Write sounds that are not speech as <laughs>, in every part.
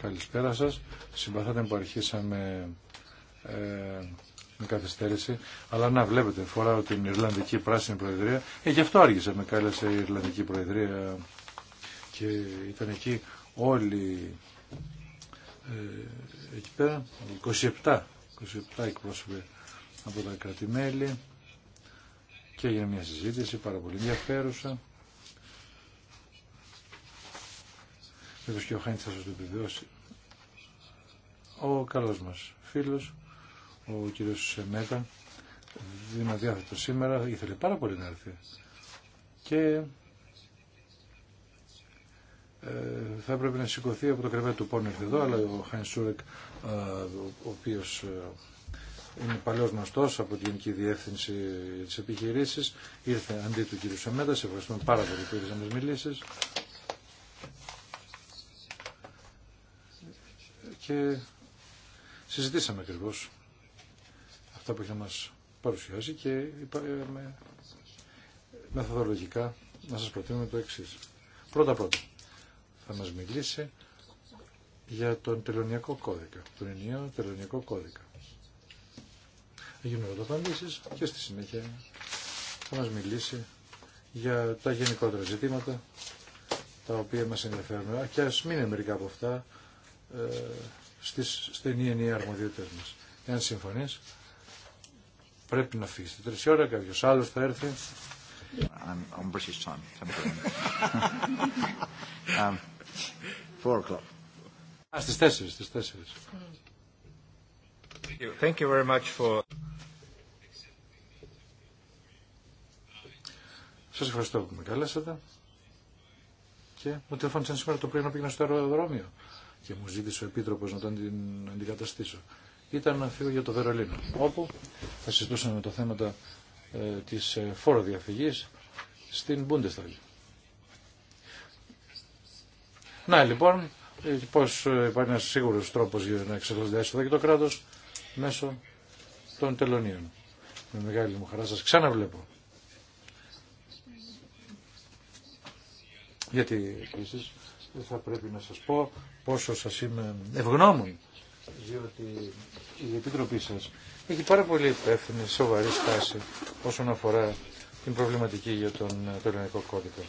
Καλησπέρα σας. Συμπαθάτε που αρχίσαμε ε, με καθυστέρηση. Αλλά να βλέπετε, φοράω την Ιρλανδική Πράσινη Προεδρία. Ε, γι' αυτό άργησα, με κάλεσε η Ιρλανδική Προεδρία και ήταν εκεί όλοι ε, εκεί πέρα, 27, 27 εκπρόσωποι από τα κρατημέλη και έγινε μια συζήτηση πάρα πολύ ενδιαφέρουσα. Βέβαια και ο Χάνης θα σας το επιβεβαιώσει. Ο καλός μας φίλος, ο κύριος Σεμέτα, είναι αδιάθετο σήμερα, ήθελε πάρα πολύ να έρθει. Και ε, θα έπρεπε να σηκωθεί από το κρεβάτι του πόνου εδώ, αλλά ο Χάιν Σούρεκ, ε, ο οποίος ε, είναι παλιό γνωστό από την Γενική Διεύθυνση τη επιχειρήση. Ήρθε αντί του κύριου Σεμέτα. Σε ευχαριστούμε πάρα πολύ που ήρθε να μας Και συζητήσαμε ακριβώ αυτά που είχε να μας παρουσιάσει και είπαμε ε, μεθοδολογικά να σας προτείνουμε το εξή. Πρώτα πρώτα θα μα μιλήσει για τον τελωνιακό κώδικα, τον ενιαίο τελωνιακό κώδικα θα γίνουν ερωταπαντήσεις και στη συνέχεια θα μας μιλήσει για τα γενικότερα ζητήματα τα οποία μας ενδιαφέρουν. Και ας μην είναι μερικά από αυτά ε, στις στενή ενία e e αρμοδιότητες μας. Εάν συμφωνείς, πρέπει να φύγεις. Στη τρεις ώρα κάποιος άλλος θα έρθει. I'm on British time. <laughs> um, four o'clock. στις τέσσερις, στις τέσσερις. Thank you very much for... Σας ευχαριστώ που με καλέσατε και μου τηλεφώνησαν σήμερα το πρωί να πήγαινα στο αεροδρόμιο και μου ζήτησε ο Επίτροπος να τον αντικαταστήσω. Ήταν να φύγω για το Βερολίνο, όπου θα συζητούσαμε το θέματα ε, της ε, φοροδιαφυγής στην Bundestag. Να λοιπόν, ε, πώς ε, υπάρχει ένας σίγουρος τρόπος για να εξελίσσεται έσοδα και το κράτος μέσω των τελωνίων. Με μεγάλη μου χαρά σας ξαναβλέπω. Γιατί επίση θα πρέπει να σας πω πόσο σας είμαι ευγνώμων διότι η Επιτροπή σας έχει πάρα πολύ υπεύθυνη, σοβαρή στάση όσον αφορά την προβληματική για τον ελληνικό κώδικα.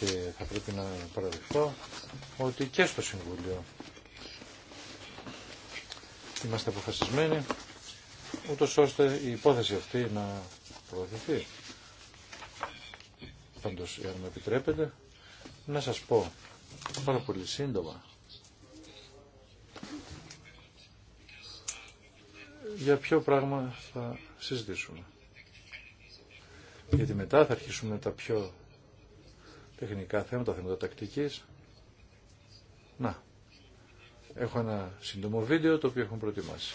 Και θα πρέπει να παραδεχθώ ότι και στο Συμβούλιο είμαστε αποφασισμένοι ούτως ώστε η υπόθεση αυτή να προωθηθεί. Πάντως, εάν με επιτρέπετε, να σας πω πάρα πολύ σύντομα για ποιο πράγμα θα συζητήσουμε. Γιατί μετά θα αρχίσουμε τα πιο τεχνικά θέματα, θέματα τακτικής. Να, έχω ένα σύντομο βίντεο το οποίο έχουν προετοιμάσει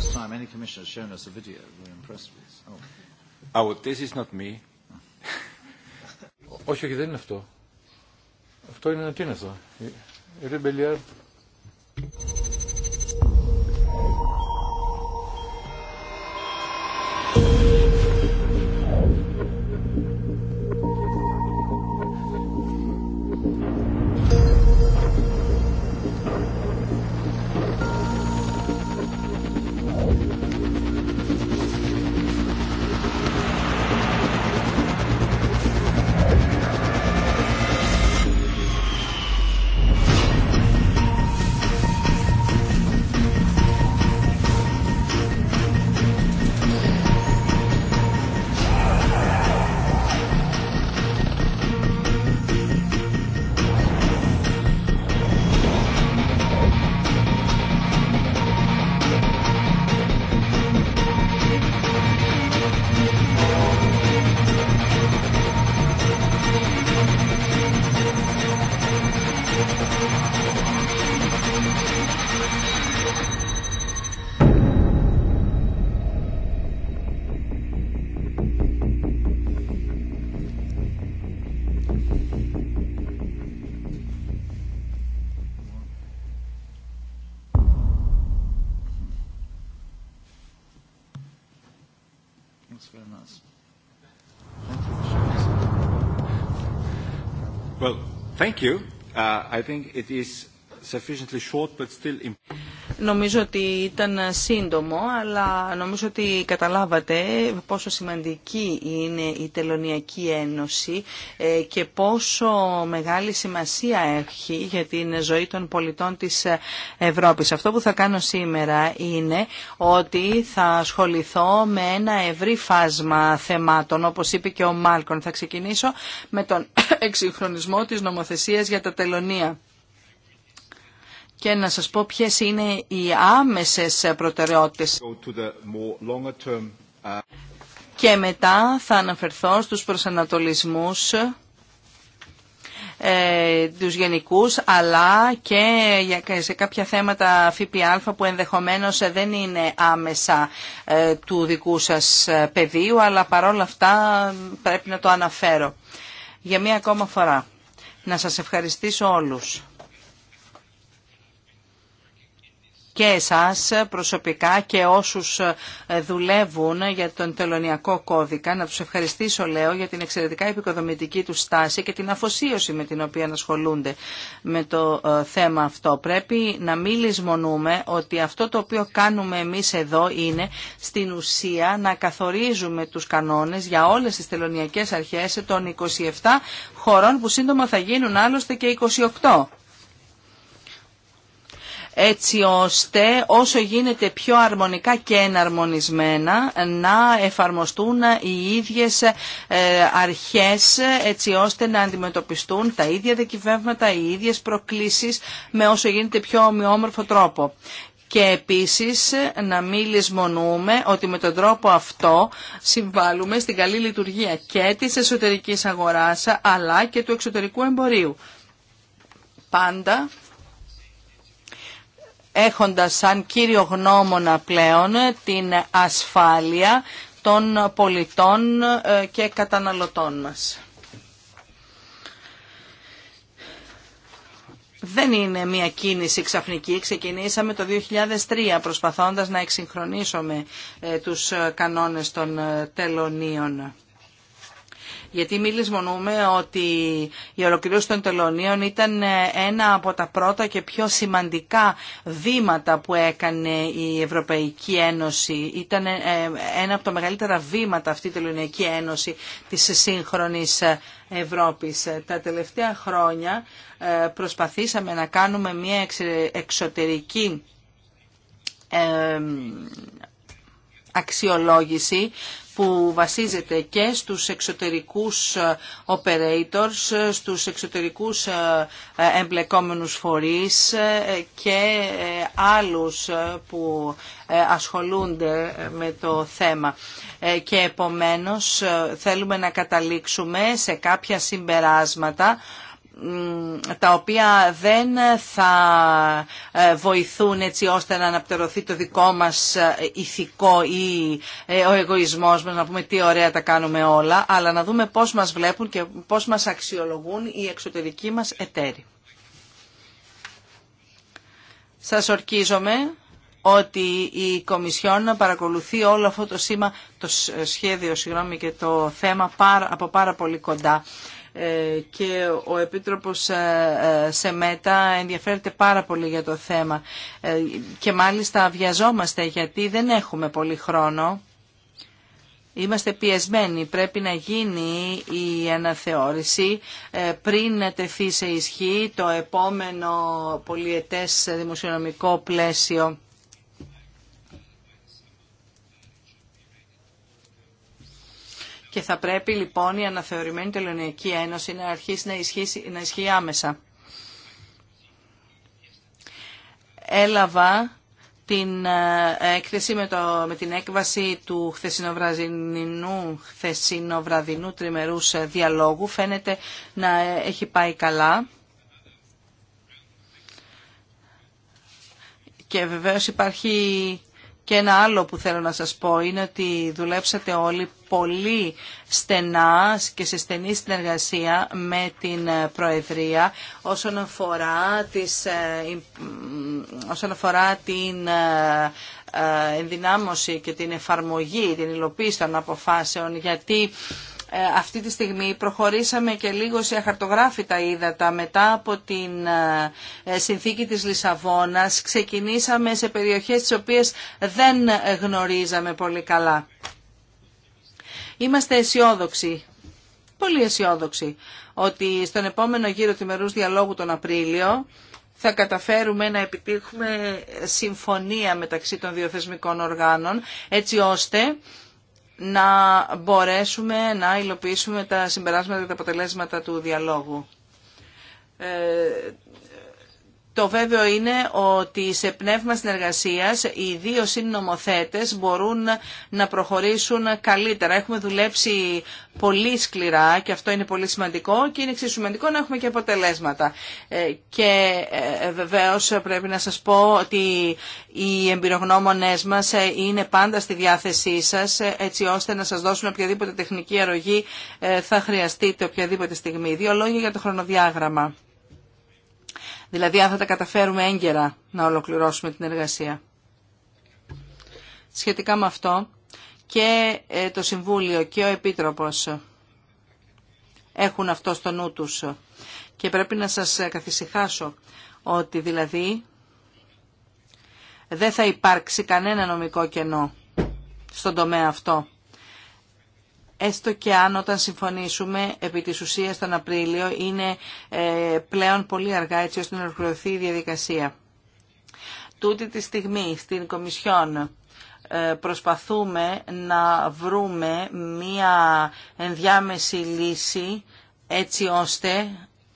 first time any commissioner has shown us a video. We're impressed with this. Oh, this is not me. Όχι, όχι, δεν είναι αυτό. Αυτό είναι, τι είναι αυτό. Ριμπελιάρ. Thank you. I think it is sufficiently short, but still important. Νομίζω ότι ήταν σύντομο, αλλά νομίζω ότι καταλάβατε πόσο σημαντική είναι η Τελωνιακή Ένωση ε, και πόσο μεγάλη σημασία έχει για την ζωή των πολιτών της Ευρώπης. Αυτό που θα κάνω σήμερα είναι ότι θα ασχοληθώ με ένα ευρύ φάσμα θεμάτων, όπως είπε και ο Μάλκον. Θα ξεκινήσω με τον <coughs> εξυγχρονισμό της νομοθεσίας για τα τελωνία και να σας πω ποιες είναι οι άμεσες προτεραιότητες. Uh, και μετά θα αναφερθώ στους προσανατολισμούς ε, τους γενικούς αλλά και σε κάποια θέματα ΦΠΑ που ενδεχομένως δεν είναι άμεσα ε, του δικού σας ε, πεδίου αλλά παρόλα αυτά πρέπει να το αναφέρω. Για μία ακόμα φορά να σας ευχαριστήσω όλους και εσάς προσωπικά και όσους ε, δουλεύουν για τον τελωνιακό κώδικα. Να τους ευχαριστήσω, λέω, για την εξαιρετικά επικοδομητική του στάση και την αφοσίωση με την οποία ασχολούνται με το ε, θέμα αυτό. Πρέπει να μην λησμονούμε ότι αυτό το οποίο κάνουμε εμείς εδώ είναι στην ουσία να καθορίζουμε τους κανόνες για όλες τις τελωνιακές αρχές των 27 χωρών που σύντομα θα γίνουν άλλωστε και 28 έτσι ώστε όσο γίνεται πιο αρμονικά και εναρμονισμένα να εφαρμοστούν οι ίδιες ε, αρχές έτσι ώστε να αντιμετωπιστούν τα ίδια δεκυβεύματα, οι ίδιες προκλήσεις με όσο γίνεται πιο ομοιόμορφο τρόπο. Και επίσης να μην λησμονούμε ότι με τον τρόπο αυτό συμβάλλουμε στην καλή λειτουργία και της εσωτερικής αγοράς αλλά και του εξωτερικού εμπορίου. Πάντα έχοντας σαν κύριο γνώμονα πλέον την ασφάλεια των πολιτών ε, και καταναλωτών μας. Δεν είναι μια κίνηση ξαφνική. Ξεκινήσαμε το 2003 προσπαθώντας να εξυγχρονίσουμε ε, τους ε, κανόνες των τελωνίων. Γιατί μη ότι η ολοκλήρωση των τελωνίων ήταν ένα από τα πρώτα και πιο σημαντικά βήματα που έκανε η Ευρωπαϊκή Ένωση. Ήταν ε, ένα από τα μεγαλύτερα βήματα αυτή η Τελωνιακή Ένωση της σύγχρονης Ευρώπης. Τα τελευταία χρόνια ε, προσπαθήσαμε να κάνουμε μια εξωτερική ε, αξιολόγηση που βασίζεται και στους εξωτερικούς ε, operators, ε, στους εξωτερικούς ε, εμπλεκόμενους φορείς και άλλους που ασχολούνται με το θέμα. Και επομένως θέλουμε να καταλήξουμε σε κάποια συμπεράσματα τα οποία δεν θα ε, βοηθούν έτσι ώστε να αναπτερωθεί το δικό μας ε, ηθικό ή ε, ο εγωισμός μας, να πούμε τι ωραία τα κάνουμε όλα, αλλά να δούμε πώς μας βλέπουν και πώς μας αξιολογούν οι εξωτερικοί μας εταίροι. Σας ορκίζομαι ότι η Κομισιόν παρακολουθεί όλο αυτό το σήμα, το σχέδιο συγγνώμη, και το θέμα από πάρα πολύ κοντά ε, και ο Επίτροπος ε, ε, Σεμέτα ενδιαφέρεται πάρα πολύ για το θέμα και μάλιστα βιαζόμαστε γιατί δεν έχουμε πολύ χρόνο. Είμαστε πιεσμένοι. Πρέπει να γίνει η αναθεώρηση πριν τεθεί σε ισχύ το επόμενο πολιετές δημοσιονομικό πλαίσιο. και θα πρέπει λοιπόν η αναθεωρημένη Τελωνιακή Ένωση να αρχίσει να ισχύει, να ισχύει άμεσα. Έλαβα την ε, έκθεση με, το, με την έκβαση του χθεσινοβραδινού, χθεσινοβραδινού τριμερούς ε, διαλόγου. Φαίνεται να ε, έχει πάει καλά. Και βεβαίως υπάρχει και ένα άλλο που θέλω να σας πω είναι ότι δουλέψατε όλοι πολύ στενά και σε στενή συνεργασία με την ε, Προεδρία όσον αφορά, τις, ε, όσον αφορά την ε, ενδυνάμωση και την εφαρμογή, την υλοποίηση των αποφάσεων, γιατί ε, αυτή τη στιγμή προχωρήσαμε και λίγο σε αχαρτογράφητα ύδατα. Μετά από την ε, συνθήκη της Λισαβόνας ξεκινήσαμε σε περιοχές τις οποίες δεν γνωρίζαμε πολύ καλά. Είμαστε αισιόδοξοι, πολύ αισιόδοξοι, ότι στον επόμενο γύρο του διαλόγου τον Απρίλιο θα καταφέρουμε να επιτύχουμε συμφωνία μεταξύ των διοθεσμικών οργάνων, έτσι ώστε να μπορέσουμε να υλοποιήσουμε τα συμπεράσματα και τα αποτελέσματα του διαλόγου. Ε, το βέβαιο είναι ότι σε πνεύμα συνεργασίας οι δύο συνομοθέτες μπορούν να προχωρήσουν καλύτερα. Έχουμε δουλέψει πολύ σκληρά και αυτό είναι πολύ σημαντικό και είναι εξίσου σημαντικό να έχουμε και αποτελέσματα. Ε, και ε, ε, βεβαίω πρέπει να σας πω ότι οι εμπειρογνώμονε μας είναι πάντα στη διάθεσή σας έτσι ώστε να σα δώσουν οποιαδήποτε τεχνική αρρωγή θα χρειαστείτε οποιαδήποτε στιγμή. Δύο λόγια για το χρονοδιάγραμμα. Δηλαδή αν θα τα καταφέρουμε έγκαιρα να ολοκληρώσουμε την εργασία. Σχετικά με αυτό και ε, το Συμβούλιο και ο Επίτροπος έχουν αυτό στο νου τους. Και πρέπει να σας καθησυχάσω ότι δηλαδή δεν θα υπάρξει κανένα νομικό κενό στον τομέα αυτό έστω και αν όταν συμφωνήσουμε επί της ουσίας τον Απρίλιο είναι ε, πλέον πολύ αργά έτσι ώστε να ολοκληρωθεί η διαδικασία. Τούτη τη στιγμή στην Κομισιόν ε, προσπαθούμε να βρούμε μία ενδιάμεση λύση έτσι ώστε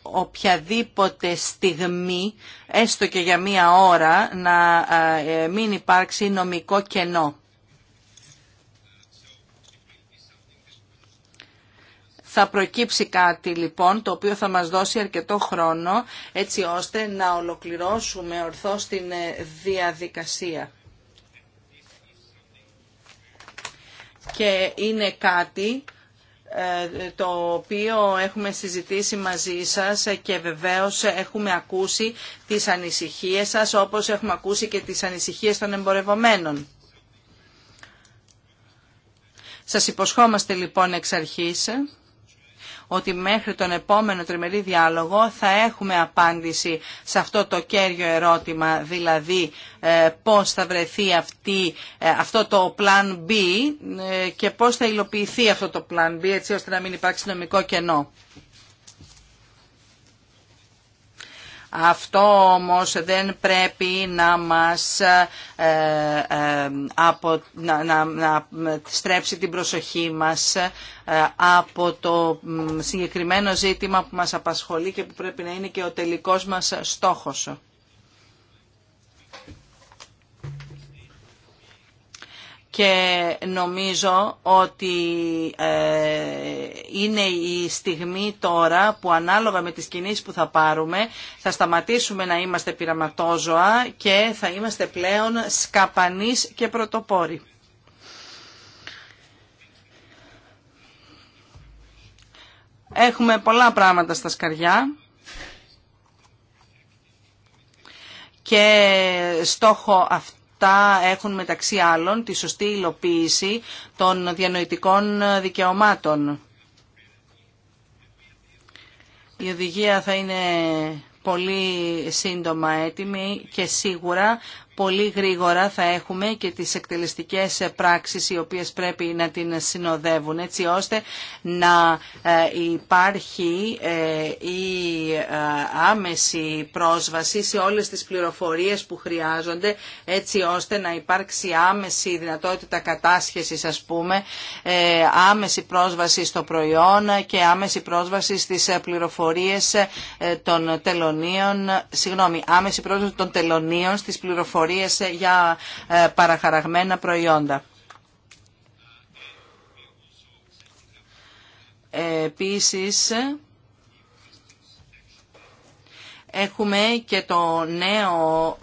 οποιαδήποτε στιγμή, έστω και για μία ώρα, να ε, μην υπάρξει νομικό κενό. Θα προκύψει κάτι λοιπόν το οποίο θα μας δώσει αρκετό χρόνο έτσι ώστε να ολοκληρώσουμε ορθώς την ε, διαδικασία. Και είναι κάτι ε, το οποίο έχουμε συζητήσει μαζί σας και βεβαίως έχουμε ακούσει τις ανησυχίες σας όπως έχουμε ακούσει και τις ανησυχίες των εμπορευομένων. Σας υποσχόμαστε λοιπόν εξ αρχής ότι μέχρι τον επόμενο τριμερή διάλογο θα έχουμε απάντηση σε αυτό το κέριο ερώτημα, δηλαδή ε, πώς θα βρεθεί αυτή, ε, αυτό το plan B ε, και πώς θα υλοποιηθεί αυτό το plan B έτσι ώστε να μην υπάρξει νομικό κενό. Αυτό όμως δεν πρέπει να μας ε, ε, ε, από, να, να, να στρέψει την προσοχή μας από το συγκεκριμένο ζήτημα που μας απασχολεί και που πρέπει να είναι και ο τελικός μας στόχος. και νομίζω ότι ε, είναι η στιγμή τώρα που ανάλογα με τις κινήσεις που θα πάρουμε θα σταματήσουμε να είμαστε πειραματόζωα και θα είμαστε πλέον σκαπανείς και πρωτοπόροι. Έχουμε πολλά πράγματα στα σκαριά. Και στόχο αυτό τα έχουν μεταξύ άλλων τη σωστή υλοποίηση των διανοητικών δικαιωμάτων. Η οδηγία θα είναι πολύ σύντομα έτοιμη και σίγουρα πολύ γρήγορα θα έχουμε και τις εκτελεστικές πράξεις οι οποίες πρέπει να την συνοδεύουν έτσι ώστε να ε, υπάρχει ε, η ε, άμεση πρόσβαση σε όλες τις πληροφορίες που χρειάζονται έτσι ώστε να υπάρξει άμεση δυνατότητα κατάσχεσης ας πούμε, άμεση πρόσβαση στο προϊόν και άμεση πρόσβαση στις πληροφορίες των τελωνίων, συγγνώμη, άμεση πρόσβαση των τελωνίων στις πληροφορίες πληροφορίες ε, για ε, παραχαραγμένα προϊόντα. Επίσης, Έχουμε και το νέο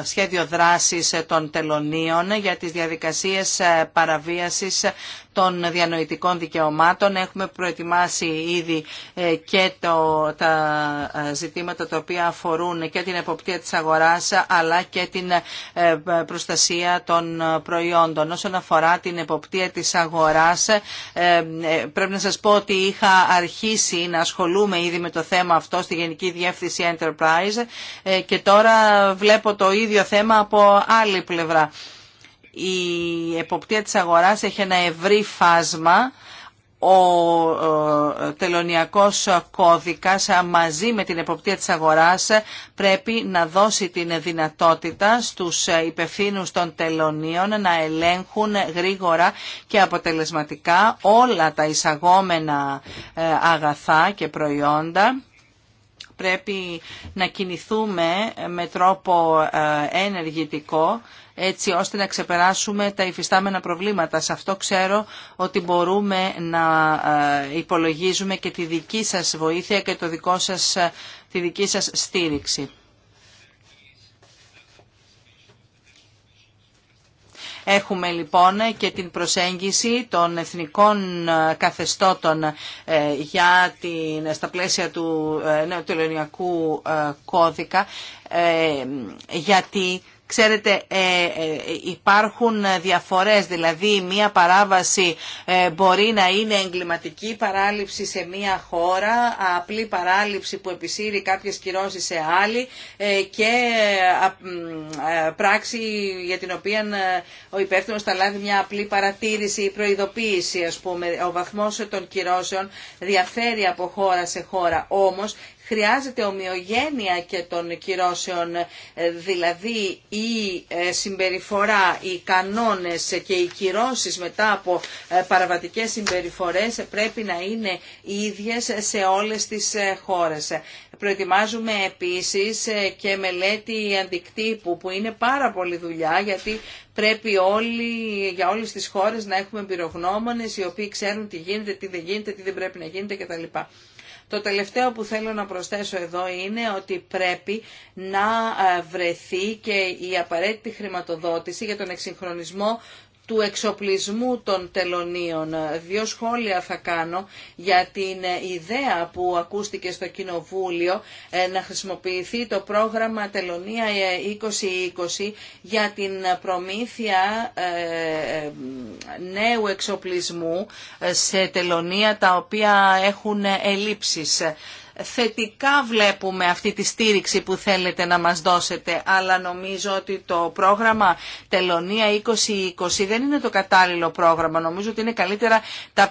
ε, σχέδιο δράσης των τελωνίων για τις διαδικασίες παραβίασης των διανοητικών δικαιωμάτων. Έχουμε προετοιμάσει ήδη ε, και το, τα ε, ζητήματα τα οποία αφορούν και την εποπτεία της αγοράς αλλά και την ε, προστασία των προϊόντων. Όσον αφορά την εποπτεία της αγοράς πρέπει να σας πω ότι είχα αρχίσει να ασχολούμαι ήδη με το θέμα αυτό στη Γενική Διεύθυνση Enterprise και τώρα βλέπω το ίδιο θέμα από άλλη πλευρά η εποπτεία της αγοράς έχει ένα ευρύ φάσμα ο τελωνιακός κώδικας μαζί με την εποπτεία της αγοράς πρέπει να δώσει την δυνατότητα στους υπευθύνους των τελωνίων να ελέγχουν γρήγορα και αποτελεσματικά όλα τα εισαγόμενα ε, αγαθά και προϊόντα πρέπει να κινηθούμε με τρόπο ε, ενεργητικό έτσι ώστε να ξεπεράσουμε τα υφιστάμενα προβλήματα. Σε αυτό ξέρω ότι μπορούμε να ε, υπολογίζουμε και τη δική σας βοήθεια και το δικό σας, ε, τη δική σας στήριξη. Έχουμε λοιπόν και την προσέγγιση των εθνικών ε, καθεστώτων για την, στα πλαίσια του νέου κώδικα, γιατί Ξέρετε, ε, ε, υπάρχουν διαφορές, δηλαδή μία παράβαση ε, μπορεί να είναι εγκληματική παράληψη σε μία χώρα, απλή παράληψη που επισύρει κάποιες κυρώσεις σε άλλη και πράξη για την οποία ο υπεύθυνος θα λάβει μια απλή παρατήρηση ή προειδοποίηση, ας πούμε. Ο βαθμός των κυρώσεων διαφέρει από χώρα σε χώρα, όμως χρειάζεται ομοιογένεια και των κυρώσεων, ε, δηλαδή η ε, συμπεριφορά, οι κανόνες και οι κυρώσεις μετά από ε, παραβατικές συμπεριφορές πρέπει να είναι ίδιες σε όλες τις χώρες. Προετοιμάζουμε επίσης και μελέτη αντικτύπου που είναι πάρα πολύ δουλειά γιατί πρέπει όλοι, για όλες τις χώρες να έχουμε εμπειρογνώμονες οι οποίοι ξέρουν τι γίνεται, τι δεν γίνεται, τι δεν πρέπει να γίνεται κτλ. Το τελευταίο που θέλω να προσθέσω εδώ είναι ότι πρέπει να ε, βρεθεί και η απαραίτητη χρηματοδότηση για τον εξυγχρονισμό του εξοπλισμού των τελωνίων. Δύο σχόλια θα κάνω για την ιδέα που ακούστηκε στο Κοινοβούλιο ε, να χρησιμοποιηθεί το πρόγραμμα Τελωνία 2020 ε, για την προμήθεια ε, νέου εξοπλισμού σε τελωνία τα οποία έχουν ελλείψεις θετικά βλέπουμε αυτή τη στήριξη που θέλετε να μας δώσετε, αλλά νομίζω ότι το πρόγραμμα Τελωνία 2020 δεν είναι το κατάλληλο πρόγραμμα. Νομίζω ότι είναι καλύτερα τα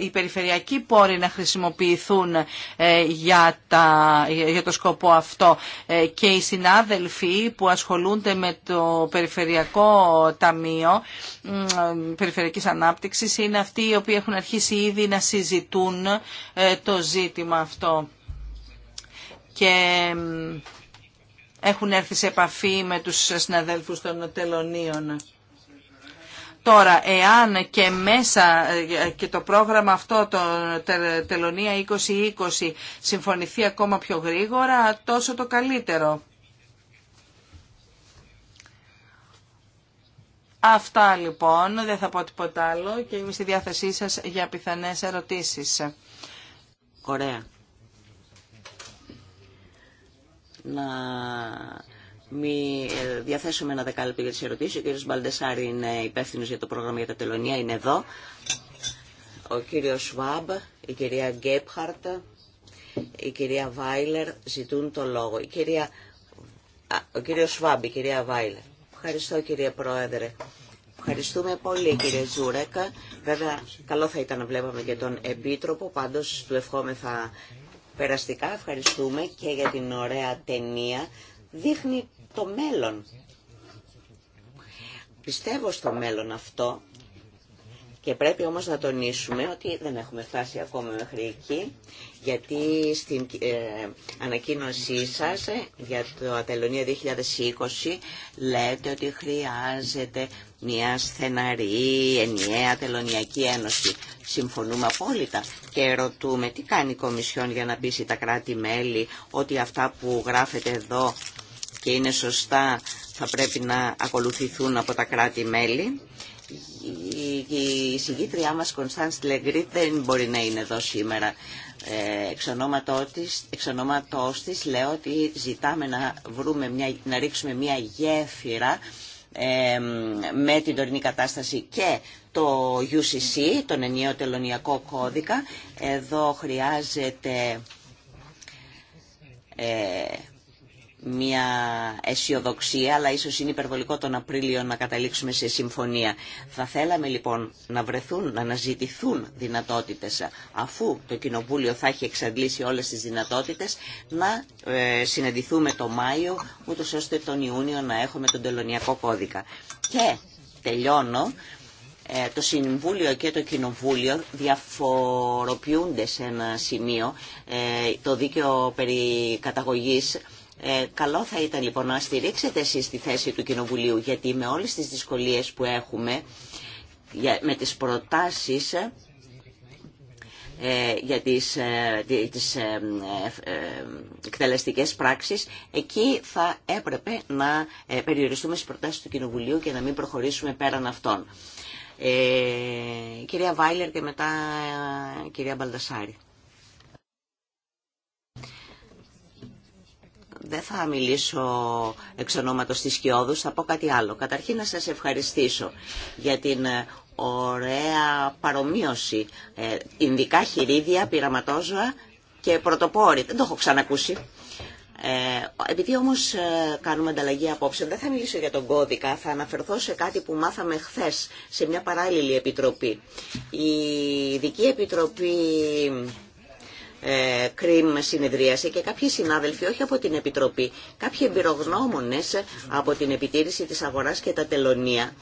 οι περιφερειακοί πόροι να χρησιμοποιηθούν ε, για, τα, για το σκοπό αυτό. Ε, και οι συνάδελφοι που ασχολούνται με το Περιφερειακό Ταμείο ε, Περιφερειακής Ανάπτυξης είναι αυτοί οι οποίοι έχουν αρχίσει ήδη να συζητούν το ζήτημα αυτό και έχουν έρθει σε επαφή με τους συναδέλφους των τελωνίων. Τώρα, εάν και μέσα ε, και το πρόγραμμα αυτό, το Τελωνία 2020, συμφωνηθεί ακόμα πιο γρήγορα, τόσο το καλύτερο. Αυτά λοιπόν, δεν θα πω τίποτα άλλο και είμαι στη διάθεσή σας για πιθανές ερωτήσεις. Ωραία. να μη ε, διαθέσουμε ένα δεκάλεπτο για τις ερωτήσεις. Ο κύριος Μπαλντεσάρη είναι υπεύθυνο για το πρόγραμμα για τα τελωνία, είναι εδώ. Ο κύριος Σβάμπ, η κυρία Γκέπχαρτ, η κυρία Βάιλερ ζητούν το λόγο. Η κυρία... ο κύριος Σβάμπ, η κυρία Βάιλερ. Ευχαριστώ κύριε Πρόεδρε. Ευχαριστούμε πολύ κύριε Τζούρεκα. Βέβαια καλό θα ήταν να βλέπαμε και τον Επίτροπο, πάντως του ευχόμεθα Περαστικά ευχαριστούμε και για την ωραία ταινία. Δείχνει το μέλλον. Πιστεύω στο μέλλον αυτό και πρέπει όμως να τονίσουμε ότι δεν έχουμε φτάσει ακόμα μέχρι εκεί γιατί στην ε, ανακοίνωσή σας ε, για το Ατελωνία 2020 λέτε ότι χρειάζεται μια στεναρή, ενιαία τελωνιακή ένωση. Συμφωνούμε απόλυτα και ρωτούμε τι κάνει η Κομισιόν για να πείσει τα κράτη-μέλη ότι αυτά που γράφεται εδώ και είναι σωστά θα πρέπει να ακολουθηθούν από τα κράτη-μέλη. Η συγκήτριά μας Κωνσταντς Λεγκρίτ δεν μπορεί να είναι εδώ σήμερα. Ε, εξ ονόματός της λέω ότι ζητάμε να, βρούμε μια, να ρίξουμε μια γέφυρα με την τωρινή κατάσταση και το UCC, τον ενιαίο τελωνιακό κώδικα. Εδώ χρειάζεται ε, μια αισιοδοξία, αλλά ίσως είναι υπερβολικό τον Απρίλιο να καταλήξουμε σε συμφωνία. Θα θέλαμε λοιπόν να βρεθούν, να αναζητηθούν δυνατότητες, αφού το Κοινοβούλιο θα έχει εξαντλήσει όλες τις δυνατότητες, να ε, συναντηθούμε το Μάιο, ούτως ώστε τον Ιούνιο να έχουμε τον τελωνιακό κώδικα. Και τελειώνω, ε, το Συμβούλιο και το Κοινοβούλιο διαφοροποιούνται σε ένα σημείο ε, το δίκαιο περί καταγωγής ε, καλό θα ήταν λοιπόν να στηρίξετε εσείς τη θέση του Κοινοβουλίου γιατί με όλες τις δυσκολίες που έχουμε με τις προτάσεις ε, ε, για τις, ε, τις εκτελεστικές πράξεις εκεί θα έπρεπε να περιοριστούμε στις προτάσεις του Κοινοβουλίου και να μην προχωρήσουμε πέραν αυτών. κυρία Βάιλερ και μετά κυρία Μπαλτασάρη. δεν θα μιλήσω εξ ονόματος της Κιόδους, θα πω κάτι άλλο. Καταρχήν να σας ευχαριστήσω για την ε, ωραία παρομοίωση. Ε, Ινδικά χειρίδια, πειραματόζωα και πρωτοπόροι. Δεν το έχω ξανακούσει. Ε, επειδή όμως ε, κάνουμε ανταλλαγή απόψε, δεν θα μιλήσω για τον κώδικα, θα αναφερθώ σε κάτι που μάθαμε χθες σε μια παράλληλη επιτροπή. Η δική Επιτροπή ε, συνεδρίασε και κάποιοι συνάδελφοι, όχι από την Επιτροπή, κάποιοι εμπειρογνώμονες από την επιτήρηση της αγοράς και τα τελωνία,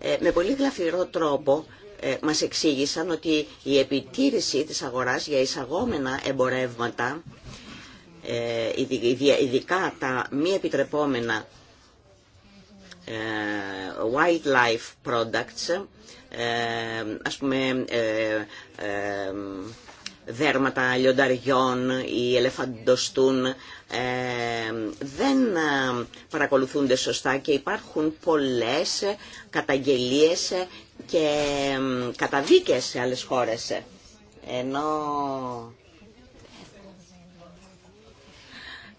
ε, με πολύ γλαφυρό τρόπο ε, μας εξήγησαν ότι η επιτήρηση της αγοράς για εισαγόμενα εμπορεύματα, ε, ειδικά τα μη επιτρεπόμενα ε, wildlife products, ε, ας πούμε ε, ε δέρματα λιονταριών ή ελεφαντοστούν ε, δεν ε, παρακολουθούνται σωστά και υπάρχουν πολλές καταγγελίες και καταδίκες σε άλλες χώρες. Ενώ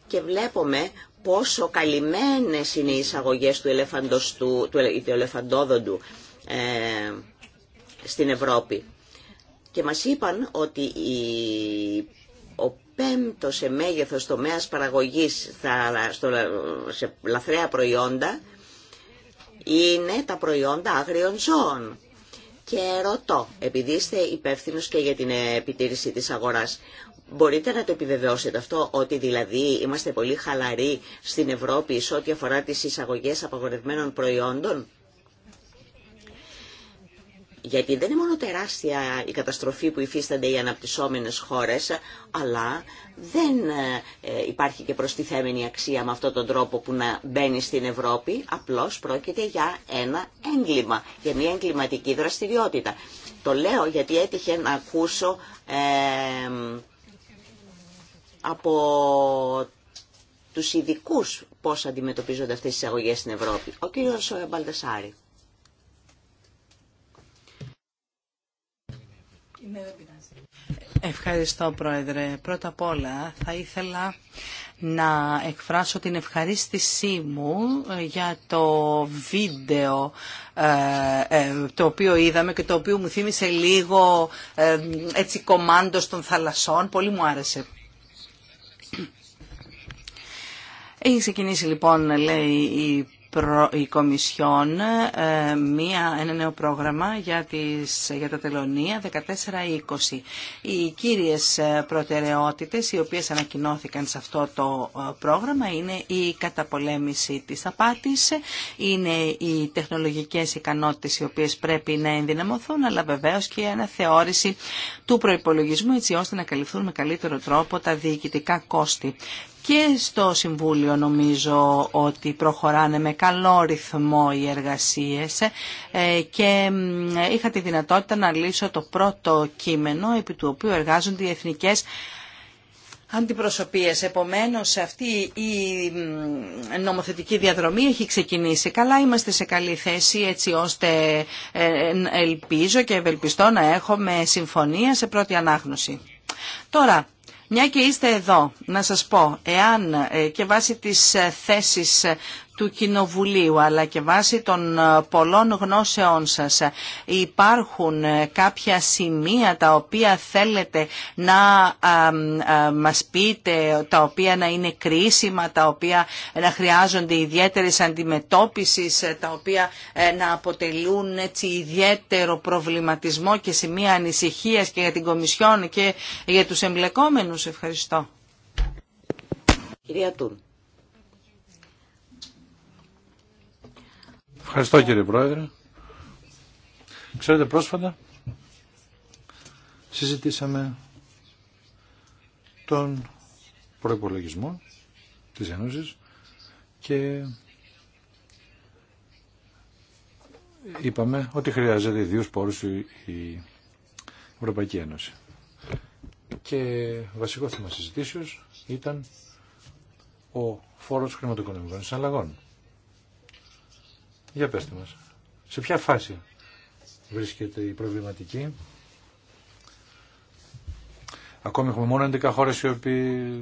και βλέπουμε πόσο καλυμμένες είναι οι εισαγωγές του, ελεφαντοστού, του, του ελεφαντόδοντου ε, στην Ευρώπη και μας είπαν ότι ο πέμπτος σε μέγεθος τομέας παραγωγής θα, στο, σε λαθρέα προϊόντα είναι τα προϊόντα άγριων ζώων. Και ρωτώ, επειδή είστε υπεύθυνος και για την επιτήρηση της αγοράς, μπορείτε να το επιβεβαιώσετε αυτό, ότι δηλαδή είμαστε πολύ χαλαροί στην Ευρώπη σε ό,τι αφορά τις εισαγωγές απαγορευμένων προϊόντων. Γιατί δεν είναι μόνο τεράστια η καταστροφή που υφίστανται οι αναπτυσσόμενες χώρες, αλλά δεν ε, υπάρχει και προστιθέμενη αξία με αυτόν τον τρόπο που να μπαίνει στην Ευρώπη. Απλώς πρόκειται για ένα έγκλημα, για μια εγκληματική δραστηριότητα. Το λέω γιατί έτυχε να ακούσω από τους ειδικού πώς αντιμετωπίζονται αυτές τις εισαγωγές στην Ευρώπη. Ο κύριος Μπαλτασάρη. Ναι, Ευχαριστώ Πρόεδρε. Πρώτα απ' όλα θα ήθελα να εκφράσω την ευχαρίστησή μου ε, για το βίντεο ε, ε, το οποίο είδαμε και το οποίο μου θύμισε λίγο έτσι των θαλασσών. Πολύ μου άρεσε. Έχει ξεκινήσει λοιπόν λέει η η Κομισιόν ε, μία, ένα νέο πρόγραμμα για, τις, για τα τελωνία 14-20. Οι κύριες ε, προτεραιότητες οι οποίες ανακοινώθηκαν σε αυτό το ε, πρόγραμμα είναι η καταπολέμηση της απάτης, είναι οι τεχνολογικές ικανότητες οι οποίες πρέπει να ενδυναμωθούν, αλλά βεβαίως και η αναθεώρηση του προϋπολογισμού έτσι ώστε να καλυφθούν με καλύτερο τρόπο τα διοικητικά κόστη και στο Συμβούλιο νομίζω ότι προχωράνε με καλό ρυθμό οι εργασίες ε, και είχα τη δυνατότητα να λύσω το πρώτο κείμενο επί του οποίου εργάζονται οι εθνικές αντιπροσωπείες. Επομένως αυτή η νομοθετική διαδρομή έχει ξεκινήσει. Καλά είμαστε σε καλή θέση έτσι ώστε ε, ελπίζω και ευελπιστώ να έχουμε συμφωνία σε πρώτη ανάγνωση. Τώρα, μια και είστε εδώ, να σας πω, εάν ε, και βάσει της ε, θέσης του Κοινοβουλίου αλλά και βάσει των ε, πολλών γνώσεών σας υπάρχουν ε, κάποια σημεία τα οποία θέλετε να ε, μας πείτε, τα οποία να είναι κρίσιμα, τα οποία να χρειάζονται ιδιαίτερης αντιμετώπισης, τα οποία να αποτελούν έτσι ιδιαίτερο προβληματισμό και σημεία ανησυχίας και για την Κομισιόν και για τους εμπλεκόμενους. Ευχαριστώ. Κυρία Ευχαριστώ κύριε Πρόεδρε. Ξέρετε πρόσφατα συζητήσαμε τον προϋπολογισμό της Ένωσης και είπαμε ότι χρειάζεται ιδίους πόρους η Ευρωπαϊκή Ένωση. Και βασικό θέμα συζητήσεως ήταν ο φόρος χρηματοοικονομικών συναλλαγών. Για πέστε μας. Σε ποια φάση βρίσκεται η προβληματική. Ακόμη έχουμε μόνο 11 χώρες οι οποίοι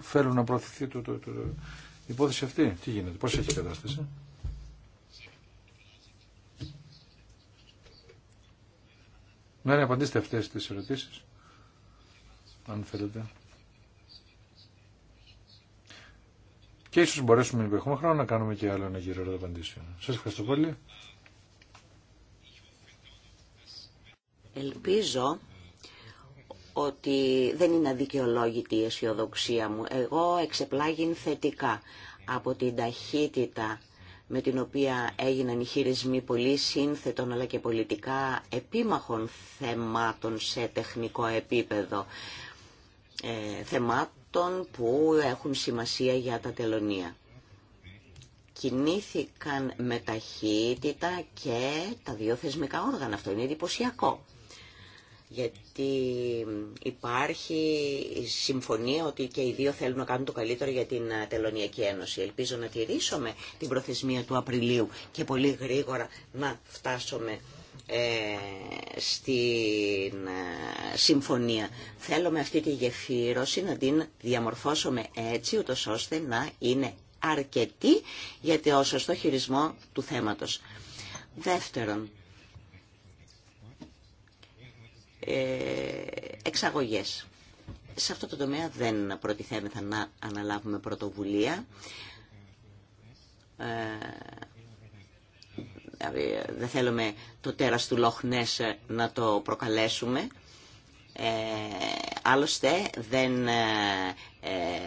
θέλουν να προωθηθεί το, το, το, η υπόθεση αυτή. Τι γίνεται, πώς έχει η κατάσταση. Ναι, ναι, απαντήστε αυτές τις ερωτήσεις, αν θέλετε. Και ίσως μπορέσουμε, αν έχουμε χρόνο, να κάνουμε και άλλο ένα γύρο ερωταπαντήσεων. Σας ευχαριστώ πολύ. Ελπίζω ότι δεν είναι αδικαιολόγητη η αισιοδοξία μου. Εγώ εξεπλάγην θετικά από την ταχύτητα με την οποία έγιναν οι χειρισμοί πολύ σύνθετων αλλά και πολιτικά επίμαχων θεμάτων σε τεχνικό επίπεδο. Ε, αυτών που έχουν σημασία για τα τελωνία. Κινήθηκαν με ταχύτητα και τα δύο θεσμικά όργανα. Αυτό είναι εντυπωσιακό. Γιατί υπάρχει συμφωνία ότι και οι δύο θέλουν να κάνουν το καλύτερο για την Τελωνιακή Ένωση. Ελπίζω να τηρήσουμε την προθεσμία του Απριλίου και πολύ γρήγορα να φτάσουμε ε, στην ε, συμφωνία. Θέλουμε αυτή τη γεφύρωση να την διαμορφώσουμε έτσι, ούτως ώστε να είναι αρκετή για το σωστό χειρισμό του θέματος. Δεύτερον, ε, εξαγωγές. Σε αυτό το τομέα δεν προτιθέμεθα να αναλάβουμε πρωτοβουλία. Δηλαδή, δεν θέλουμε το τέρας του Λοχνές ε, να το προκαλέσουμε. Ε, άλλωστε δεν, ε, ε,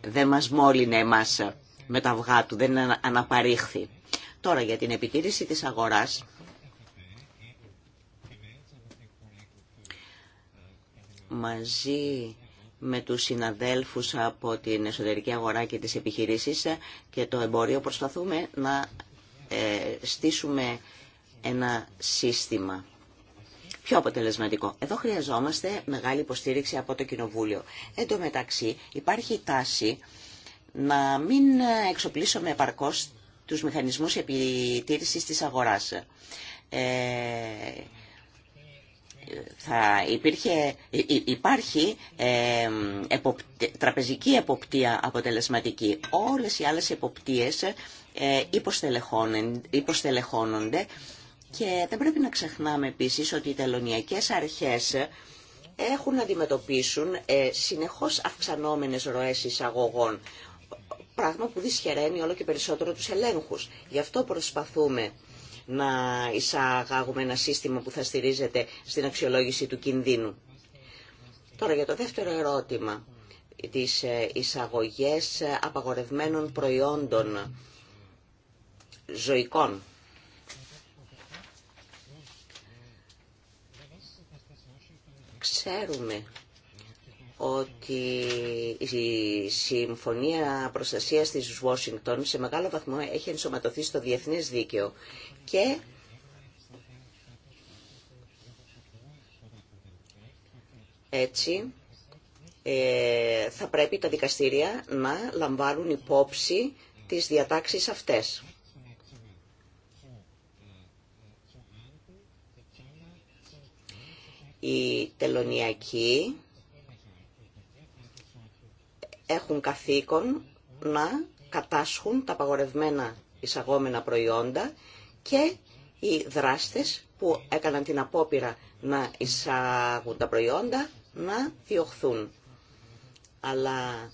δεν μας μόλυνε εμάς με τα αυγά του, δεν αναπαρήχθη. Τώρα για την επιτήρηση της αγοράς, μαζί με τους συναδέλφους από την εσωτερική αγορά και τις επιχειρήσεις και το εμπόριο προσπαθούμε να ε, στήσουμε ένα σύστημα πιο αποτελεσματικό. Εδώ χρειαζόμαστε μεγάλη υποστήριξη από το Κοινοβούλιο. Εν τω μεταξύ υπάρχει η τάση να μην εξοπλίσουμε επαρκώς τους μηχανισμούς επιτήρησης της αγοράς. Ε, θα υπήρχε, υπάρχει ε, τραπεζική εποπτεία αποτελεσματική. Όλες οι άλλες εποπτείες ε, υποστελεχώνονται και δεν πρέπει να ξεχνάμε επίσης ότι οι τελωνιακές αρχές έχουν να αντιμετωπίσουν ε, συνεχώς αυξανόμενες ροές εισαγωγών, πράγμα που δυσχεραίνει όλο και περισσότερο τους ελέγχους. Γι' αυτό προσπαθούμε να εισαγάγουμε ένα σύστημα που θα στηρίζεται στην αξιολόγηση του κινδύνου. Τώρα για το δεύτερο ερώτημα, τις ε, εισαγωγές ε, απαγορευμένων προϊόντων ζωικών. Ξέρουμε ότι η Συμφωνία Προστασίας της Ουάσιγκτον σε μεγάλο βαθμό έχει ενσωματωθεί στο διεθνές δίκαιο και έτσι ε, θα πρέπει τα δικαστήρια να λαμβάνουν υπόψη τις διατάξεις αυτές. Η τελωνιακή έχουν καθήκον να κατάσχουν τα απαγορευμένα εισαγόμενα προϊόντα και οι δράστες που έκαναν την απόπειρα να εισάγουν τα προϊόντα να διωχθούν. Αλλά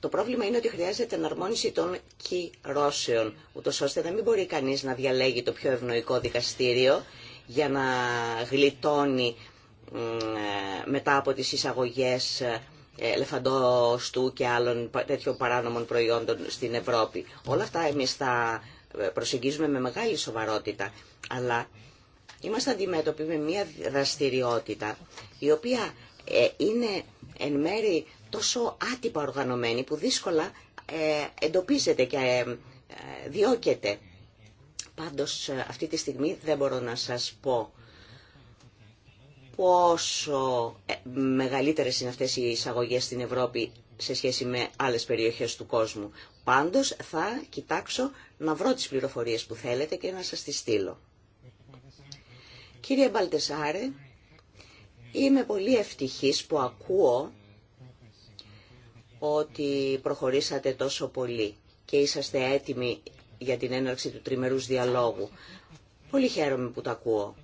το πρόβλημα είναι ότι χρειάζεται εναρμόνιση των κυρώσεων, ούτως ώστε να μην μπορεί κανείς να διαλέγει το πιο ευνοϊκό δικαστήριο για να γλιτώνει μετά από τις εισαγωγές ε, ελεφαντόστου και άλλων τέτοιων παράνομων προϊόντων στην Ευρώπη. Όλα αυτά εμείς τα ε, προσεγγίζουμε με μεγάλη σοβαρότητα, αλλά είμαστε αντιμέτωποι με μια δραστηριότητα η οποία ε, είναι εν μέρη τόσο άτυπα οργανωμένη που δύσκολα εντοπίζεται και διώκεται. Πάντως αυτή τη στιγμή δεν μπορώ να σας πω πόσο ε, μεγαλύτερες είναι αυτές οι εισαγωγές στην Ευρώπη σε σχέση με άλλες περιοχές του κόσμου. Πάντως θα κοιτάξω να βρω τις πληροφορίες που θέλετε και να σας τις στείλω. Κύριε Μπαλτεσάρε, είμαι πολύ ευτυχής που ακούω ότι προχωρήσατε τόσο πολύ και είσαστε έτοιμοι για την έναρξη του τριμερούς διαλόγου. Πολύ χαίρομαι που το ακούω.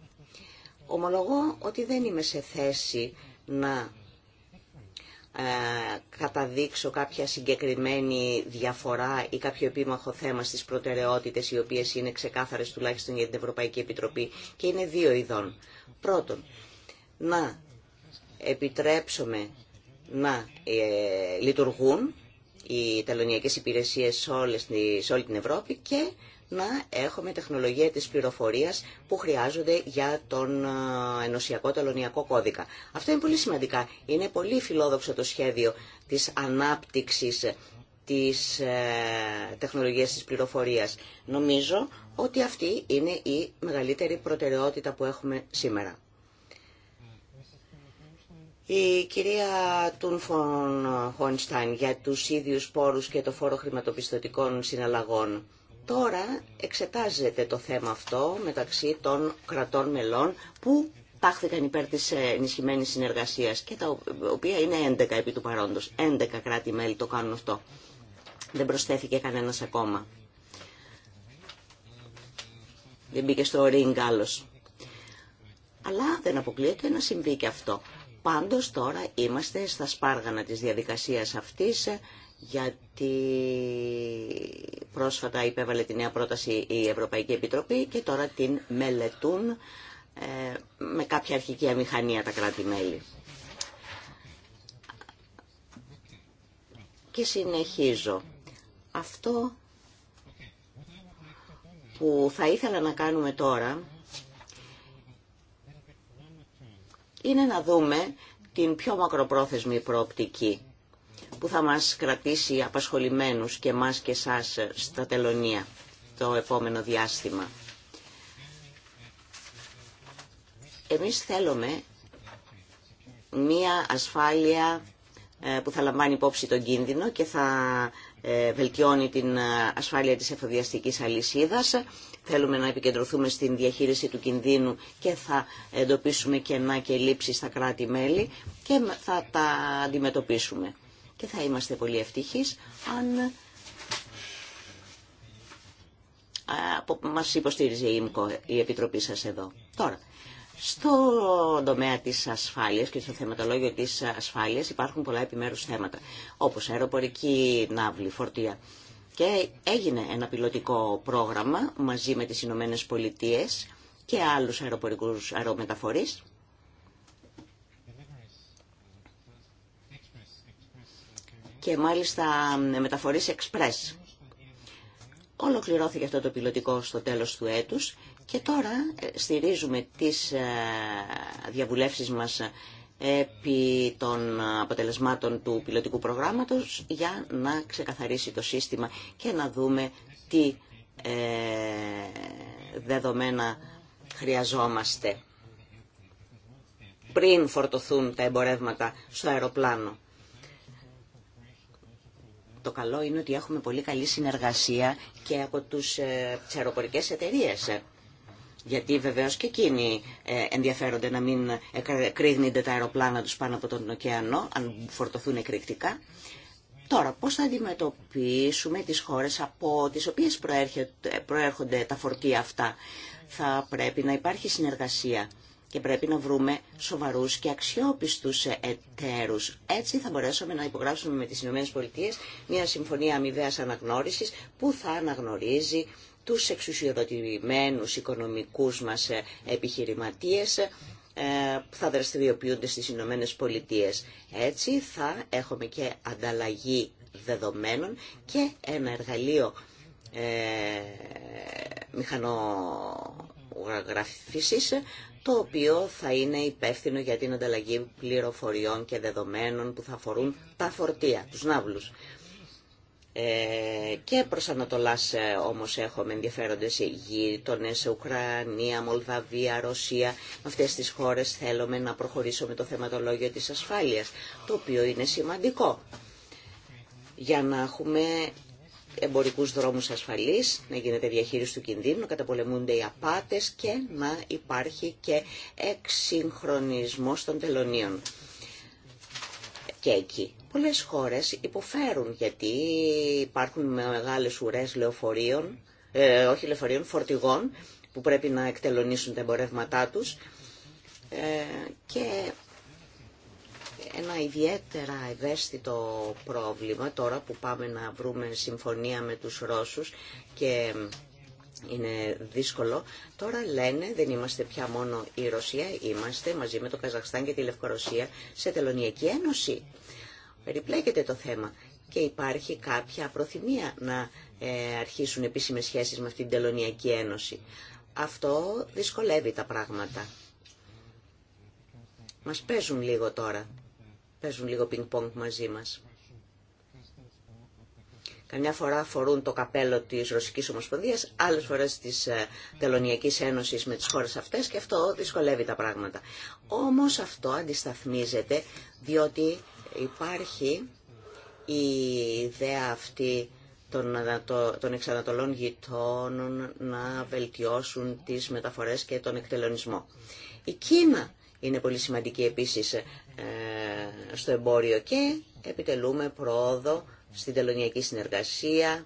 Ομολογώ ότι δεν είμαι σε θέση να ε, καταδείξω κάποια συγκεκριμένη διαφορά ή κάποιο επίμαχο θέμα στις προτεραιότητες οι οποίες είναι ξεκάθαρες τουλάχιστον για την Ευρωπαϊκή Επιτροπή και είναι δύο ειδών. Πρώτον, να επιτρέψουμε να ε, λειτουργούν οι τελωνιακές υπηρεσίες σε όλη την Ευρώπη και να έχουμε τεχνολογία της πληροφορίας που χρειάζονται για τον ε, ενωσιακό τελωνιακό κώδικα. Αυτό είναι πολύ σημαντικά. Είναι πολύ φιλόδοξο το σχέδιο της ανάπτυξης της ε, τεχνολογίας της πληροφορίας. Νομίζω ότι αυτή είναι η μεγαλύτερη προτεραιότητα που έχουμε σήμερα. Η κυρία Τούνφον Χόνσταν για τους ίδιους πόρους και το φόρο χρηματοπιστωτικών συναλλαγών. Τώρα εξετάζεται το θέμα αυτό μεταξύ των κρατών μελών που τάχθηκαν υπέρ τη ενισχυμένη συνεργασία και τα οποία είναι 11 επί του παρόντος. 11 κράτη-μέλη το κάνουν αυτό. Δεν προσθέθηκε κανένα ακόμα. Δεν μπήκε στο ring άλλο. Αλλά δεν αποκλείεται να συμβεί και αυτό. Πάντως τώρα είμαστε στα σπάργανα της διαδικασίας αυτής γιατί πρόσφατα υπέβαλε τη νέα πρόταση η Ευρωπαϊκή Επιτροπή και τώρα την μελετούν ε, με κάποια αρχική αμηχανία τα κράτη-μέλη. Και συνεχίζω. Αυτό που θα ήθελα να κάνουμε τώρα είναι να δούμε την πιο μακροπρόθεσμη προοπτική που θα μας κρατήσει απασχολημένους και μας και σας στα τελωνία το επόμενο διάστημα. Εμείς θέλουμε μία ασφάλεια ε, που θα λαμβάνει υπόψη τον κίνδυνο και θα ε, βελτιώνει την ε, ασφάλεια της εφοδιαστικής αλυσίδας. Θέλουμε να επικεντρωθούμε στην διαχείριση του κινδύνου και θα εντοπίσουμε κενά και λήψεις στα κράτη-μέλη και θα τα αντιμετωπίσουμε και θα είμαστε πολύ ευτυχείς αν από μας υποστήριζε η η Επιτροπή σας εδώ. Τώρα, στο τομέα της ασφάλειας και στο θεματολόγιο της ασφάλειας υπάρχουν πολλά επιμέρους θέματα, όπως αεροπορική, ναύλη, φορτία. Και έγινε ένα πιλωτικό πρόγραμμα μαζί με τις Ηνωμένε Πολιτείες και άλλους αεροπορικούς αερομεταφορείς και μάλιστα ε, μεταφορής express. Ολοκληρώθηκε αυτό το πιλωτικό στο τέλος του έτους και τώρα ε, στηρίζουμε τις ε, διαβουλεύσεις μας επί των αποτελεσμάτων του πιλωτικού προγράμματος για να ξεκαθαρίσει το σύστημα και να δούμε τι δεδομένα χρειαζόμαστε πριν φορτωθούν τα εμπορεύματα στο αεροπλάνο το καλό είναι ότι έχουμε πολύ καλή συνεργασία και από τους, ε, τις Γιατί βεβαίως και εκείνοι ε, ενδιαφέρονται να μην κρύγνονται τα αεροπλάνα τους πάνω από τον ωκεανό, αν φορτωθούν εκρηκτικά. Τώρα, πώς θα αντιμετωπίσουμε τις χώρες από τις οποίες προέρχονται τα φορτία αυτά. Θα πρέπει να υπάρχει συνεργασία και πρέπει να βρούμε σοβαρούς και αξιόπιστους εταίρους. Έτσι θα μπορέσουμε να υπογράψουμε με τις ΗΠΑ μια συμφωνία αμοιβαίας αναγνώρισης που θα αναγνωρίζει τους εξουσιοδοτημένους οικονομικούς μας επιχειρηματίες ε, που θα δραστηριοποιούνται στις Ηνωμένε Πολιτείες. Έτσι θα έχουμε και ανταλλαγή δεδομένων και ένα εργαλείο ε, το οποίο θα είναι υπεύθυνο για την ανταλλαγή πληροφοριών και δεδομένων που θα αφορούν τα φορτία, τους ναύλους. Ε, και προς Ανατολάς ε, όμως έχουμε ενδιαφέροντες γείτονες, Ουκρανία, Μολδαβία, Ρωσία. Με αυτές τις χώρες θέλουμε να προχωρήσουμε το θεματολόγιο της ασφάλειας, το οποίο είναι σημαντικό για να έχουμε εμπορικούς δρόμους ασφαλή, να γίνεται διαχείριση του κινδύνου, να καταπολεμούνται οι απάτε και να υπάρχει και εξυγχρονισμό των τελωνίων. Και εκεί. Πολλές χώρες υποφέρουν γιατί υπάρχουν μεγάλες ουρέ λεωφορείων, ε, όχι λεωφορείων, φορτηγών που πρέπει να εκτελονίσουν τα εμπορεύματά τους ε, και ένα ιδιαίτερα ευαίσθητο πρόβλημα τώρα που πάμε να βρούμε συμφωνία με τους Ρώσους και είναι δύσκολο. Τώρα λένε δεν είμαστε πια μόνο η Ρωσία, είμαστε μαζί με το Καζαχστάν και τη Λευκορωσία σε τελωνιακή ένωση. Περιπλέκεται το θέμα και υπάρχει κάποια προθυμία να ε, αρχίσουν επίσημες σχέσεις με αυτήν την τελωνιακή ένωση. Αυτό δυσκολεύει τα πράγματα. Μας παίζουν λίγο τώρα παίζουν λίγο πινκ-πονγκ μαζί μας. Καμιά φορά φορούν το καπέλο της Ρωσικής Ομοσπονδίας, άλλες φορές της ε, Τελωνιακής Ένωσης με τις χώρες αυτές και αυτό δυσκολεύει τα πράγματα. Όμως αυτό αντισταθμίζεται διότι υπάρχει η ιδέα αυτή των εξανατολών γειτόνων να βελτιώσουν τις μεταφορές και τον εκτελονισμό. Η Κίνα είναι πολύ σημαντική επίσης ε, ε, στο εμπόριο και επιτελούμε πρόοδο στην τελωνιακή συνεργασία,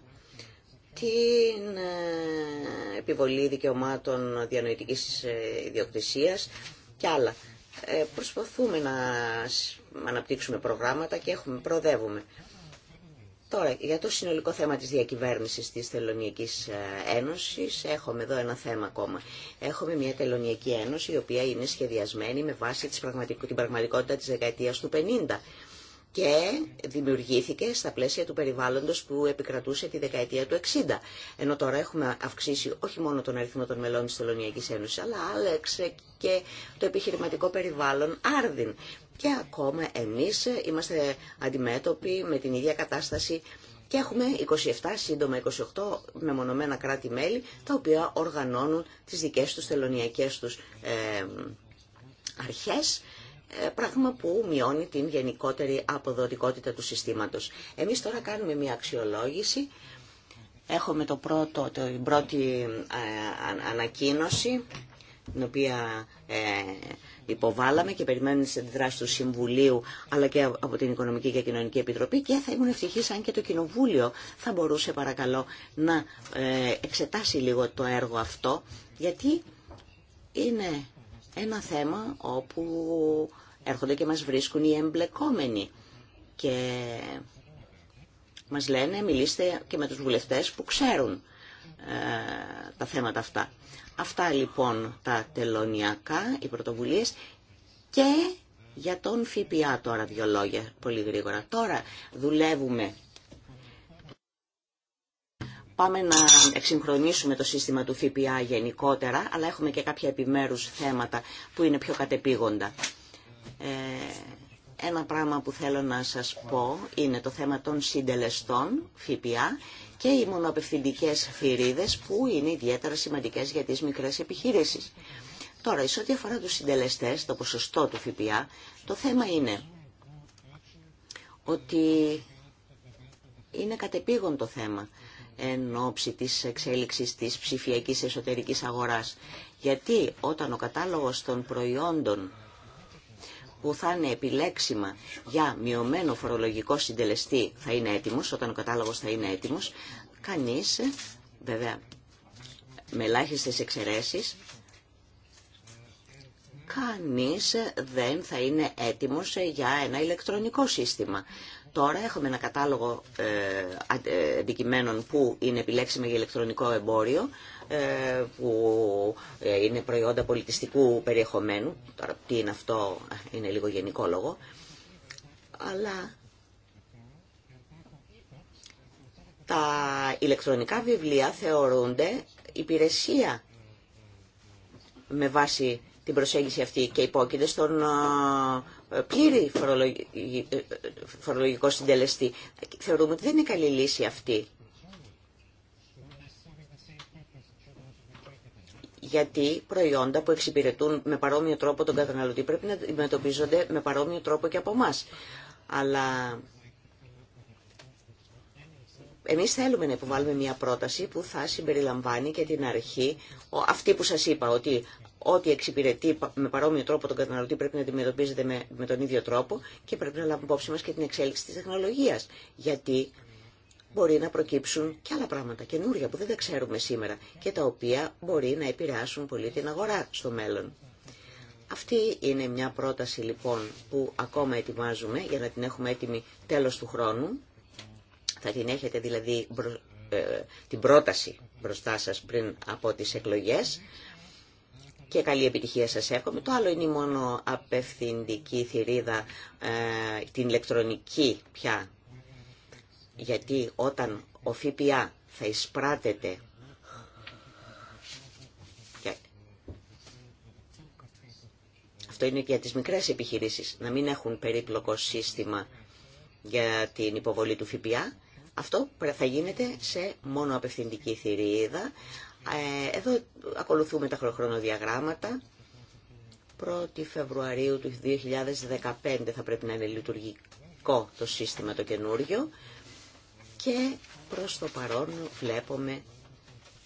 την ε, επιβολή δικαιωμάτων διανοητικής ε, ιδιοκτησίας και άλλα. Προσπαθούμε να αναπτύξουμε προγράμματα και έχουμε, προοδεύουμε. Τώρα, για το συνολικό θέμα της διακυβέρνησης της Τελωνιακής ε, Ένωσης, έχουμε εδώ ένα θέμα ακόμα. Έχουμε μια Τελωνιακή Ένωση, η οποία είναι σχεδιασμένη με βάση την πραγματικότητα της δεκαετίας του 50 και δημιουργήθηκε στα πλαίσια του περιβάλλοντος που επικρατούσε τη δεκαετία του 60. Ενώ τώρα έχουμε αυξήσει όχι μόνο τον αριθμό των μελών της Τελωνιακής Ένωσης, αλλά άλλαξε και το επιχειρηματικό περιβάλλον άρδιν. Και ακόμα εμείς είμαστε αντιμέτωποι με την ίδια κατάσταση και έχουμε 27, σύντομα 28 μεμονωμένα κράτη-μέλη, τα οποία οργανώνουν τις δικές τους θελωνιακές τους ε, αρχές, πράγμα που μειώνει την γενικότερη αποδοτικότητα του συστήματος. Εμείς τώρα κάνουμε μια αξιολόγηση, έχουμε το πρώτο, το, την πρώτη ε, ανακοίνωση, την οποία... Ε, υποβάλαμε και περιμένουμε τι αντιδράσει του Συμβουλίου αλλά και από την Οικονομική και Κοινωνική Επιτροπή και θα ήμουν ευτυχής αν και το Κοινοβούλιο θα μπορούσε παρακαλώ να ε, εξετάσει λίγο το έργο αυτό γιατί είναι ένα θέμα όπου έρχονται και μας βρίσκουν οι εμπλεκόμενοι και μας λένε μιλήστε και με τους βουλευτές που ξέρουν ε, τα θέματα αυτά. Αυτά λοιπόν τα τελωνιακά, οι πρωτοβουλίες και για τον ΦΠΑ τώρα δύο λόγια πολύ γρήγορα. Τώρα δουλεύουμε. Πάμε να εξυγχρονίσουμε το σύστημα του ΦΠΑ γενικότερα, αλλά έχουμε και κάποια επιμέρους θέματα που είναι πιο κατεπήγοντα. Ε, ένα πράγμα που θέλω να σας πω είναι το θέμα των συντελεστών ΦΠΑ και οι μονοπευθυντικές θηρίδες που είναι ιδιαίτερα σημαντικές για τις μικρές επιχειρήσεις. Τώρα, σε ό,τι αφορά τους συντελεστές, το ποσοστό του ΦΠΑ, το θέμα είναι ότι είναι κατεπήγον το θέμα εν ώψη της εξέλιξης της ψηφιακής εσωτερικής αγοράς. Γιατί όταν ο κατάλογος των προϊόντων που θα είναι επιλέξιμα για μειωμένο φορολογικό συντελεστή θα είναι έτοιμος, όταν ο κατάλογος θα είναι έτοιμος, κανείς, βέβαια με ελάχιστε εξαιρέσεις, κανείς δεν θα είναι έτοιμος για ένα ηλεκτρονικό σύστημα. Τώρα έχουμε ένα κατάλογο ε, αντικειμένων που είναι επιλέξιμα για ηλεκτρονικό εμπόριο, ε, που ε, είναι προϊόντα πολιτιστικού περιεχομένου. Τώρα τι είναι αυτό είναι λίγο γενικό λόγο. Αλλά τα ηλεκτρονικά βιβλία θεωρούνται υπηρεσία με βάση την προσέγγιση αυτή και υπόκειται στον ε, πλήρη φορολογικό συντελεστή. Θεωρούμε ότι δεν είναι καλή λύση αυτή. γιατί προϊόντα που εξυπηρετούν με παρόμοιο τρόπο τον καταναλωτή πρέπει να αντιμετωπίζονται με παρόμοιο τρόπο και από εμά. Αλλά εμείς θέλουμε να υποβάλουμε μια πρόταση που θα συμπεριλαμβάνει και την αρχή αυτή που σας είπα ότι ό,τι εξυπηρετεί με παρόμοιο τρόπο τον καταναλωτή πρέπει να αντιμετωπίζεται με, τον ίδιο τρόπο και πρέπει να λάβουμε υπόψη μα και την εξέλιξη τη τεχνολογία. Γιατί μπορεί να προκύψουν και άλλα πράγματα καινούρια που δεν τα ξέρουμε σήμερα και τα οποία μπορεί να επηρεάσουν πολύ την αγορά στο μέλλον. Αυτή είναι μια πρόταση λοιπόν που ακόμα ετοιμάζουμε για να την έχουμε έτοιμη τέλος του χρόνου. Θα την έχετε δηλαδή ε, την πρόταση μπροστά σας πριν από τις εκλογές και καλή επιτυχία σας εύχομαι. Το άλλο είναι η μόνο απευθυντική θηρίδα, ε, την ηλεκτρονική πια γιατί όταν ο ΦΠΑ θα εισπράτεται αυτό είναι για τις μικρές επιχειρήσεις να μην έχουν περίπλοκο σύστημα για την υποβολή του ΦΠΑ αυτό θα γίνεται σε μόνο απευθυντική θηρίδα ε, εδώ ακολουθούμε τα χρονοδιαγράμματα 1η Φεβρουαρίου του 2015 θα πρέπει να είναι λειτουργικό το σύστημα το καινούριο και προς το παρόν βλέπουμε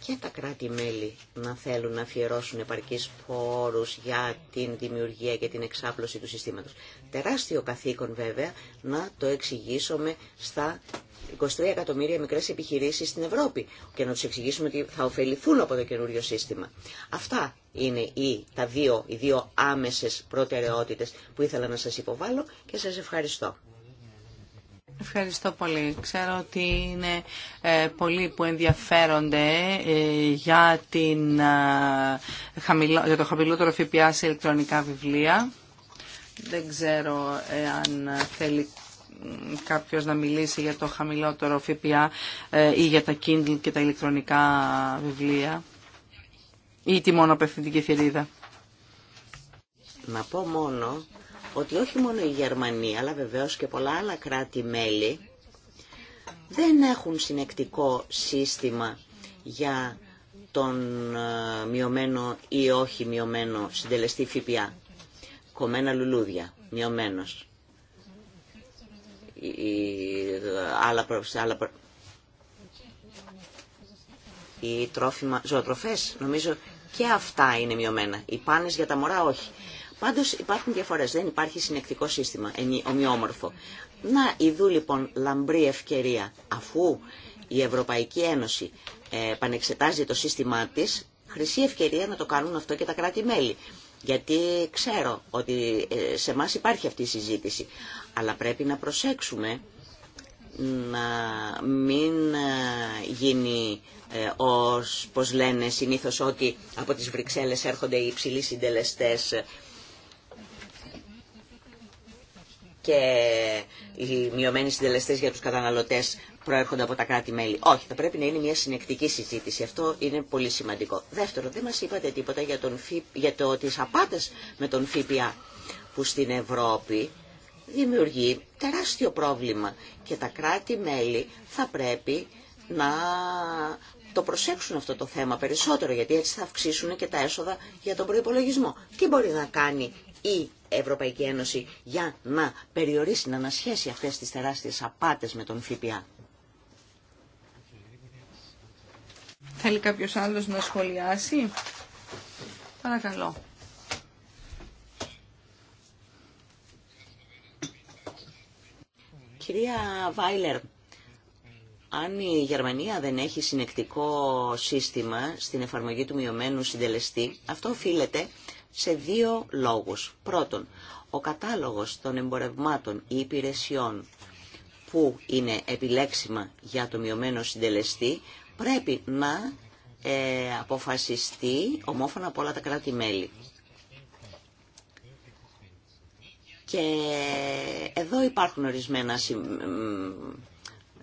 και τα κράτη-μέλη να θέλουν να αφιερώσουν επαρκείς πόρους για την δημιουργία και την εξάπλωση του συστήματος. Τεράστιο καθήκον βέβαια να το εξηγήσουμε στα 23 εκατομμύρια μικρές επιχειρήσεις στην Ευρώπη και να τους εξηγήσουμε ότι θα ωφεληθούν από το καινούριο σύστημα. Αυτά είναι οι, τα δύο, οι δύο άμεσες προτεραιότητες που ήθελα να σας υποβάλω και σας ευχαριστώ. Ευχαριστώ πολύ. Ξέρω ότι είναι ε, πολλοί που ενδιαφέρονται ε, για, την, ε, για το χαμηλότερο ΦΠΑ σε ηλεκτρονικά βιβλία. Δεν ξέρω αν θέλει κάποιος να μιλήσει για το χαμηλότερο ΦΠΑ ή για τα Kindle και τα ηλεκτρονικά βιβλία ή τη μόνο απευθυντική θηρίδα. Να πω μόνο ότι όχι μόνο η Γερμανία, αλλά βεβαίως και πολλά άλλα κράτη-μέλη δεν έχουν συνεκτικό σύστημα για τον ε, μειωμένο ή όχι μειωμένο συντελεστή ΦΠΑ. Κομμένα λουλούδια, μειωμένος. άλλα, οι τρόφιμα, ζωοτροφές, νομίζω και αυτά είναι μειωμένα. Οι πάνες για τα μωρά όχι. Πάντω υπάρχουν διαφορέ, δεν υπάρχει συνεκτικό σύστημα, ομοιόμορφο. Να ειδού λοιπόν λαμπρή ευκαιρία, αφού η Ευρωπαϊκή Ένωση ε, πανεξετάζει το σύστημά της, χρυσή ευκαιρία να το κάνουν αυτό και τα κράτη-μέλη. Γιατί ξέρω ότι ε, σε εμά υπάρχει αυτή η συζήτηση. Αλλά πρέπει να προσέξουμε να μην ε, γίνει ε, ως, λένε συνήθως ότι από τις Βρυξέλλες έρχονται οι υψηλοί συντελεστές και οι μειωμένοι συντελεστέ για του καταναλωτέ προέρχονται από τα κράτη-μέλη. Όχι, θα πρέπει να είναι μια συνεκτική συζήτηση. Αυτό είναι πολύ σημαντικό. Δεύτερον, δεν μα είπατε τίποτα για, τον, για το, ότι απάτες με τον ΦΠΑ που στην Ευρώπη δημιουργεί τεράστιο πρόβλημα και τα κράτη-μέλη θα πρέπει να το προσέξουν αυτό το θέμα περισσότερο γιατί έτσι θα αυξήσουν και τα έσοδα για τον προϋπολογισμό. Τι μπορεί να κάνει η Ευρωπαϊκή Ένωση για να περιορίσει, να ανασχέσει αυτές τις τεράστιες απάτες με τον ΦΠΑ. Θέλει κάποιος άλλος να σχολιάσει. Παρακαλώ. Κυρία Βάιλερ, αν η Γερμανία δεν έχει συνεκτικό σύστημα στην εφαρμογή του μειωμένου συντελεστή, αυτό οφείλεται σε δύο λόγους. Πρώτον, ο κατάλογος των εμπορευμάτων ή υπηρεσιών που είναι επιλέξιμα για το μειωμένο συντελεστή πρέπει να ε, αποφασιστεί ομόφωνα από όλα τα κράτη-μέλη. Και εδώ υπάρχουν ορισμένα, ε,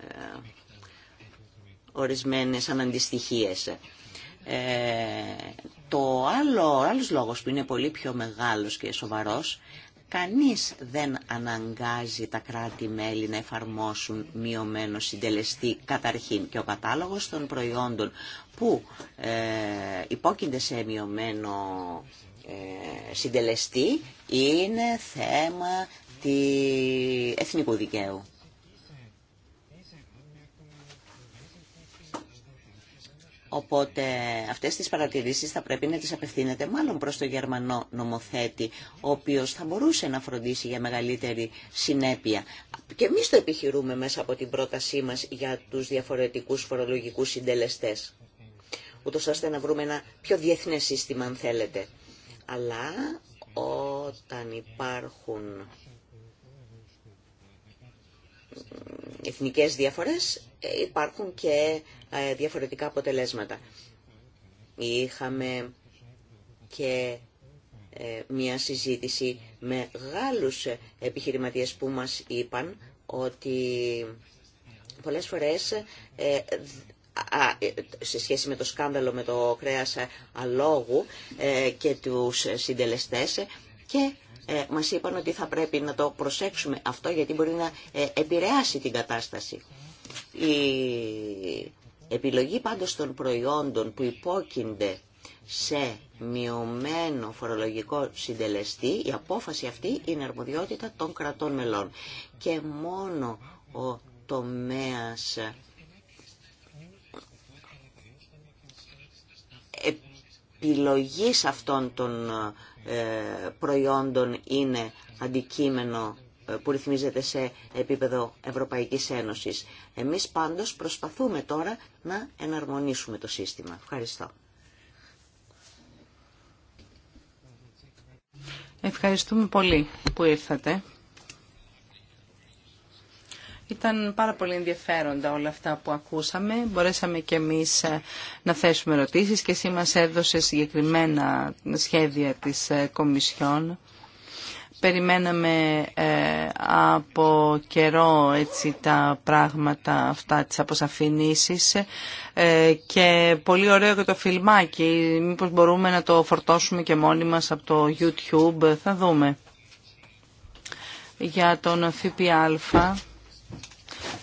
ε, ορισμένες αναντιστοιχίες. Ε, το άλλο, άλλος λόγος που είναι πολύ πιο μεγάλος και σοβαρός, κανείς δεν αναγκάζει τα κράτη-μέλη να εφαρμόσουν μειωμένο συντελεστή καταρχήν και ο κατάλογος των προϊόντων που ε, υπόκεινται σε μειωμένο ε, συντελεστή είναι θέμα τη εθνικού δικαίου. Οπότε αυτές τις παρατηρήσεις θα πρέπει να τις απευθύνεται μάλλον προς το Γερμανό νομοθέτη, ο οποίος θα μπορούσε να φροντίσει για μεγαλύτερη συνέπεια. Και εμείς το επιχειρούμε μέσα από την πρότασή μας για τους διαφορετικούς φορολογικούς συντελεστές, ούτως ώστε να βρούμε ένα πιο διεθνές σύστημα αν θέλετε. Αλλά όταν υπάρχουν εθνικές διαφορές υπάρχουν και ε, διαφορετικά αποτελέσματα. Είχαμε και ε, μια συζήτηση με Γάλλους επιχειρηματίες που μας είπαν ότι πολλές φορές ε, σε σχέση με το σκάνδαλο με το κρέας αλόγου και τους συντελεστές και μας είπαν ότι θα πρέπει να το προσέξουμε αυτό γιατί μπορεί να επηρεάσει την κατάσταση. Η επιλογή πάντως των προϊόντων που υπόκεινται σε μειωμένο φορολογικό συντελεστή, η απόφαση αυτή είναι αρμοδιότητα των κρατών μελών. Και μόνο ο τομέας επιλογής αυτών των ε, προϊόντων είναι αντικείμενο που ρυθμίζεται σε επίπεδο Ευρωπαϊκής Ένωσης. Εμείς πάντως προσπαθούμε τώρα να εναρμονίσουμε το σύστημα. Ευχαριστώ. Ευχαριστούμε πολύ που ήρθατε. Ήταν πάρα πολύ ενδιαφέροντα όλα αυτά που ακούσαμε. Μπορέσαμε και εμείς ε, να θέσουμε ερωτήσεις και εσύ μας έδωσε συγκεκριμένα σχέδια της ε, Κομισιόν περιμέναμε ε, από καιρό έτσι, τα πράγματα αυτά, τις αποσαφηνήσεις ε, και πολύ ωραίο και το φιλμάκι. Μήπως μπορούμε να το φορτώσουμε και μόνοι μας από το YouTube, θα δούμε. Για τον ΦΠΑ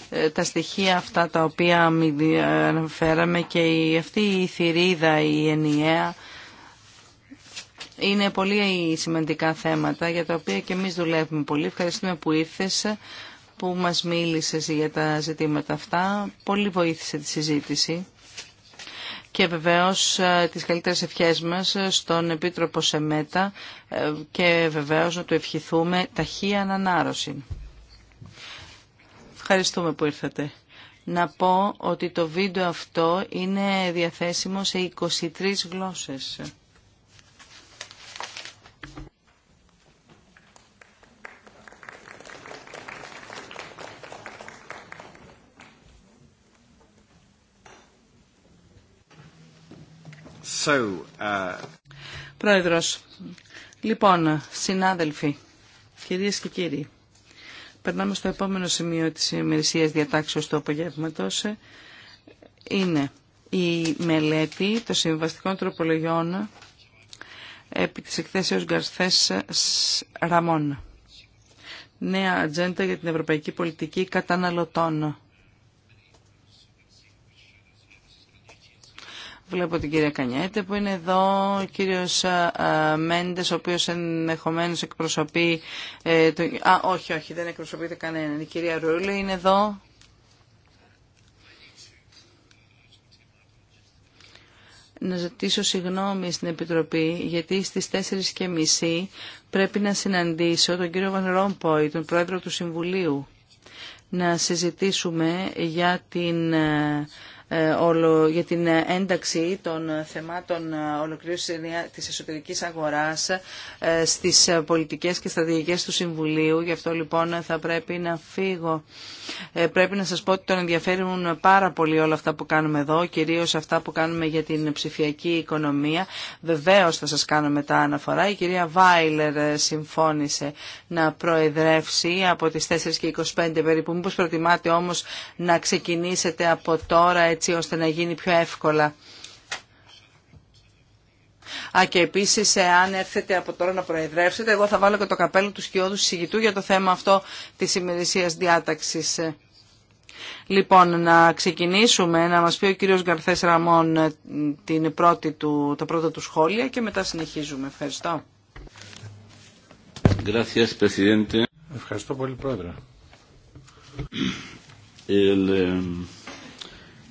ε, τα στοιχεία αυτά τα οποία αναφέραμε και αυτή η θηρίδα η ενιαία είναι πολύ σημαντικά θέματα για τα οποία και εμείς δουλεύουμε πολύ. Ευχαριστούμε που ήρθες, που μας μίλησες για τα ζητήματα αυτά. Πολύ βοήθησε τη συζήτηση. Και βεβαίως ε, τις καλύτερες ευχές μας στον Επίτροπο Σεμέτα ε, και βεβαίως να του ευχηθούμε ταχεία ανανάρρωση. Ευχαριστούμε που ήρθατε. Να πω ότι το βίντεο αυτό είναι διαθέσιμο σε 23 γλώσσες. Uh, Πρόεδρος, λοιπόν, συνάδελφοι, κυρίες και κύριοι, περνάμε στο επόμενο σημείο της ημερησίας διατάξεως του απογεύματος. Είναι η μελέτη των συμβαστικών τροπολογιών επί της εκθέσεως Γκαρθές Ραμών. Νέα ατζέντα για την ευρωπαϊκή πολιτική καταναλωτών. Βλέπω την κυρία Κανιέτε που είναι εδώ, ο κύριος Μέντες, ο οποίος ενδεχομένω εκπροσωπεί... Ε, το... Α, όχι, όχι, δεν εκπροσωπείται κανέναν. Η κυρία Ρούλη είναι εδώ. να ζητήσω συγγνώμη στην Επιτροπή, γιατί στις 4.30 πρέπει να συναντήσω τον κύριο Βαν Ρόμποη, τον πρόεδρο του Συμβουλίου, να συζητήσουμε για την ε, ε, για την ένταξη των θεμάτων ολοκλήρωσης της εσωτερικής αγοράς ε, στις πολιτικές και στρατηγικές του Συμβουλίου. Γι' αυτό λοιπόν θα πρέπει να φύγω. Ε, πρέπει να σας πω ότι τον ενδιαφέρουν πάρα πολύ όλα αυτά που κάνουμε εδώ, κυρίως αυτά που κάνουμε για την ψηφιακή οικονομία. Βεβαίως θα σας κάνω μετά αναφορά. Η κυρία Βάιλερ συμφώνησε να προεδρεύσει από τις 4 και 25 περίπου. Μήπως προτιμάτε όμως να ξεκινήσετε από τώρα έτσι ώστε να γίνει πιο εύκολα. Α, και επίση, αν έρθετε από τώρα να προεδρεύσετε, εγώ θα βάλω και το καπέλο του σκιώδου συγητού για το θέμα αυτό τη ημερησία διάταξη. Λοιπόν, να ξεκινήσουμε, να μας πει ο κύριος Γκαρθές Ραμών ε, την πρώτη του, τα πρώτα του σχόλια και μετά συνεχίζουμε. Ευχαριστώ. Ευχαριστώ πολύ, Πρόεδρε. Ε,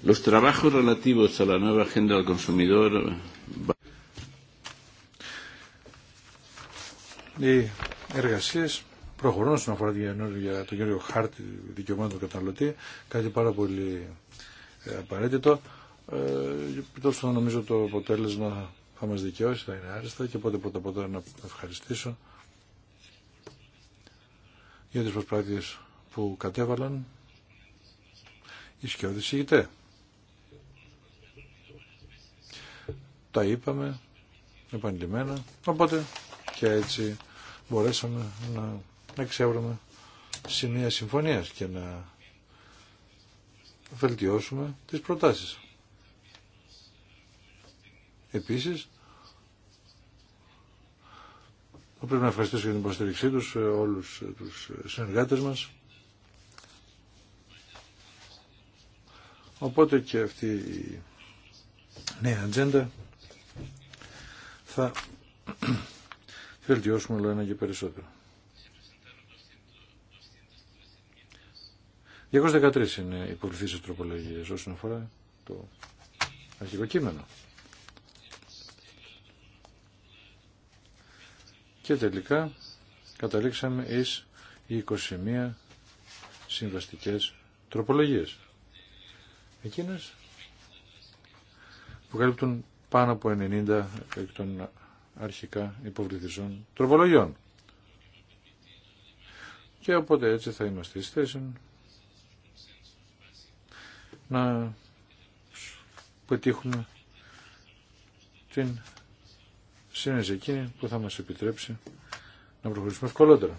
Los trabajos relativos a la nueva agenda del consumidor. Οι εργασίε προχωρούν όσον αφορά για το κύριο χάρτη δικαιωμάτων του καταναλωτή. Κάτι πάρα πολύ ε, απαραίτητο. Ε, νομίζω το αποτέλεσμα θα μα δικαιώσει, θα είναι άριστα και πότε πρώτα πρώτα να ευχαριστήσω για τι προσπάθειε που κατέβαλαν οι ηγητέ. τα είπαμε επανειλημμένα, οπότε και έτσι μπορέσαμε να εξεύρουμε σημεία συμφωνίας και να βελτιώσουμε τις προτάσεις. Επίσης, θα πρέπει να ευχαριστήσω για την υποστήριξή τους ε, όλους τους συνεργάτες μας. Οπότε και αυτή η νέα ατζέντα θα βελτιώσουμε όλο ένα και περισσότερο. 213 είναι οι πολυθήσεις τροπολογίες όσον αφορά το αρχικό κείμενο. Και τελικά καταλήξαμε εις 21 συμβαστικές τροπολογίες. Εκείνες που καλύπτουν πάνω από 90 εκ των αρχικά υποβληθισών τροπολογιών. Και οπότε έτσι θα είμαστε εις θέση να πετύχουμε την σύνεση εκείνη που θα μας επιτρέψει να προχωρήσουμε ευκολότερα.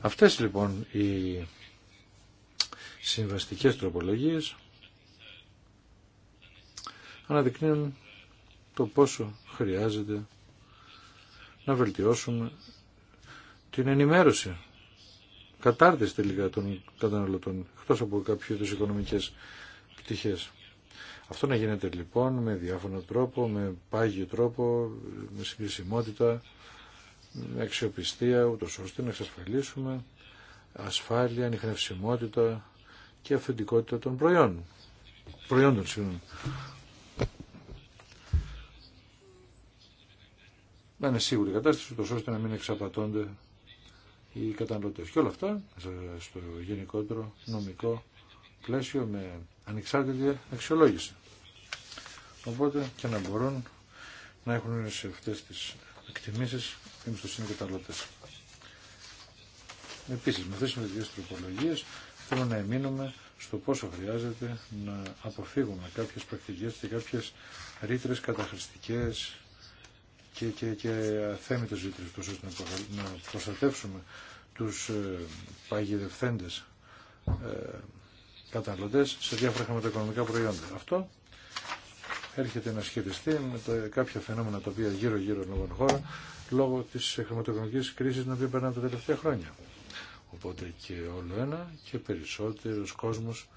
Αυτές λοιπόν οι συμβαστικές τροπολογίες αναδεικνύουν το πόσο χρειάζεται να βελτιώσουμε την ενημέρωση, κατάρτιση τελικά των καταναλωτών, εκτός από κάποιες οικονομικές πτυχές. Αυτό να γίνεται λοιπόν με διάφορο τρόπο, με πάγιο τρόπο, με συγκρισιμότητα, με αξιοπιστία, ούτως ώστε να εξασφαλίσουμε ασφάλεια, ανιχνευσιμότητα και αυθεντικότητα των προϊόντων. προϊόντων συγγνώμη. να είναι σίγουρη η κατάσταση, ούτως ώστε να μην εξαπατώνται οι καταναλωτές. Και όλα αυτά στο γενικότερο νομικό πλαίσιο με ανεξάρτητη αξιολόγηση. Οπότε και να μπορούν να έχουν σε αυτές τις εκτιμήσεις εμπιστοσύνη καταναλωτές. Επίσης, με αυτές τις μελλοντικές τροπολογίες θέλω να εμείνουμε στο πόσο χρειάζεται να αποφύγουμε κάποιες πρακτικές και κάποιες ρήτρες καταχρηστικές και, και, και ώστε να προστατεύσουμε τους ε, παγιδευθέντες ε, καταναλωτές σε διάφορα χρηματοοικονομικά προϊόντα. Αυτό έρχεται να σχετιστεί με κάποια φαινόμενα τα οποία γύρω-γύρω λόγω χώρα λόγω της χρηματοοικονομικής κρίσης την οποία περνάμε τα τελευταία χρόνια. Οπότε και όλο ένα και περισσότερος κόσμος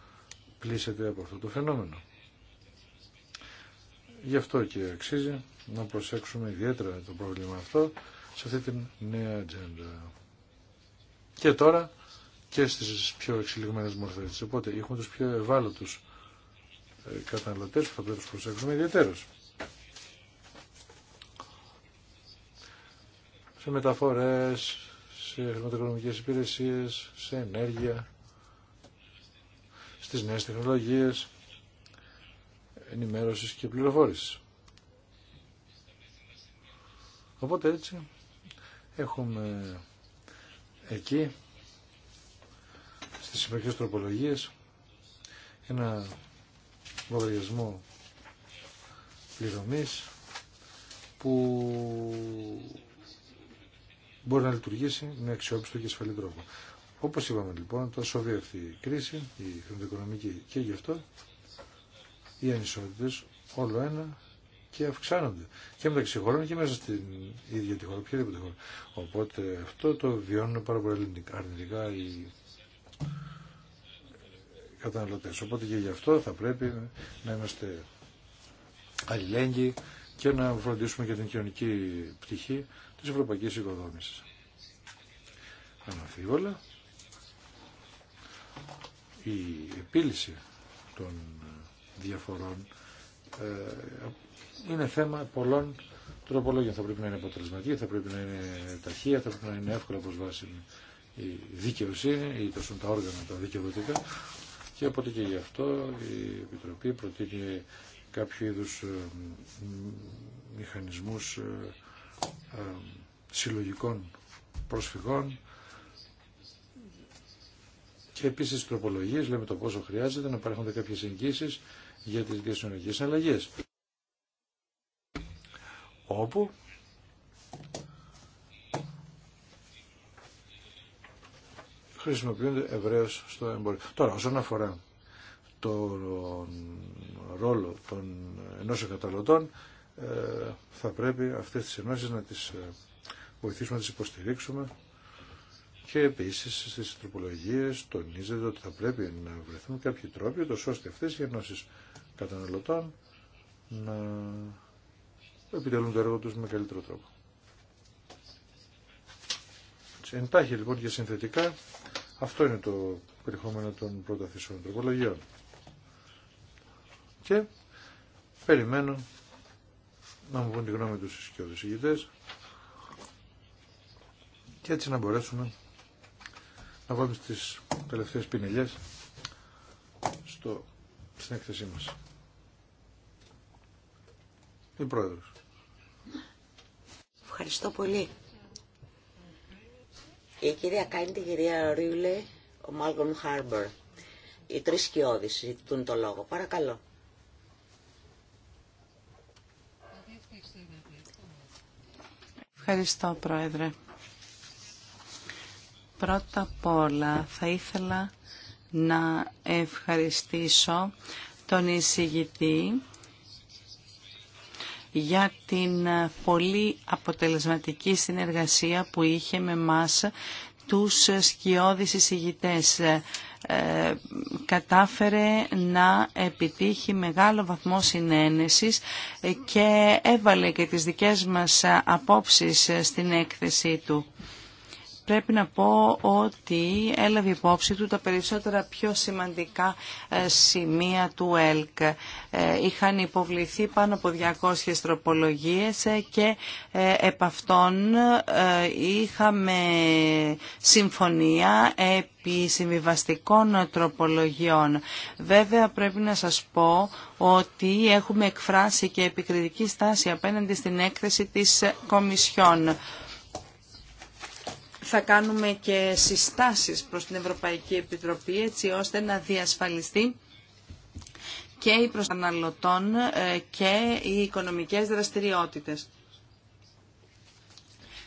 πλήσεται από αυτό το φαινόμενο. Γι' αυτό και αξίζει να προσέξουμε ιδιαίτερα το πρόβλημα αυτό σε αυτή την νέα ατζέντα. Και τώρα και στις πιο εξελιγμένες μορφές. Οπότε έχουμε τους πιο ευάλωτους ε, καταναλωτές που θα πρέπει να τους προσέξουμε ιδιαίτερως. Σε μεταφορές, σε χρηματοοικονομικές υπηρεσίες, σε ενέργεια, στις νέες τεχνολογίες ενημέρωσης και πληροφόρησης. Οπότε έτσι έχουμε εκεί στις υπερχές τροπολογίες ένα λογαριασμό πληρωμής που μπορεί να λειτουργήσει με αξιόπιστο και ασφαλή τρόπο. Όπως είπαμε λοιπόν, το σοβεί η κρίση, η χρηματοοικονομική και γι' αυτό οι ανισότητες όλο ένα και αυξάνονται. Και μεταξύ χωρών και μέσα στην ίδια τη χώρα, οποιαδήποτε χώρα. Οπότε αυτό το βιώνουν πάρα πολύ αρνητικά οι καταναλωτές. Οπότε και γι' αυτό θα πρέπει να είμαστε αλληλέγγυοι και να φροντίσουμε και την κοινωνική πτυχή της ευρωπαϊκής οικοδόμησης. Αναφίβολα, η επίλυση των διαφορών. Ε, είναι θέμα πολλών τροπολόγιων. Θα πρέπει να είναι αποτελεσματική, θα πρέπει να είναι ταχεία, θα πρέπει να είναι εύκολα προσβάσιμη η δικαιοσύνη ή τόσο τα όργανα τα δικαιοδοτικά και οπότε και γι' αυτό η Επιτροπή προτείνει κάποιο ειδου ε, μηχανισμούς ε, συλλογικών προσφυγών και επίσης τροπολογίες, λέμε το πόσο χρειάζεται, να υπάρχουν κάποιες εγγύσεις για τις διασυνολογικές αλλαγές. Όπου χρησιμοποιούνται ευρέως στο εμπόριο. Τώρα, όσον αφορά τον ρόλο των ενώσεων καταναλωτών, ε, θα πρέπει αυτές τις ενώσεις να τις ε, βοηθήσουμε, να τις υποστηρίξουμε και επίσης στις τροπολογίες τονίζεται ότι θα πρέπει να βρεθούν κάποιοι τρόποι, ώστε αυτές οι ενώσεις καταναλωτών να επιτελούν το έργο τους με καλύτερο τρόπο. Εντάχει λοιπόν και συνθετικά αυτό είναι το περιεχόμενο των θεσμών τροπολογιών. Και περιμένω να μου πούν τη γνώμη τους και και έτσι να μπορέσουμε να βάλουμε στις τελευταίες πινελιές στο στην έκθεσή μας. Η Πρόεδρος. Ευχαριστώ πολύ. Η κυρία Κάνη η κυρία Ρίουλε, ο Μάλγκον Χάρμπερ. Οι τρεις σκιώδεις ζητούν το λόγο. Παρακαλώ. Ευχαριστώ, Πρόεδρε. Πρώτα απ' όλα θα ήθελα να ευχαριστήσω τον εισηγητή για την πολύ αποτελεσματική συνεργασία που είχε με μας τους σκιώδεις εισηγητές. Ε, κατάφερε να επιτύχει μεγάλο βαθμό συνένεσης και έβαλε και τις δικές μας απόψεις στην έκθεσή του πρέπει να πω ότι έλαβε υπόψη του τα περισσότερα πιο σημαντικά ε, σημεία του ΕΛΚ. Ε, είχαν υποβληθεί πάνω από 200 τροπολογίες ε, και επ' αυτών είχαμε συμφωνία επί συμβιβαστικών τροπολογιών. Βέβαια πρέπει να σας πω ότι έχουμε εκφράσει και επικριτική στάση απέναντι στην έκθεση της Κομισιόν θα κάνουμε και συστάσεις προς την Ευρωπαϊκή Επιτροπή έτσι ώστε να διασφαλιστεί και οι προσαναλωτών ε, και οι οικονομικές δραστηριότητες.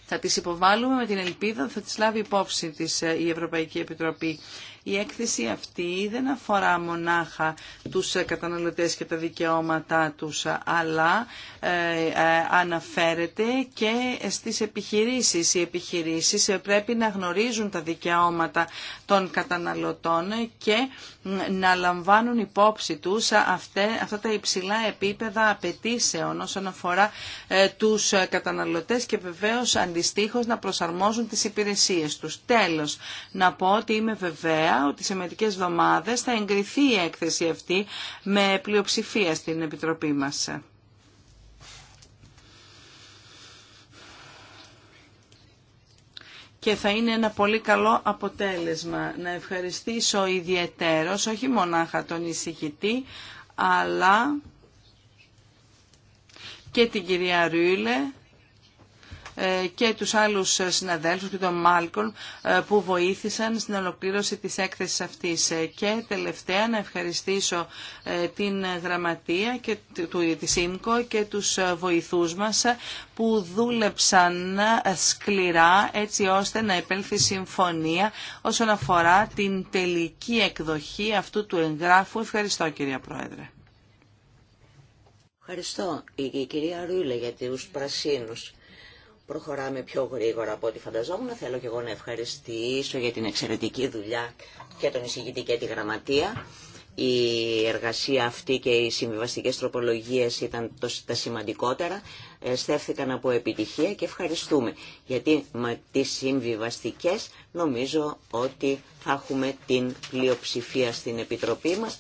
Θα τις υποβάλουμε με την ελπίδα ότι θα τις λάβει υπόψη της ε, η Ευρωπαϊκή Επιτροπή. Η έκθεση αυτή δεν αφορά μονάχα τους καταναλωτές και τα δικαιώματά τους, αλλά ε, ε, αναφέρεται και στις επιχειρήσεις. Οι επιχειρήσεις ε, πρέπει να γνωρίζουν τα δικαιώματα των καταναλωτών και να λαμβάνουν υπόψη τους αυτά τα υψηλά επίπεδα απαιτήσεων όσον αφορά τους καταναλωτές και βεβαίως αντιστοίχως να προσαρμόζουν τις υπηρεσίες τους. Τέλος, να πω ότι είμαι βεβαία ότι σε μερικές εβδομάδες θα εγκριθεί η έκθεση αυτή με πλειοψηφία στην Επιτροπή μας. και θα είναι ένα πολύ καλό αποτέλεσμα. Να ευχαριστήσω ιδιαιτέρως, όχι μονάχα τον εισηγητή, αλλά και την κυρία Ρούιλε ε, και τους άλλους συναδέλφους και τον Μάλκον ε, που βοήθησαν στην ολοκλήρωση της έκθεσης αυτής. Ε, και τελευταία να ευχαριστήσω την Γραμματεία και του, της και τους βοηθούς μας που δούλεψαν σκληρά έτσι ώστε να επέλθει συμφωνία όσον αφορά την τελική εκδοχή αυτού του εγγράφου. Ευχαριστώ κυρία Πρόεδρε. Ευχαριστώ η κυρία Ρούλα για τους πρασίνους. Προχωράμε πιο γρήγορα από ό,τι φανταζόμουν. Θέλω και εγώ να ευχαριστήσω για την εξαιρετική δουλειά και τον εισηγητή και τη γραμματεία. Η εργασία αυτή και οι συμβιβαστικέ τροπολογίε ήταν τα σημαντικότερα. Ε, στέφθηκαν από επιτυχία και ευχαριστούμε. Γιατί με τι συμβιβαστικέ νομίζω ότι θα έχουμε την πλειοψηφία στην Επιτροπή μα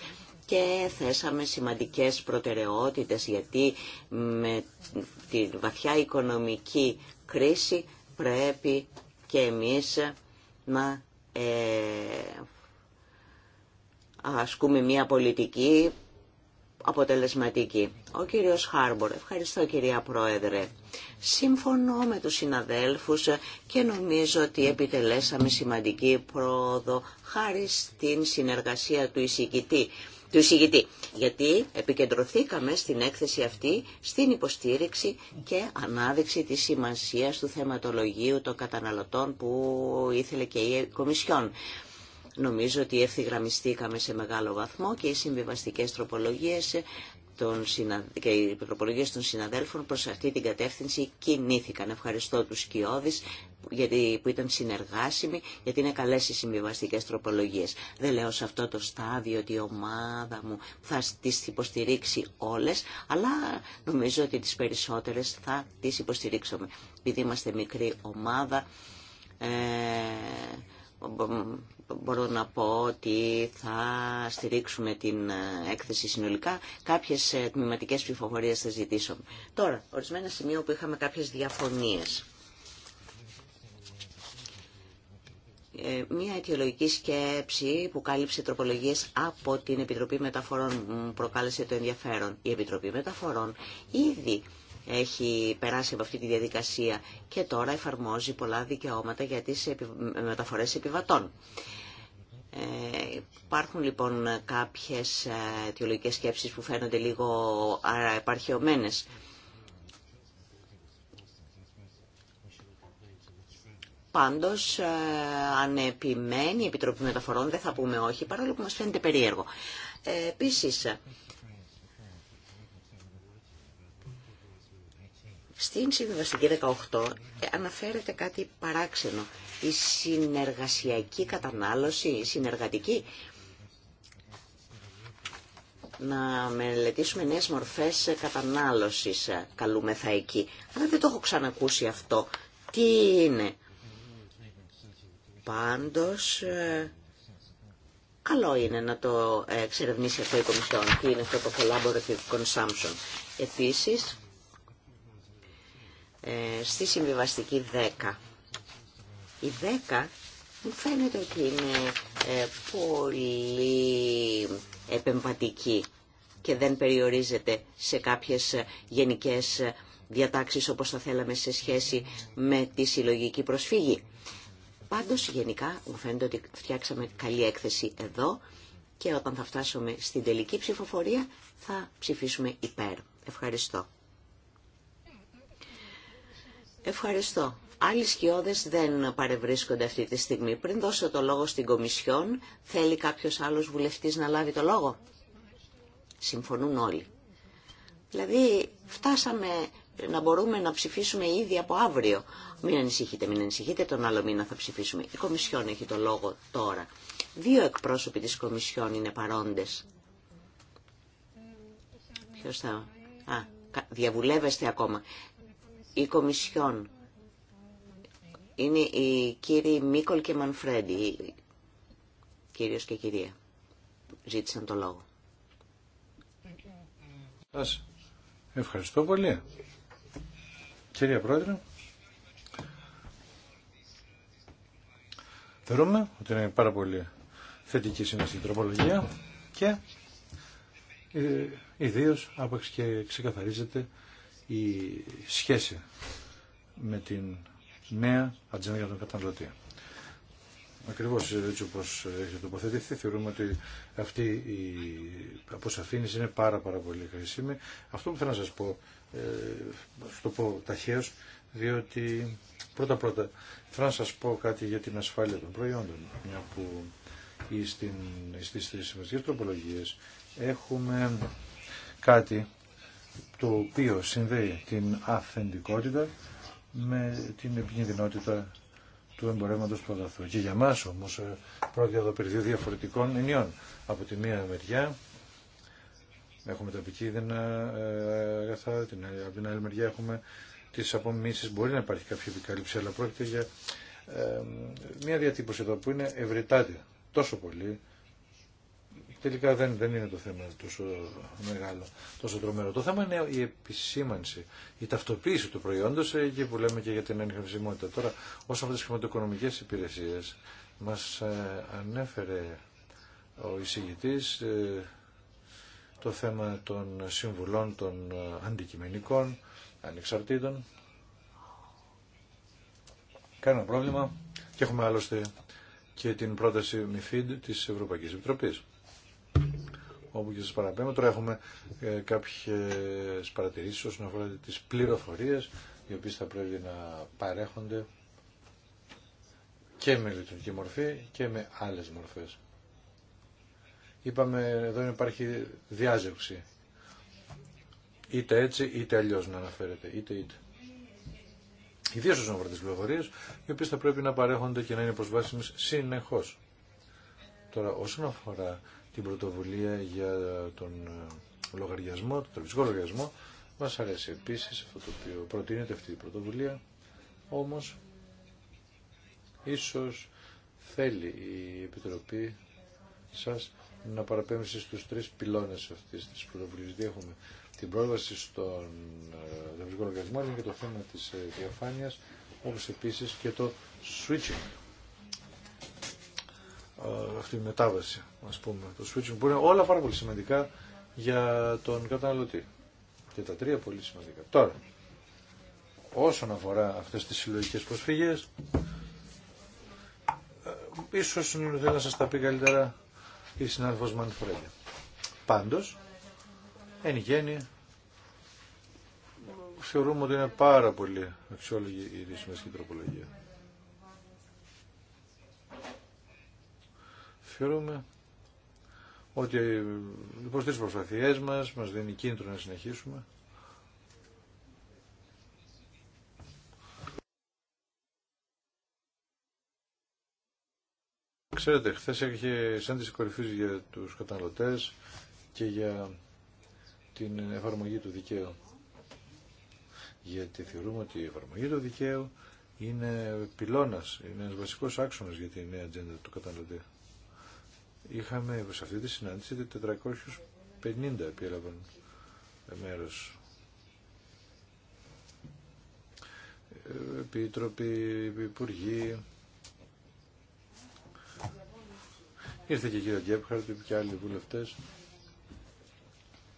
και θέσαμε σημαντικές προτεραιότητες γιατί με τη βαθιά οικονομική κρίση πρέπει και εμείς να ε, ασκούμε μια πολιτική αποτελεσματική. Ο κύριος Χάρμπορ, ευχαριστώ κυρία Πρόεδρε. Συμφωνώ με τους συναδέλφους και νομίζω ότι επιτελέσαμε σημαντική πρόοδο χάρη στην συνεργασία του εισηγητή του Γιατί επικεντρωθήκαμε στην έκθεση αυτή στην υποστήριξη και ανάδειξη της σημασίας του θεματολογίου των καταναλωτών που ήθελε και η Κομισιόν. Νομίζω ότι ευθυγραμμιστήκαμε σε μεγάλο βαθμό και οι συμβιβαστικές τροπολογίες των και οι προπολογίες των συναδέλφων προς αυτή την κατεύθυνση κινήθηκαν. Ευχαριστώ τους Κιώδης γιατί, που ήταν συνεργάσιμοι, γιατί είναι καλές οι συμβιβαστικές τροπολογίες. Δεν λέω σε αυτό το στάδιο ότι η ομάδα μου θα τις υποστηρίξει όλες, αλλά νομίζω ότι τις περισσότερες θα τις υποστηρίξουμε. Επειδή είμαστε μικρή ομάδα, ε, μπορώ να πω ότι θα στηρίξουμε την ε, έκθεση συνολικά. Κάποιες ε, τμηματικές ψηφοφορίες θα ζητήσω. Τώρα, ορισμένα σημεία που είχαμε κάποιες διαφωνίες. Ε, μία αιτιολογική σκέψη που κάλυψε τροπολογίες από την Επιτροπή Μεταφορών προκάλεσε το ενδιαφέρον. Η Επιτροπή Μεταφορών ήδη έχει περάσει από αυτή τη διαδικασία και τώρα εφαρμόζει πολλά δικαιώματα για τις μεταφορές επιβατών. Ε, υπάρχουν λοιπόν κάποιες ε, αιτιολογικές σκέψεις που φαίνονται λίγο επαρχαιωμένες. Πάντως, ε, αν επιμένει η Επιτροπή Μεταφορών δεν θα πούμε όχι, παρόλο που μας φαίνεται περίεργο. Ε, επίσης, Στην συμβιβαστική 18 ε, αναφέρεται κάτι παράξενο. Η συνεργασιακή κατανάλωση, η συνεργατική. Να μελετήσουμε νέες μορφές κατανάλωσης καλούμεθα εκεί. Αλλά δεν το έχω ξανακούσει αυτό. Τι είναι. Πάντως, ε, καλό είναι να το ε, εξερευνήσει αυτό η Κομισιόν. Τι είναι αυτό το collaborative consumption. Επίσης, ε, στη συμβιβαστική 10. Η 10 μου φαίνεται ότι είναι ε, πολύ επεμβατική και δεν περιορίζεται σε κάποιες ε, γενικές διατάξεις όπως θα θέλαμε σε σχέση με τη συλλογική προσφύγη. Πάντως γενικά μου φαίνεται ότι φτιάξαμε καλή έκθεση εδώ και όταν θα φτάσουμε στην τελική ψηφοφορία θα ψηφίσουμε υπέρ. Ευχαριστώ. Ευχαριστώ. Άλλοι σκιώδε δεν παρευρίσκονται αυτή τη στιγμή. Πριν δώσω το λόγο στην Κομισιόν, θέλει κάποιος άλλος βουλευτής να λάβει το λόγο. Συμφωνούν όλοι. Δηλαδή φτάσαμε να μπορούμε να ψηφίσουμε ήδη από αύριο. Μην ανησυχείτε, μην ανησυχείτε, τον άλλο μήνα θα ψηφίσουμε. Η Κομισιόν έχει το λόγο τώρα. Δύο εκπρόσωποι της Κομισιόν είναι παρόντες. θα... Α, διαβουλεύεστε ακόμα η Κομισιόν. Είναι οι κύριοι Μίκολ και Μανφρέντι, κύριος και κυρία. Ζήτησαν το λόγο. Σας ευχαριστώ πολύ. Κυρία Πρόεδρε, θεωρούμε ότι είναι πάρα πολύ θετική στην τροπολογία και ε, ιδίως άπαξ και ξεκαθαρίζεται η σχέση με την νέα ατζέντα για τον καταναλωτή. Ακριβώ έτσι όπω έχει τοποθετηθεί, θεωρούμε ότι αυτή η αποσαφήνιση είναι πάρα, πάρα πολύ χρήσιμη. Αυτό που θέλω να σα πω, ε, το πω ταχαίω, διότι πρώτα-πρώτα θέλω να σα πω κάτι για την ασφάλεια των προϊόντων. Μια που στι τρει τροπολογίε έχουμε κάτι το οποίο συνδέει την αυθεντικότητα με την επικίνδυνοτητα του εμπορεύματος του αγαθού. Και για μας όμως ε, πρόκειται εδώ περί δύο διαφορετικών ενιών. Από τη μία μεριά έχουμε τα επικίνδυνα ε, αγαθά, την, από την άλλη μεριά έχουμε τις απομίσεις, Μπορεί να υπάρχει κάποια επικάλυψη, αλλά πρόκειται για ε, μια διατύπωση εδώ που είναι ευρετάτη τόσο πολύ τελικά δεν, είναι το θέμα τόσο μεγάλο, τόσο τρομερό. Το θέμα είναι η επισήμανση, η ταυτοποίηση του προϊόντος, ε, εκεί που λέμε και για την ενχρησιμότητα. Τώρα, όσο αυτές τις χρηματοοικονομικές υπηρεσίες, μας ε, ανέφερε ο εισηγητής ε, το θέμα των συμβουλών των αντικειμενικών, ανεξαρτήτων. Κάνα πρόβλημα και έχουμε άλλωστε και την πρόταση MIFID της Ευρωπαϊκής Επιτροπής όπου και σας παραπέμπω. Τώρα έχουμε ε, κάποιες παρατηρήσεις όσον αφορά τις πληροφορίες οι οποίες θα πρέπει να παρέχονται και με λειτουργική μορφή και με άλλες μορφές. Είπαμε εδώ υπάρχει διάζευξη. Είτε έτσι είτε αλλιώ να αναφέρεται. Είτε είτε. Ιδίω όσον αφορά τι πληροφορίε, οι οποίε θα πρέπει να παρέχονται και να είναι προσβάσιμε συνεχώ. Τώρα, όσον αφορά την πρωτοβουλία για τον ε, λογαριασμό, τον τραπεζικό λογαριασμό. Μας αρέσει επίσης αυτό το οποίο προτείνεται αυτή η πρωτοβουλία, όμως ίσως θέλει η Επιτροπή σας να παραπέμψει στους τρεις πυλώνες αυτής της πρωτοβουλίας. έχουμε την πρόσβαση στον ε, τραπεζικό λογαριασμό, αλλά και το θέμα της ε, διαφάνειας, όπως επίσης και το switching ε, αυτή η μετάβαση, α πούμε, το switching, που είναι όλα πάρα πολύ σημαντικά για τον καταναλωτή. Και τα τρία πολύ σημαντικά. Τώρα, όσον αφορά αυτές τις συλλογικές προσφυγές, ε, ίσως δεν να σας τα πει καλύτερα η συνάδελφος Μανφρέλια. Πάντως, εν γέννη, θεωρούμε ότι είναι πάρα πολύ αξιόλογη η ρίσιμες και η τροπολογία. Θεωρούμε ότι λοιπόν στις προσπαθειές μας μας δίνει κίνητρο να συνεχίσουμε. Ξέρετε, χθε είχε σέντηση κορυφή για τους καταναλωτές και για την εφαρμογή του δικαίου. Γιατί θεωρούμε ότι η εφαρμογή του δικαίου είναι πυλώνας, είναι ένας βασικός άξονας για τη νέα ατζέντα του καταναλωτή είχαμε σε αυτή τη συνάντηση 450 που μέρο. μέρος ε, επίτροποι, υπουργοί. Ήρθε και η κυρία Γκέπχαρτ και άλλοι βουλευτέ.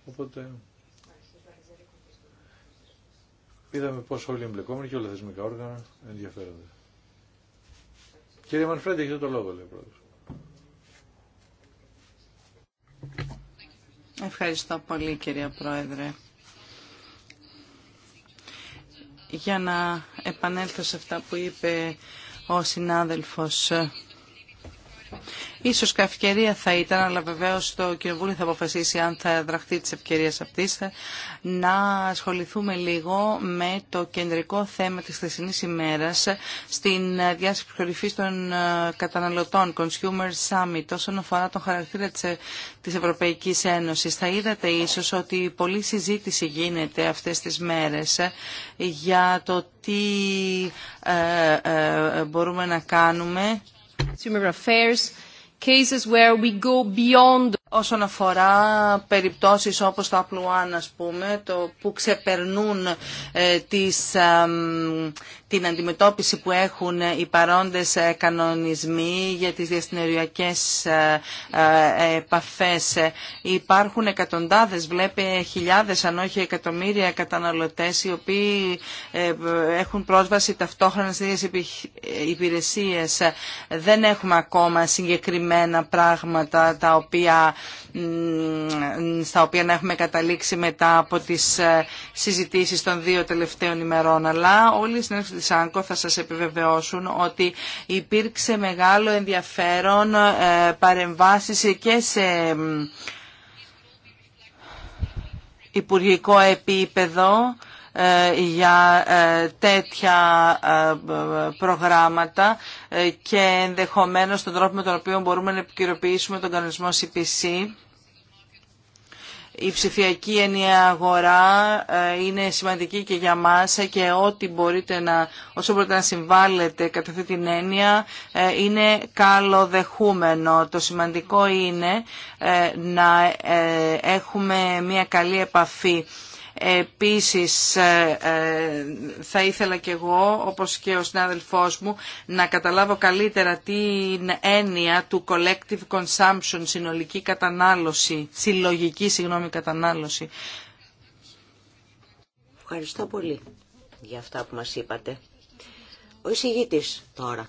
Οπότε είδαμε πώς όλοι οι εμπλεκόμενοι και όλα τα θεσμικά όργανα ενδιαφέρονται. Κύριε Μανφρέντε, έχετε το λόγο, λέει πρώτος. Ευχαριστώ πολύ κυρία Πρόεδρε. Για να επανέλθω σε αυτά που είπε ο συνάδελφος Ίσως και ευκαιρία θα ήταν, αλλά βεβαίως το Κοινοβούλιο θα αποφασίσει αν θα δραχτεί της ευκαιρία αυτή να ασχοληθούμε λίγο με το κεντρικό θέμα της θεσινής ημέρας στην διάσκεψη κορυφή των ε, καταναλωτών, Consumer Summit, όσον αφορά τον χαρακτήρα της, ε, της Ευρωπαϊκής Ένωσης. Θα είδατε ίσως ότι πολλή συζήτηση γίνεται αυτές τις μέρες ε, για το τι μπορούμε να κάνουμε cases where we go beyond όσον αφορά περιπτώσεις όπως το Απλουάν ας πούμε, το που ξεπερνούν ε, την αντιμετώπιση που έχουν οι παρόντες ε, κανονισμοί για τις διαστηνεριακές ε, ε, Υπάρχουν εκατοντάδες, βλέπε χιλιάδες αν όχι εκατομμύρια καταναλωτές οι οποίοι έχουν πρόσβαση ταυτόχρονα στις ίδιες υπηρεσίες. Δεν έχουμε ακόμα συγκεκριμένα πράγματα τα οποία στα οποία να έχουμε καταλήξει μετά από τις ε, συζητήσεις των δύο τελευταίων ημερών. Αλλά όλοι οι συνέλφοι της ΑΝΚΟ θα σας επιβεβαιώσουν ότι υπήρξε μεγάλο ενδιαφέρον ε, παρεμβάσεις και σε υπουργικό επίπεδο ε, για ε, τέτοια ε, προγράμματα και ενδεχομένως τον τρόπο με τον οποίο μπορούμε να επικυροποιήσουμε τον κανονισμό CPC. Η ψηφιακή ενιαία αγορά είναι σημαντική και για μας και ό,τι μπορείτε να, όσο μπορείτε να συμβάλλετε κατά αυτή την έννοια είναι καλοδεχούμενο. Το σημαντικό είναι να έχουμε μια καλή επαφή Επίσης ε, ε, θα ήθελα και εγώ όπως και ο συνάδελφός μου να καταλάβω καλύτερα την έννοια του collective consumption, συνολική κατανάλωση, συλλογική συγγνώμη κατανάλωση. Ευχαριστώ πολύ για αυτά που μας είπατε. Ο εισηγήτης τώρα.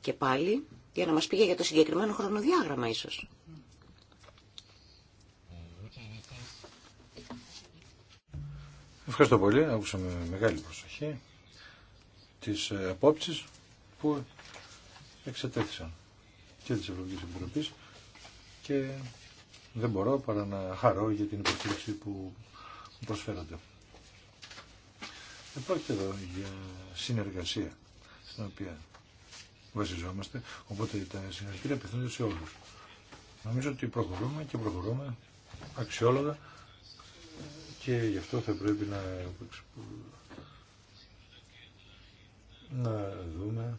Και πάλι για να μας πήγε για το συγκεκριμένο χρονοδιάγραμμα ίσως. Ευχαριστώ πολύ. Άκουσα με μεγάλη προσοχή τις ε, απόψεις που εξετέθησαν και της Ευρωπαϊκής Επιτροπής και δεν μπορώ παρά να χαρώ για την υποστήριξη που προσφέρατε. Επρόκειται εδώ για συνεργασία στην οποία βασιζόμαστε, οπότε τα συνεργασία απευθύνονται σε όλους. Νομίζω ότι προχωρούμε και προχωρούμε αξιόλογα και γι' αυτό θα πρέπει να, να δούμε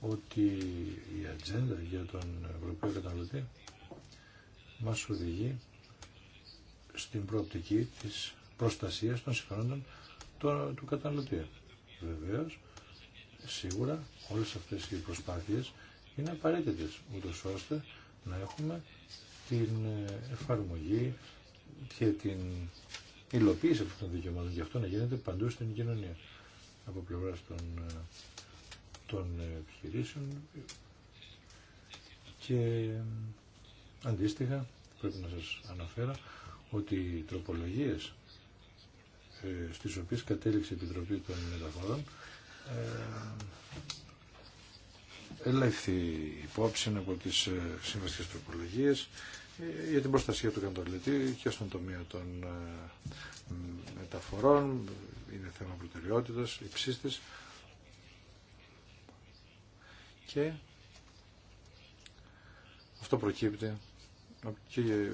ότι η ατζέντα για τον Ευρωπαίο καταναλωτή μας οδηγεί στην προοπτική της προστασίας των συμφωνών του καταναλωτή. Βεβαίω σίγουρα όλες αυτές οι προσπάθειες είναι απαραίτητες, ούτως ώστε να έχουμε την ε, εφαρμογή και την υλοποίηση αυτών των δικαιωμάτων και αυτό να γίνεται παντού στην κοινωνία από πλευράς των, ε, των ε, επιχειρήσεων και αντίστοιχα πρέπει να σας αναφέρω ότι οι τροπολογίες ε, στις οποίες κατέληξε η Επιτροπή των Μεταφορών έλεγχθη υπόψη από τις ε, συμβαστικέ τροπολογίες ε, για την προστασία του καταναλωτή και στον τομέα των ε, μεταφορών. Είναι θέμα προτεραιότητας, υψίστης. Και αυτό προκύπτει και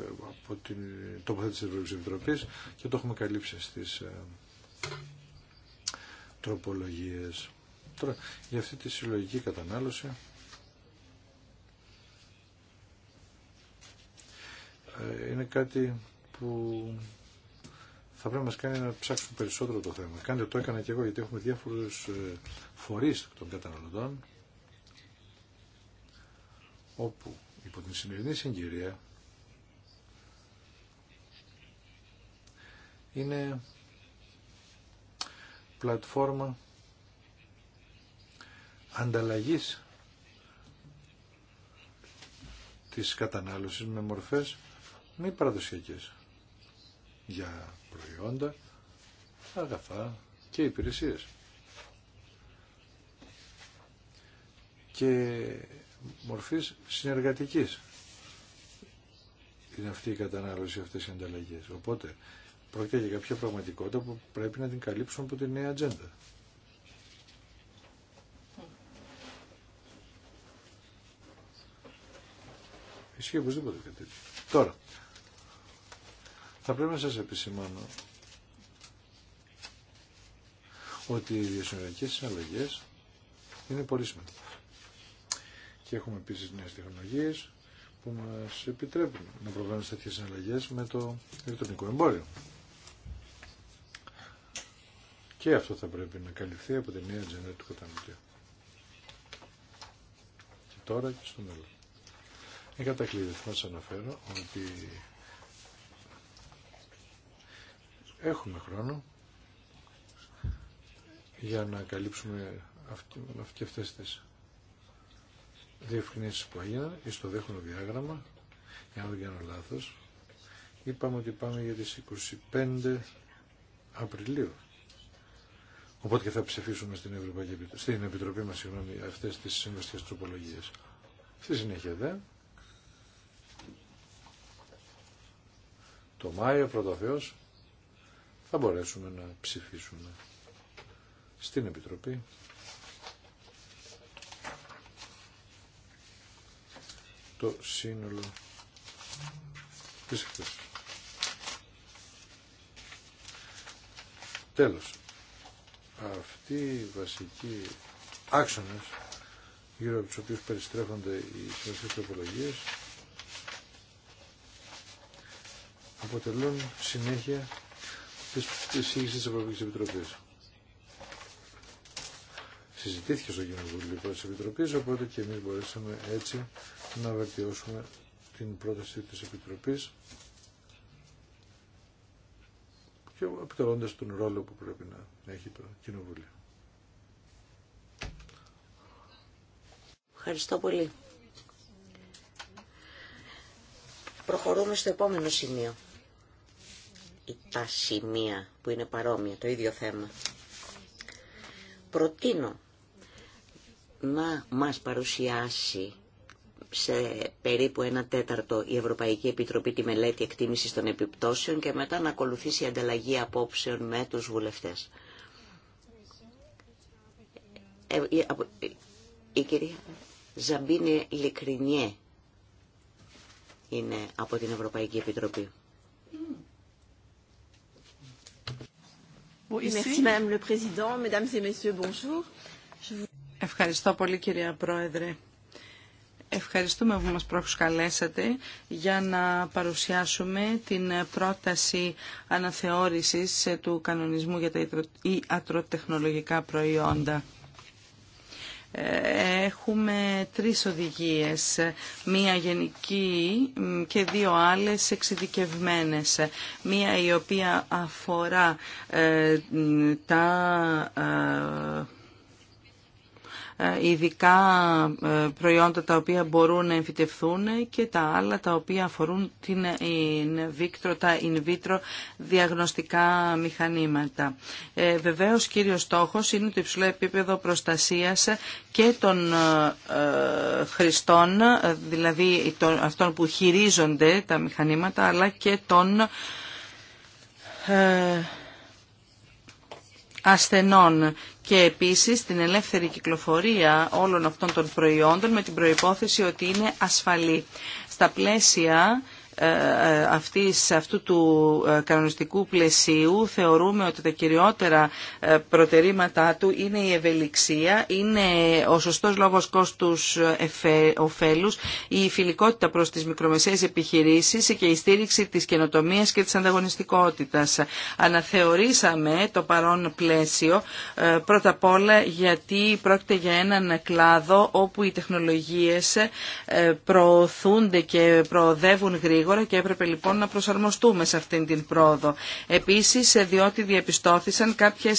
από την τοποθέτηση της ευρωπαϊκή Επιτροπής και το έχουμε καλύψει στις τροπολογίες. Τώρα, για αυτή τη συλλογική κατανάλωση ε, είναι κάτι που θα πρέπει να μας κάνει να ψάξουμε περισσότερο το θέμα. Κάντε το έκανα και εγώ γιατί έχουμε διάφορους ε, φορείς των καταναλωτών όπου υπό την σημερινή συγκυρία είναι πλατφόρμα ανταλλαγής της κατανάλωσης με μορφές μη παραδοσιακές για προϊόντα, αγαθά και υπηρεσίες. Και μορφής συνεργατικής είναι αυτή η κατανάλωση, αυτές οι ανταλλαγές. Οπότε πρόκειται για κάποια πραγματικότητα που πρέπει να την καλύψουμε από τη νέα ατζέντα. Ισχύει οπωσδήποτε κάτι τέτοιο. Τώρα, θα πρέπει να σας επισημάνω ότι οι διασυνοριακές συναλλαγές είναι πολύ σημαντικές. Και έχουμε επίσης νέες τεχνολογίες που μας επιτρέπουν να προβάλλουμε τέτοιες συναλλαγές με το ηλεκτρονικό εμπόριο. Και αυτό θα πρέπει να καλυφθεί από την νέα ατζέντα του καταναλωτή. Και τώρα και στο μέλλον. Για τα σας αναφέρω ότι έχουμε χρόνο για να καλύψουμε αυτές, αυτές τις διευκρινήσεις που έγιναν ή στο δεύτερο διάγραμμα, για να δεν κάνω λάθος. Είπαμε ότι πάμε για τις 25 Απριλίου. Οπότε και θα ψηφίσουμε στην, Ευρωπαϊκή, στην Επιτροπή μας συγγνώμη, αυτές τις συμβαστικές τροπολογίες. Στη συνέχεια δε, το Μάιο πρωτοθεώς θα μπορέσουμε να ψηφίσουμε στην Επιτροπή. το σύνολο της εκθέσης. Τέλος, αυτοί οι βασικοί άξονες γύρω από τους οποίους περιστρέφονται οι σημαντικές τροπολογίες αποτελούν συνέχεια της εισήγησης της Ευρωπαϊκής Επιτροπής. Συζητήθηκε στο Κοινοβουλίο της Επιτροπής, οπότε και εμείς μπορέσαμε έτσι να βελτιώσουμε την πρόταση της Επιτροπής και επιτελώντας τον ρόλο που πρέπει να έχει το Κοινοβούλιο. Ευχαριστώ πολύ. Προχωρούμε στο επόμενο σημείο τα σημεία που είναι παρόμοια, το ίδιο θέμα. Προτείνω να μας παρουσιάσει σε περίπου ένα τέταρτο η Ευρωπαϊκή Επιτροπή τη μελέτη εκτίμησης των επιπτώσεων και μετά να ακολουθήσει η ανταλλαγή απόψεων με τους βουλευτές. Ε, η κυρία Ζαμπίνε Λικρινιέ είναι από την Ευρωπαϊκή Επιτροπή. Ευχαριστώ πολύ κυρία Πρόεδρε. Ευχαριστούμε που μας προσκαλέσατε για να παρουσιάσουμε την πρόταση αναθεώρησης του κανονισμού για τα ιατροτεχνολογικά προϊόντα έχουμε τρεις οδηγίες, μία γενική και δύο άλλες εξειδικευμένες. Μία η οποία αφορά ε, τα ε, ειδικά ε, προϊόντα τα οποία μπορούν να εμφυτευθούν και τα άλλα τα οποία αφορούν την ε, in vitro, τα in vitro διαγνωστικά μηχανήματα. Ε, βεβαίως κύριος στόχος είναι το υψηλό επίπεδο προστασίας και των ε, χρηστών, δηλαδή αυτών που χειρίζονται τα μηχανήματα, αλλά και των ασθενών και επίσης την ελεύθερη κυκλοφορία όλων αυτών των προϊόντων με την προϋπόθεση ότι είναι ασφαλή. Στα πλαίσια ε, ε, αυτής, αυτού του ε, κανονιστικού πλαισίου θεωρούμε ότι τα κυριότερα προτερήματά του είναι η ευελιξία, είναι ο σωστός λόγος κόστους ωφέλους, η φιλικότητα προς τις μικρομεσαίες επιχειρήσεις και η στήριξη της καινοτομίας και της ανταγωνιστικότητας. Αναθεωρήσαμε το παρόν πλαίσιο πρώτα απ' όλα γιατί πρόκειται για έναν κλάδο όπου οι τεχνολογίες προωθούνται και προοδεύουν γρήγορα γρήγορα και έπρεπε λοιπόν να προσαρμοστούμε σε αυτήν την πρόοδο. Επίσης, ε, διότι διαπιστώθησαν κάποιε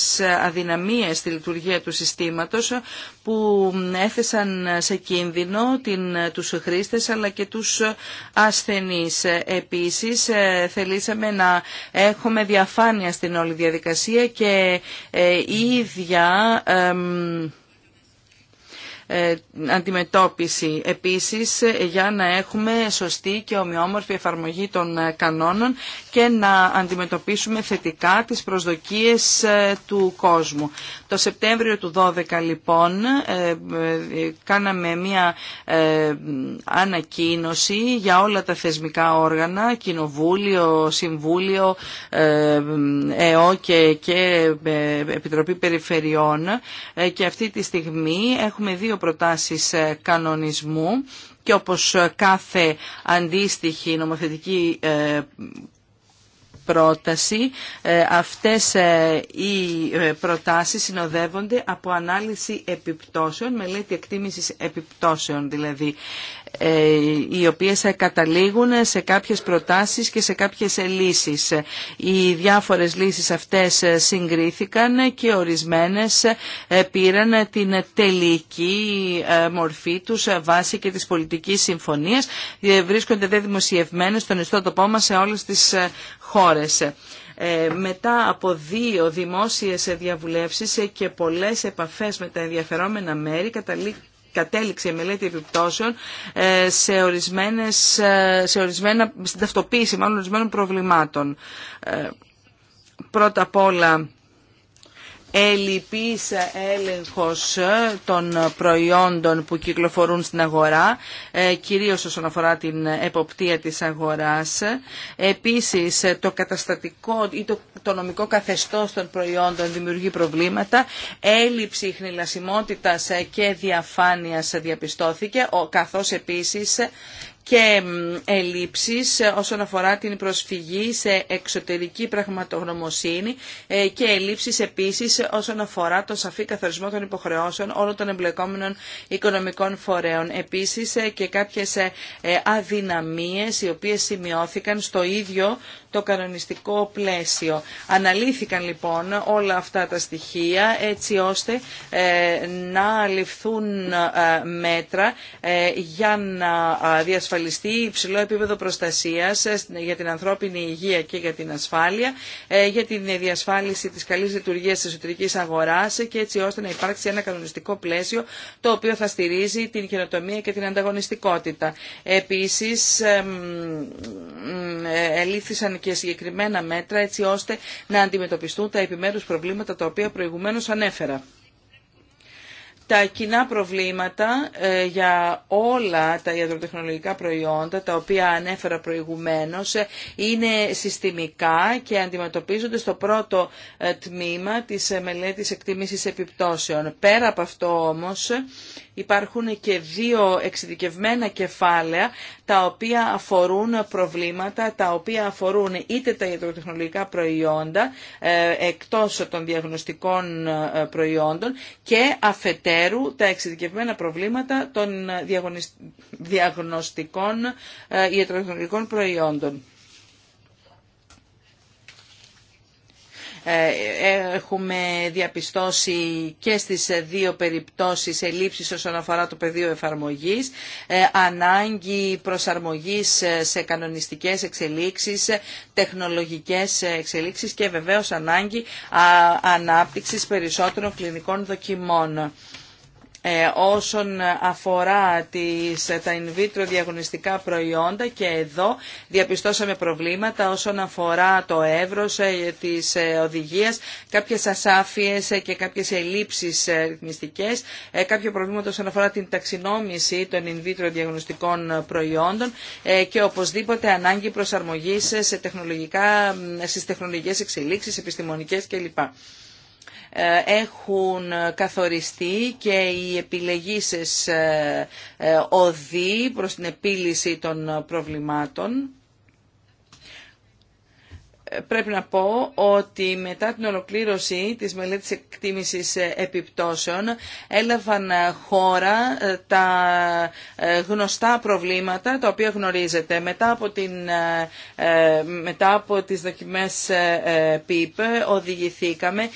αδυναμίε στη λειτουργία του συστήματο ε, που έθεσαν ε, σε κίνδυνο του χρήστε αλλά και τους ασθενεί. Επίση, θελήσαμε να έχουμε διαφάνεια στην όλη διαδικασία και ίδια... Ε, αντιμετώπιση. Επίσης, ε, για να έχουμε σωστή και ομοιόμορφη εφαρμογή των ε, κανόνων και να αντιμετωπίσουμε θετικά τις προσδοκίες του κόσμου. Το Σεπτέμβριο του 12 λοιπόν, κάναμε μια ανακοίνωση για όλα τα θεσμικά όργανα, Κοινοβούλιο, Συμβούλιο, ΕΟ και, και Επιτροπή Περιφερειών και αυτή τη στιγμή έχουμε δύο προτάσεις ε, κανονισμού και όπως ε, κάθε αντίστοιχη νομοθετική ε, πρόταση, αυτές οι προτάσεις συνοδεύονται από ανάλυση επιπτώσεων, μελέτη εκτίμησης επιπτώσεων δηλαδή. Ε, οι οποίες ε, καταλήγουν σε κάποιες προτάσεις και σε κάποιες ε, λύσεις. Οι διάφορες λύσεις αυτές συγκρίθηκαν και ορισμένες πήραν την τελική μορφή τους βάσει και της πολιτικής συμφωνίας. Βρίσκονται δε δημοσιευμένες στον ιστότοπό μας σε όλες τις χώρες. μετά από δύο δημόσιες διαβουλεύσεις και πολλές επαφές με τα ενδιαφερόμενα μέρη κατέληξε η μελέτη επιπτώσεων ε, σε, ορισμένες, ε, σε ορισμένα, στην ταυτοποίηση ορισμένων προβλημάτων. Ε, πρώτα απ' όλα ελλειπής έλεγχος των προϊόντων που κυκλοφορούν στην αγορά, ε, κυρίως όσον αφορά την εποπτεία της αγοράς. Επίσης, το καταστατικό ή το, το νομικό καθεστώς των προϊόντων δημιουργεί προβλήματα. Έλλειψη χνηλασιμότητας και διαφάνειας διαπιστώθηκε, καθώς επίσης και ελλείψεις ε, όσον αφορά την προσφυγή σε εξωτερική πραγματογνωμοσύνη ε, και ελλείψεις επίσης όσον αφορά τον σαφή καθορισμό των υποχρεώσεων όλων των εμπλεκόμενων οικονομικών φορέων. Επίσης ε, και κάποιες αδυναμίες οι οποίες σημειώθηκαν στο ίδιο το κανονιστικό πλαίσιο. Αναλύθηκαν λοιπόν όλα αυτά τα στοιχεία έτσι ώστε ε, να ληφθούν ε, μέτρα ε, για να διασφαλιστεί υψηλό επίπεδο προστασίας για την ανθρώπινη υγεία και για την ασφάλεια, για την διασφάλιση της καλής λειτουργίας της εσωτερικής αγοράς και έτσι ώστε να υπάρξει ένα κανονιστικό πλαίσιο το οποίο θα στηρίζει την καινοτομία και την ανταγωνιστικότητα. Επίσης, λήφθησαν και συγκεκριμένα μέτρα έτσι ώστε να αντιμετωπιστούν τα επιμέρους προβλήματα τα οποία προηγουμένως ανέφερα τα κοινά προβλήματα ε, για όλα τα ιατροτεχνολογικά προϊόντα, τα οποία ανέφερα προηγουμένως, ε, είναι συστημικά και αντιμετωπίζονται στο πρώτο ε, τμήμα της μελέτης εκτίμησης επιπτώσεων. Πέρα από αυτό όμως υπάρχουν και δύο εξειδικευμένα κεφάλαια τα οποία αφορούν προβλήματα, τα οποία αφορούν είτε τα ιατροτεχνολογικά προϊόντα εκτός των διαγνωστικών προϊόντων και τα εξειδικευμένα προβλήματα των ε, διαγνωστικών ε, ιατροχειρουργικών προϊόντων. Ε, έχουμε διαπιστώσει και στις δύο περιπτώσεις ελλείψεις όσον αφορά το πεδίο εφαρμογής, ανάγκη προσαρμογής σε κανονιστικές εξελίξεις, τεχνολογικές εξελίξεις και βεβαίως ανάγκη ανάπτυξης περισσότερων κλινικών δοκιμών. Ε, όσον αφορά τις, τα in vitro διαγωνιστικά προϊόντα και εδώ διαπιστώσαμε προβλήματα όσον αφορά το εύρος ε, της ε, οδηγίας, κάποιες ασάφειες και κάποιες ελλείψεις ρυθμιστικές, κάποιο προβλήμα όσον αφορά την ταξινόμηση των in vitro διαγνωστικών προϊόντων και οπωσδήποτε ανάγκη προσαρμογής σε τεχνολογικά, στις τεχνολογικές εξελίξεις, επιστημονικές κλπ. Ε, έχουν καθοριστεί και οι επιλεγήσεις ε, ε, οδοί προς την επίλυση των προβλημάτων πρέπει να πω ότι μετά την ολοκλήρωση της μελέτης εκτίμησης επιπτώσεων έλαβαν χώρα ε, τα ε, γνωστά προβλήματα τα οποία γνωρίζετε. Μετά από, την, ε, μετά από τις δοκιμές ΠΙΠ οδηγηθήκαμε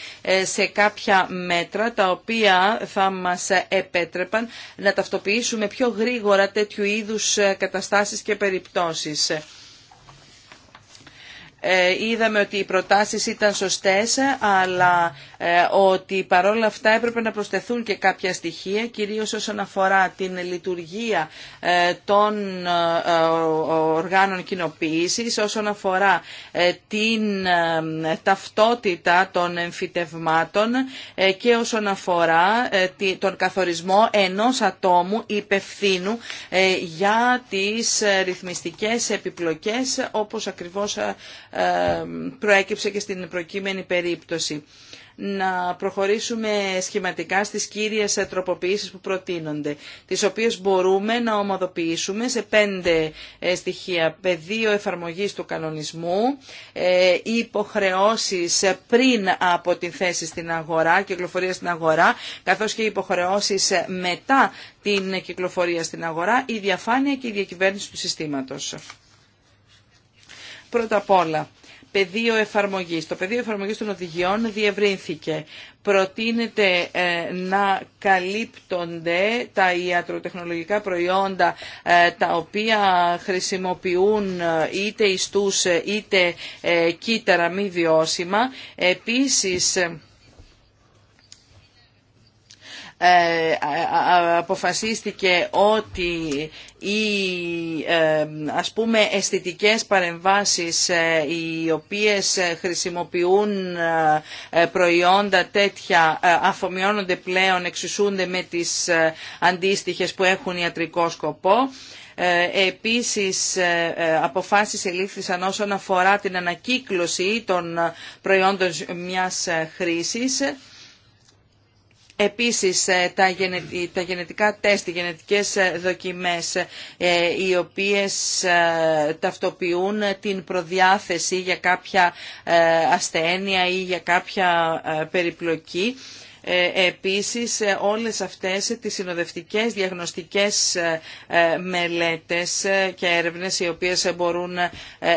σε κάποια μέτρα τα οποία θα μας επέτρεπαν να ταυτοποιήσουμε πιο γρήγορα τέτοιου είδους καταστάσεις και περιπτώσεις. Ε, είδαμε ότι οι προτάσεις ήταν σωστές, αλλά ε, ότι παρόλα αυτά έπρεπε να προσθεθούν και κάποια στοιχεία, κυρίως όσον αφορά την λειτουργία ε, των οργάνων κοινοποίησης, όσον αφορά την ταυτότητα των εμφυτευμάτων και όσον αφορά τον καθορισμό ενός ατόμου υπευθύνου για τις ρυθμιστικές επιπλοκές, όπως ακριβώς προέκυψε και στην προκείμενη περίπτωση. Να προχωρήσουμε σχηματικά στις κύριες ε, τροποποιήσεις που προτείνονται, τις οποίες μπορούμε να ομαδοποιήσουμε σε πέντε ε, στοιχεία. Πεδίο εφαρμογής του κανονισμού, ε, υποχρεώσεις πριν από την θέση στην αγορά, κυκλοφορία στην αγορά, καθώς και υποχρεώσεις μετά την κυκλοφορία στην αγορά, η διαφάνεια και η διακυβέρνηση του συστήματος. Πρώτα απ' όλα, πεδίο εφαρμογής. Το πεδίο εφαρμογής των οδηγιών διευρύνθηκε. Προτείνεται ε, να καλύπτονται τα ιατροτεχνολογικά προϊόντα ε, τα οποία χρησιμοποιούν ε, είτε ιστούς είτε κύτταρα μη βιώσιμα. Επίσης, ε, αποφασίστηκε ότι οι ε, ας πούμε αισθητικές παρεμβάσεις ε, οι οποίες χρησιμοποιούν προϊόντα τέτοια αφομοιώνονται πλέον, εξισούνται με τις αντίστοιχες που έχουν ιατρικό σκοπό. Επίσης αποφάσεις ελήφθησαν όσον αφορά την ανακύκλωση των προϊόντων μιας χρήσης Επίσης ε, τα γενετικά τεστ, οι γενετικές ε, δοκιμές ε, οι οποίες ταυτοποιούν την προδιάθεση για κάποια ασθένεια ή για κάποια περιπλοκή ε, επίσης ε, όλες αυτές τις συνοδευτικές διαγνωστικές ε, μελέτες και έρευνες οι οποίες μπορούν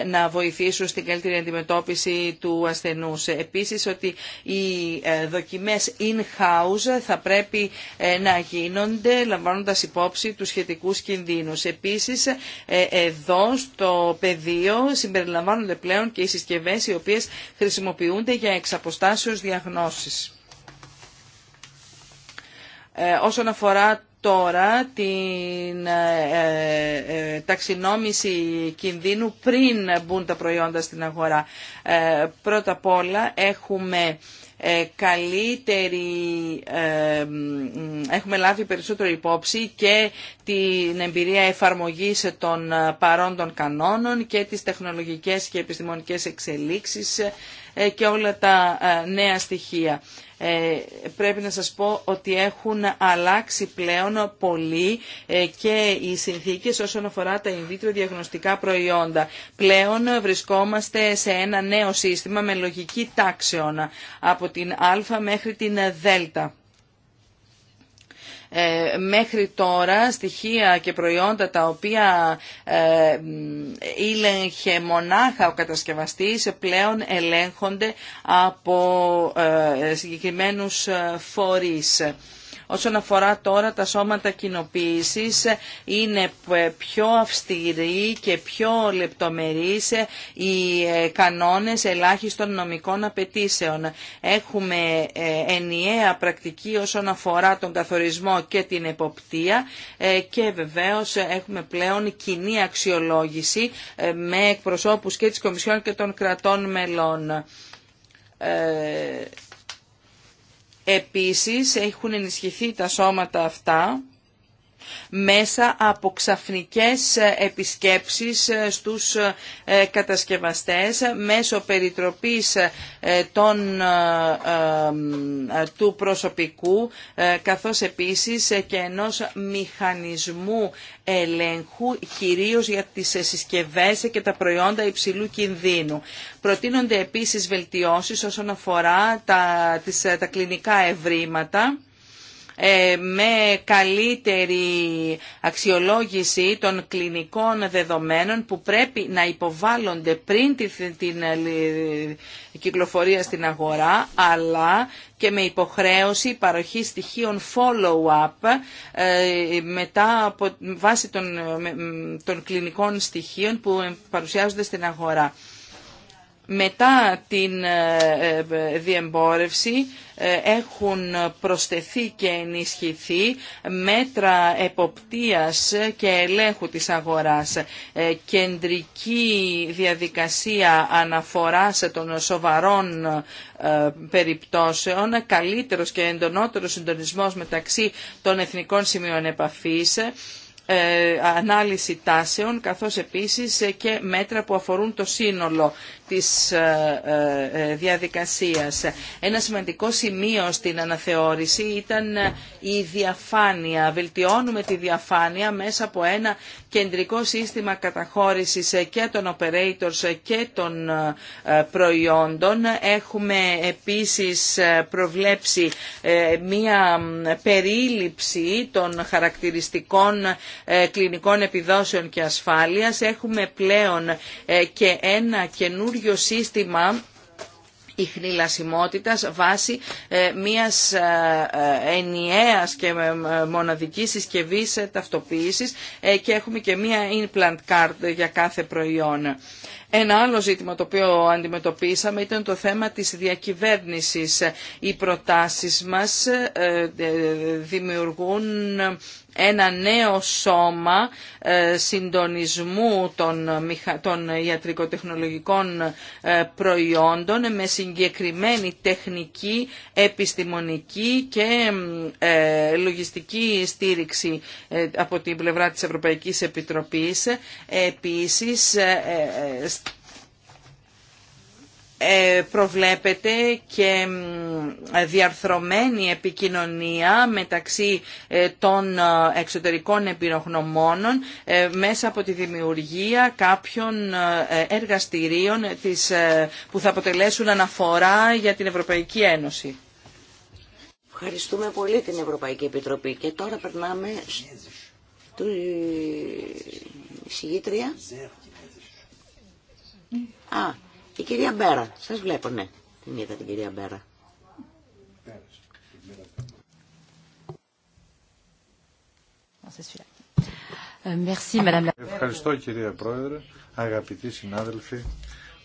να βοηθήσουν στην καλύτερη αντιμετώπιση του ασθενούς. Επίσης ότι οι δοκιμές in-house θα πρέπει να γίνονται λαμβάνοντας υπόψη τους σχετικούς κινδύνους. Επίσης εδώ στο πεδίο συμπεριλαμβάνονται πλέον και οι συσκευές οι οποίες χρησιμοποιούνται για εξαποστάσεως διαγνώσεις. Ε, όσον αφορά τώρα την ε, ε, ε, ταξινόμηση κινδύνου πριν μπουν τα προϊόντα στην αγορά. πρώτα απ' όλα έχουμε καλύτερη, έχουμε λάβει περισσότερο υπόψη και την εμπειρία εφαρμογής των ε, παρόντων κανόνων και τις τεχνολογικές και επιστημονικές εξελίξεις ε, και όλα τα ε, νέα στοιχεία. Πρέπει να σας πω ότι έχουν αλλάξει πλέον πολύ και οι συνθήκες όσον αφορά τα in vitro διαγνωστικά προϊόντα. Πλέον βρισκόμαστε σε ένα νέο σύστημα με λογική τάξεων από την α μέχρι την δ. Ε, μέχρι τώρα στοιχεία και προϊόντα τα οποία ε, ήλεγχε μονάχα ο κατασκευαστής πλέον ελέγχονται από ε, συγκεκριμένους φορείς. Όσον αφορά τώρα τα σώματα κοινοποίηση, είναι πιο αυστηροί και πιο λεπτομερείς οι ε, κανόνες ελάχιστων νομικών απαιτήσεων. Έχουμε ε, ενιαία πρακτική όσον αφορά τον καθορισμό και την εποπτεία ε, και βεβαίως έχουμε πλέον κοινή αξιολόγηση με εκπροσώπους και της Κομισιόν και των κρατών μελών. Επίσης έχουν ενισχυθεί τα σώματα αυτά μέσα από ξαφνικές ε, επισκέψεις ε, στους ε, κατασκευαστές μέσω περιτροπής των, του προσωπικού καθώς επίσης και ενός μηχανισμού ελέγχου κυρίως για τις συσκευές και τα προϊόντα υψηλού κινδύνου. Προτείνονται επίσης βελτιώσεις όσον αφορά τα, τις, τα κλινικά ευρήματα ε, με καλύτερη αξιολόγηση των κλινικών δεδομένων που πρέπει να υποβάλλονται πριν την ε, κυκλοφορία στην αγορά, αλλά και με υποχρέωση παροχή στοιχείων follow-up ε, μετά βάση των κλινικών στοιχείων που παρουσιάζονται στην αγορά μετά την ε, ε, διεμπόρευση ε, έχουν προσθεθεί και ενισχυθεί μέτρα εποπτείας και ελέγχου της αγοράς, κεντρική διαδικασία αναφοράς των σοβαρών περιπτώσεων, καλύτερος και εντονότερος συντονισμός μεταξύ των εθνικών σημείων επαφής, ανάλυση τάσεων καθώς επίσης και μέτρα που αφορούν το σύνολο της ε, ε, ε, διαδικασίας. Ένα σημαντικό σημείο στην αναθεώρηση ήταν η διαφάνεια. Βελτιώνουμε τη διαφάνεια μέσα από ένα κεντρικό σύστημα καταχώρησης και των operators και των προϊόντων. Έχουμε επίσης προβλέψει μία περίληψη των χαρακτηριστικών κλινικών επιδόσεων και ασφάλειας. Έχουμε πλέον και ένα καινούριο καινούριο σύστημα ιχνηλασιμότητας βάσει ε, μιας ε, ε, ενιαίας και μοναδικής συσκευής ταυτοποίησης και έχουμε και μια implant card για κάθε προϊόν. Ένα άλλο ζήτημα το οποίο αντιμετωπίσαμε ήταν το θέμα της διακυβέρνησης. Οι προτάσεις μας δημιουργούν ένα νέο σώμα ε, συντονισμού των ιατρικοτεχνολογικών ε, προϊόντων με συγκεκριμένη τεχνική, επιστημονική και ε, λογιστική στήριξη από την πλευρά της Ευρωπαϊκής Επιτροπής. Επίσης, ε, προβλέπεται και διαρθρωμένη επικοινωνία μεταξύ ε, των ε, εξωτερικών εμπειρογνωμόνων μέσα από τη δημιουργία κάποιων εργαστηρίων της, που θα αποτελέσουν αναφορά για την Ευρωπαϊκή Ένωση. Ευχαριστούμε πολύ την Ευρωπαϊκή Επιτροπή και τώρα περνάμε στη συγγήτρια. Α, η κυρία Μπέρα. Σας βλέπω, ναι. Την είδα την κυρία Μπέρα. Euh, Ευχαριστώ κυρία Πρόεδρε, αγαπητοί συνάδελφοι.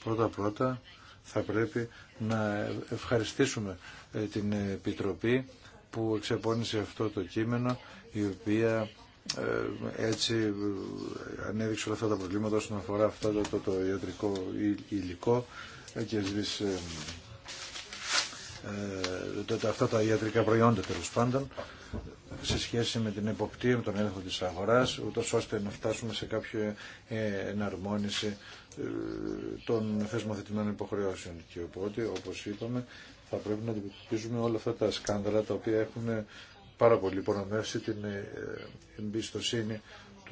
Πρώτα-πρώτα θα πρέπει να ευχαριστήσουμε ε, την Επιτροπή που εξεπώνησε αυτό το κείμενο η οποία ε, έτσι ε, ανέδειξε όλα αυτά τα προβλήματα όσον αφορά αυτό το, το ιατρικό υλικό ε, και εσείς, ε, αυτά τα ιατρικά προϊόντα τέλο πάντων σε σχέση με την εποπτεία, με τον έλεγχο της αγοράς, ούτως ώστε να φτάσουμε σε κάποια εναρμόνιση των θεσμοθετημένων υποχρεώσεων. Και οπότε, όπως είπαμε, θα πρέπει να αντιμετωπίζουμε όλα αυτά τα σκάνδαλα τα οποία έχουν πάρα πολύ υπονομεύσει την ε, εμπιστοσύνη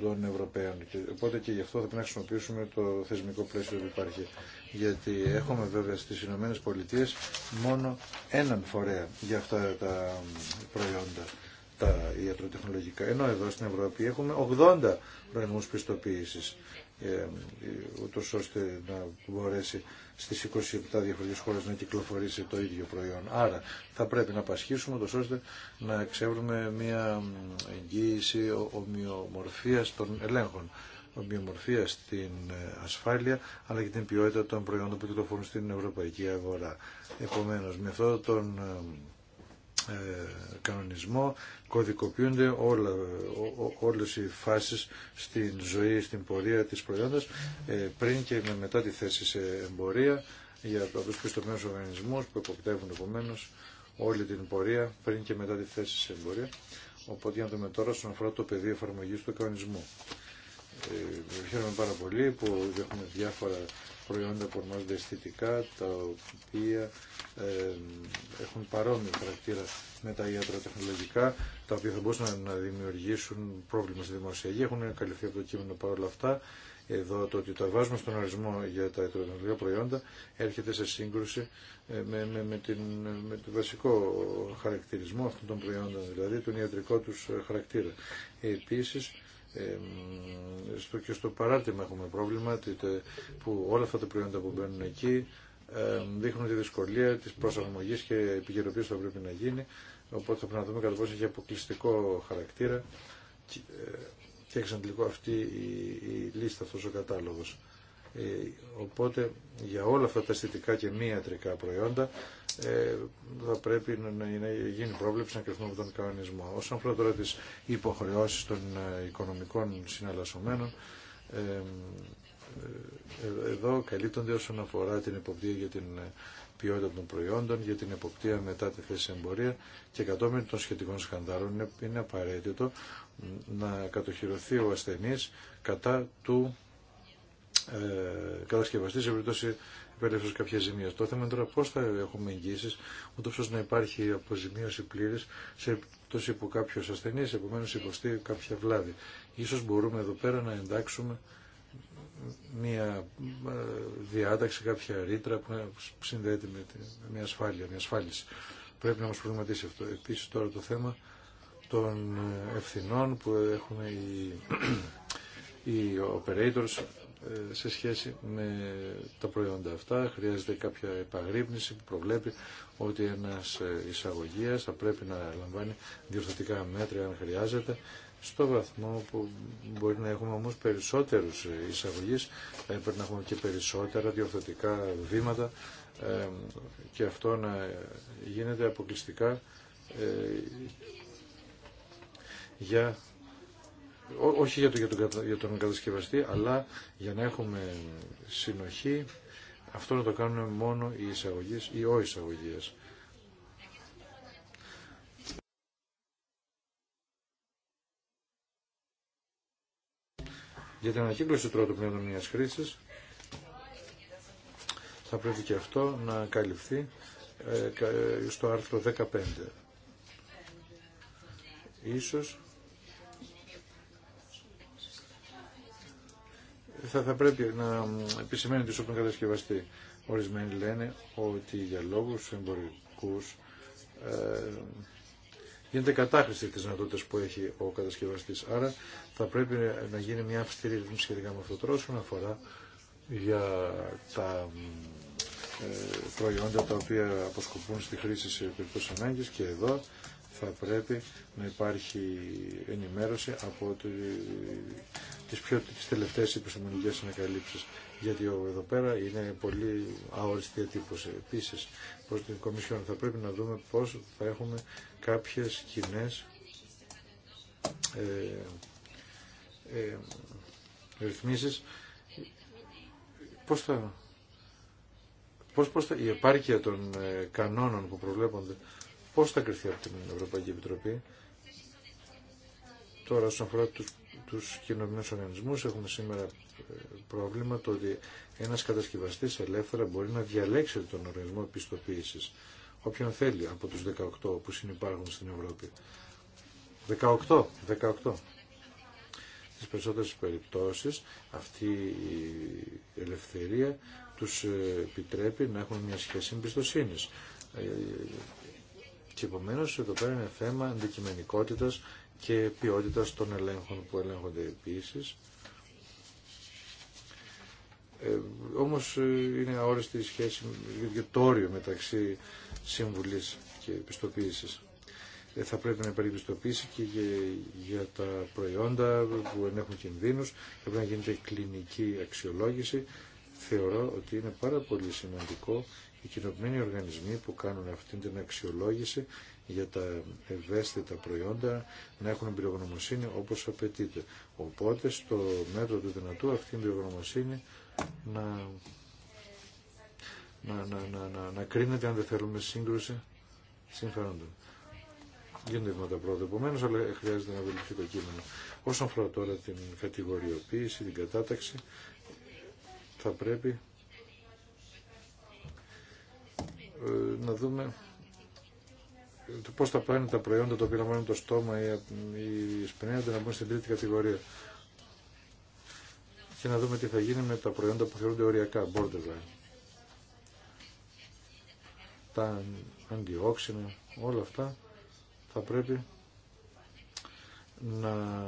των Ευρωπαίων. οπότε και γι' αυτό θα πρέπει να χρησιμοποιήσουμε το θεσμικό πλαίσιο που υπάρχει. Γιατί έχουμε βέβαια στις Ηνωμένε Πολιτείε μόνο έναν φορέα για αυτά τα προϊόντα, τα ιατροτεχνολογικά. Ενώ εδώ στην Ευρώπη έχουμε 80 προϊόντα πιστοποίηση. Ε, ούτως ώστε να μπορέσει στις 27 διαφορετικές χώρες να κυκλοφορήσει το ίδιο προϊόν. Άρα θα πρέπει να πασχίσουμε ούτως ώστε να εξεύρουμε μια εγγύηση ομοιομορφίας των ελέγχων ομοιομορφία στην ε, ασφάλεια αλλά και την ποιότητα των προϊόντων που κυκλοφορούν στην ευρωπαϊκή αγορά. Επομένως, με αυτόν τον ε, ε, κανονισμό, κωδικοποιούνται όλα, όλες οι φάσεις στην ζωή, στην πορεία της προϊόντος, ε, πριν και μετά τη θέση σε εμπορία για τους πιστοποιημένους οργανισμούς που εποπτεύουν επομένω όλη την πορεία πριν και μετά τη θέση σε εμπορία. Οπότε για να δούμε τώρα στον αφορά το πεδίο εφαρμογή του κανονισμού. Ε, χαίρομαι πάρα πολύ που έχουμε διάφορα προϊόντα που ονομάζονται αισθητικά, τα οποία ε, έχουν παρόμοιο χαρακτήρα με τα ιατροτεχνολογικά, τα οποία θα μπορούσαν να δημιουργήσουν πρόβλημα στη δημοσιογή. Έχουν καλυφθεί από το κείμενο παρόλα αυτά. Εδώ το ότι τα βάζουμε στον ορισμό για τα ιατροτεχνολογικά προϊόντα έρχεται σε σύγκρουση ε, με, με, με, την, με τον βασικό χαρακτηρισμό αυτών των προϊόντων, δηλαδή τον ιατρικό τους χαρακτήρα. Επίσης, στο, και στο παράρτημα έχουμε πρόβλημα που όλα αυτά τα προϊόντα που μπαίνουν εκεί δείχνουν τη δυσκολία της προσαρμογής και επικαιροποίηση που θα πρέπει να γίνει οπότε θα πρέπει να δούμε κατά πόσο έχει αποκλειστικό χαρακτήρα και ε, εξαντλικό αυτή η, η λίστα, αυτός ο κατάλογος. Ε, οπότε για όλα αυτά τα αισθητικά και μη ιατρικά προϊόντα ε, θα πρέπει να γίνει πρόβλεψη να κρυφθούμε από τον κανονισμό. Όσον αφορά τώρα τις υποχρεώσεις των ε, οικονομικών συναλλασσομένων, εδώ καλύπτονται όσον αφορά την υποπτία για την ποιότητα των προϊόντων, για την εποπτεία μετά τη θέση εμπορία και κατόμενη των σχετικών σκανδάλων είναι απαραίτητο να κατοχυρωθεί ο ασθενής κατά του ε, κατασκευαστεί σε περίπτωση υπέρευσης κάποια ζημία. Το θέμα είναι τώρα πώς θα έχουμε εγγύσεις, ούτως ώστε να υπάρχει αποζημίωση πλήρης σε περίπτωση που κάποιος ασθενής επομένως υποστεί κάποια βλάβη. Ίσως μπορούμε εδώ πέρα να εντάξουμε μια ε, διάταξη, κάποια ρήτρα που συνδέεται με μια ασφάλεια, μια ασφάλιση. Πρέπει να μας προβληματίσει αυτό. Επίσης τώρα το θέμα των ευθυνών που έχουν οι, <clears throat> οι operators ε, σε σχέση με τα προϊόντα αυτά. Χρειάζεται κάποια επαγρύπνηση που προβλέπει ότι ένας ε, εισαγωγία θα πρέπει να λαμβάνει διορθωτικά μέτρα αν χρειάζεται στο βαθμό που μπορεί να έχουμε όμως περισσότερους ε, εισαγωγείς πρέπει να έχουμε και περισσότερα διορθωτικά βήματα και αυτό να γίνεται αποκλειστικά για όχι για, το, για, τον, για τον κατασκευαστή, αλλά για να έχουμε συνοχή, αυτό να το κάνουν μόνο οι εισαγωγές ή ο εισαγωγές. Για την ανακύκλωση του τρότου μιας χρήσης, θα πρέπει και αυτό να καλυφθεί ε, στο άρθρο 15. Ίσως θα, θα πρέπει να επισημαίνεται στον κατασκευαστή. Ορισμένοι λένε ότι για λόγους εμπορικούς ε, γίνεται κατάχρηση της δυνατότητας που έχει ο κατασκευαστής. Άρα θα πρέπει να γίνει μια αυστηρή ρύθμιση σχετικά με αυτό το τρόπο αφορά για τα ε, προϊόντα τα οποία αποσκοπούν στη χρήση σε περιπτώσεις ανάγκης και εδώ θα πρέπει να υπάρχει ενημέρωση από τις, πιο, τις τελευταίες επιστημονικές ανακαλύψεις. Γιατί εδώ πέρα είναι πολύ αόριστη διατύπωση. Επίσης, προς την Κομισιόν θα πρέπει να δούμε πώς θα έχουμε κάποιες κοινέ ε, ε, ρυθμίσεις. Πώς θα... Πώς, πώς θα, η επάρκεια των ε, κανόνων που προβλέπονται Πώ θα κρυθεί από την Ευρωπαϊκή Επιτροπή. Τώρα, όσον αφορά του κοινωνικού οργανισμού, έχουμε σήμερα ε, πρόβλημα το ότι ένα κατασκευαστή ελεύθερα μπορεί να διαλέξει τον οργανισμό επιστοποίηση. όποιον θέλει από τους 18 που συνεπάρχουν στην Ευρώπη. 18, 18. Στις περισσότερες περιπτώσεις αυτή η ελευθερία του ε, επιτρέπει να έχουν μια σχέση εμπιστοσύνη. Ε, και επομένω εδώ πέρα είναι θέμα αντικειμενικότητα και ποιότητα των ελέγχων που ελέγχονται επίση. Ε, όμως ε, είναι αόριστη η σχέση και το όριο μεταξύ συμβουλής και πιστοποίησης. Ε, θα πρέπει να υπάρχει πιστοποίηση και για, τα προϊόντα που ενέχουν κινδύνους, θα πρέπει να γίνεται κλινική αξιολόγηση. Θεωρώ ότι είναι πάρα πολύ σημαντικό οι κοινοποιημένοι οργανισμοί που κάνουν αυτή την αξιολόγηση για τα ευαίσθητα προϊόντα να έχουν εμπειρογνωμοσύνη όπως απαιτείται. Οπότε στο μέτρο του δυνατού αυτή η εμπειρογνωμοσύνη να, να, να, να, να, να κρίνεται αν δεν θέλουμε σύγκρουση συμφέροντων. Γίνονται βήματα πρώτα επομένω, αλλά χρειάζεται να βελτιωθεί το κείμενο. Όσον αφορά τώρα την κατηγοριοποίηση, την κατάταξη, θα πρέπει Ε, να δούμε ε, το πώς θα πάνε τα προϊόντα τα οποία λαμβάνουν το στόμα ή οι σπνέοντες να μπουν στην τρίτη κατηγορία. Και να δούμε τι θα γίνει με τα προϊόντα που θεωρούνται οριακά, borderline. Τα αντιόξινα, όλα αυτά θα πρέπει να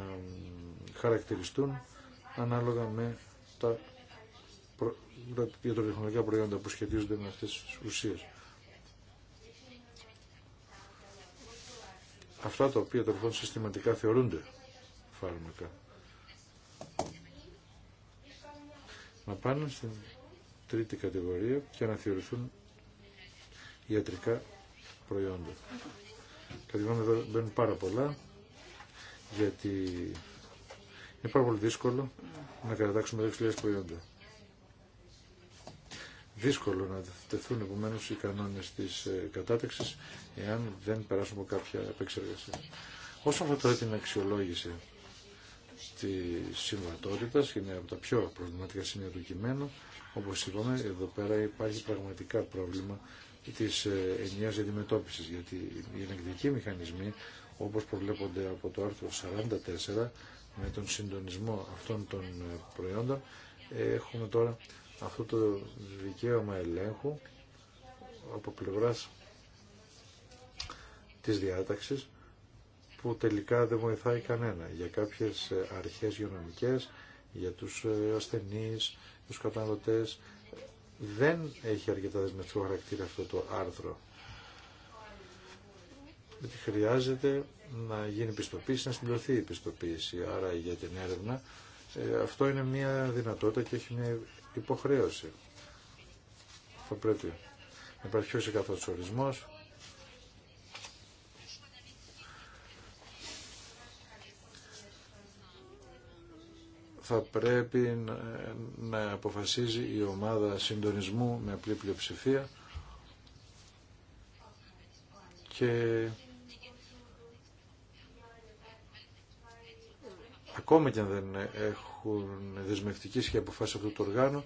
χαρακτηριστούν ανάλογα με τα ιατροτεχνολογικά προϊόντα που σχετίζονται με αυτές τις ουσίες. αυτά τα οποία τα λοιπόν συστηματικά θεωρούνται φάρμακα. Να πάνε στην τρίτη κατηγορία και να θεωρηθούν ιατρικά προϊόντα. Κατηγορούμε εδώ μπαίνουν πάρα πολλά γιατί είναι πάρα πολύ δύσκολο να κατατάξουμε 6.000 προϊόντα δύσκολο να τεθούν επομένω οι κανόνε τη ε, κατάταξη εάν δεν περάσουν από κάποια επεξεργασία. Όσον αφορά την αξιολόγηση τη συμβατότητα, είναι από τα πιο προβληματικά σημεία του κειμένου, όπως είπαμε, εδώ πέρα υπάρχει πραγματικά πρόβλημα τη ε, ενιαία αντιμετώπιση. γιατί οι ενεργητικοί μηχανισμοί, όπω προβλέπονται από το άρθρο 44, με τον συντονισμό αυτών των ε, προϊόντων, έχουμε τώρα αυτό το δικαίωμα ελέγχου από πλευράς της διάταξης που τελικά δεν βοηθάει κανένα για κάποιες ε, αρχές γεωνομικές, για τους ε, ασθενείς, τους καταναλωτές. Δεν έχει αρκετά δεσμευτικό χαρακτήρα αυτό το άρθρο. Γιατί χρειάζεται να γίνει πιστοποίηση, να συμπληρωθεί η πιστοποίηση. Άρα για την έρευνα ε, αυτό είναι μια δυνατότητα και έχει μια υποχρέωση. Θα πρέπει να υπάρχει όσο καθώς ορισμός. Θα πρέπει να αποφασίζει η ομάδα συντονισμού με απλή πλειοψηφία και ακόμα και αν δεν έχω έχουν και αποφάσει αυτού του οργάνου,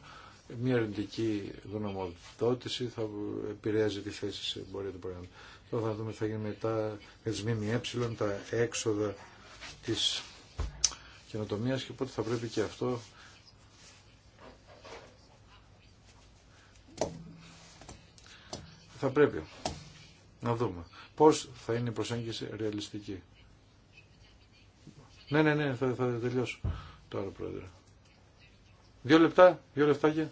μια αρνητική γνωμοδότηση θα επηρεάζει τη θέση σε εμπορία του Τώρα θα δούμε τι θα γίνει μετά με τι ΜΜΕ, τα έξοδα τη καινοτομία και πότε θα πρέπει και αυτό θα πρέπει να δούμε πώς θα είναι η προσέγγιση ρεαλιστική. Ναι, ναι, ναι, θα, θα τελειώσω τώρα, Πρόεδρε. Δύο λεπτά, δύο λεπτάκια.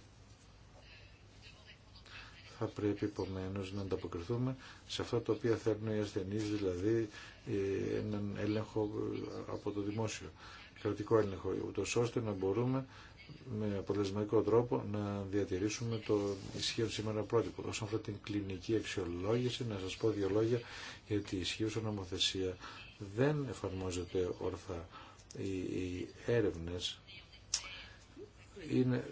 Θα πρέπει επομένω να ανταποκριθούμε σε αυτό το οποίο θέλουν οι ασθενεί, δηλαδή ε, έναν έλεγχο ε, από το δημόσιο, κρατικό έλεγχο, ούτω ώστε να μπορούμε με αποτελεσματικό τρόπο να διατηρήσουμε το ισχύον σήμερα πρότυπο. Όσον αφορά την κλινική αξιολόγηση, να σα πω δύο λόγια, γιατί η ισχύουσα νομοθεσία δεν εφαρμόζεται ορθά οι έρευνες είναι,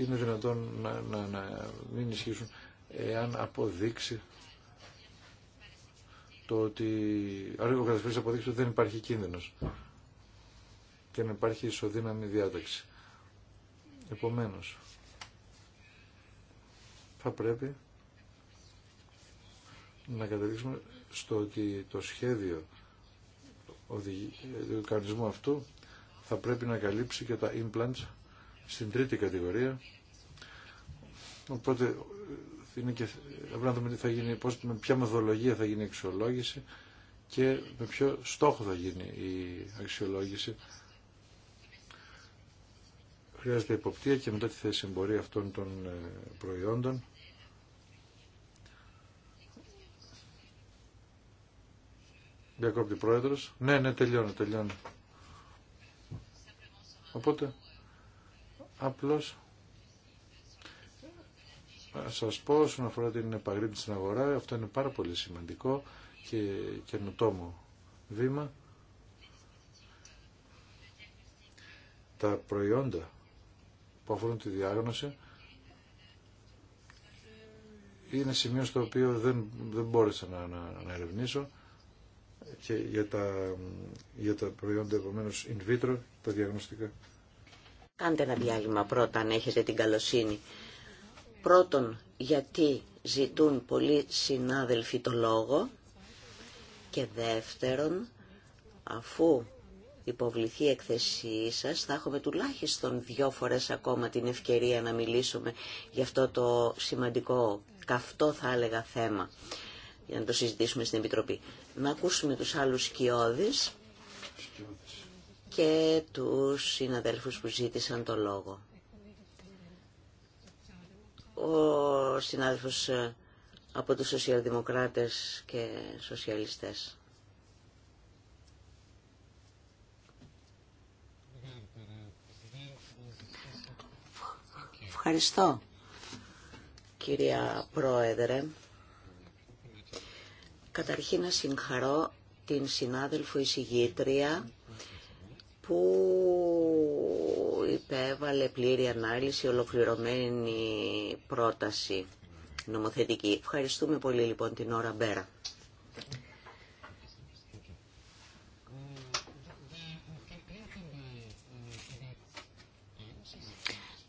είναι δυνατόν να, να, να μην ισχύσουν εάν αποδείξει το ότι ο αποδείξει ότι δεν υπάρχει κίνδυνος και να υπάρχει ισοδύναμη διάταξη. Επομένως, θα πρέπει να καταλήξουμε στο ότι το σχέδιο ο ε, κανονισμού αυτού θα πρέπει να καλύψει και τα implants στην τρίτη κατηγορία. Οπότε ε, είναι και, ε, πρέπει να δούμε τι θα γίνει, πώς, με ποια μεθοδολογία θα γίνει η αξιολόγηση και με ποιο στόχο θα γίνει η αξιολόγηση. Χρειάζεται υποπτία και μετά τη θέση εμπορία αυτών των προϊόντων Διακόπτη πρόεδρο. Ναι, ναι, τελειώνω, τελειώνω. Οπότε, απλώ να σας πω όσον αφορά την επαγρύπνηση στην αγορά, αυτό είναι πάρα πολύ σημαντικό και καινοτόμο βήμα. Τα προϊόντα που αφορούν τη διάγνωση είναι σημείο στο οποίο δεν, δεν μπόρεσα να, να, να ερευνήσω και για τα, για τα προϊόντα επομένω in vitro, τα διαγνωστικά. Κάντε ένα διάλειμμα πρώτα αν έχετε την καλοσύνη. Πρώτον, γιατί ζητούν πολλοί συνάδελφοι το λόγο και δεύτερον, αφού υποβληθεί η εκθεσή σας, θα έχουμε τουλάχιστον δυο φορές ακόμα την ευκαιρία να μιλήσουμε για αυτό το σημαντικό, καυτό θα έλεγα θέμα, για να το συζητήσουμε στην Επιτροπή να ακούσουμε τους άλλους σκιώδεις και τους συναδέλφους που ζήτησαν το λόγο. Ο συνάδελφος από τους σοσιαλδημοκράτες και σοσιαλιστές. Ευχαριστώ, κυρία Πρόεδρε. Καταρχήν να συγχαρώ την συνάδελφο εισηγήτρια που υπέβαλε πλήρη ανάλυση, ολοκληρωμένη πρόταση νομοθετική. Ευχαριστούμε πολύ λοιπόν την ώρα μπέρα.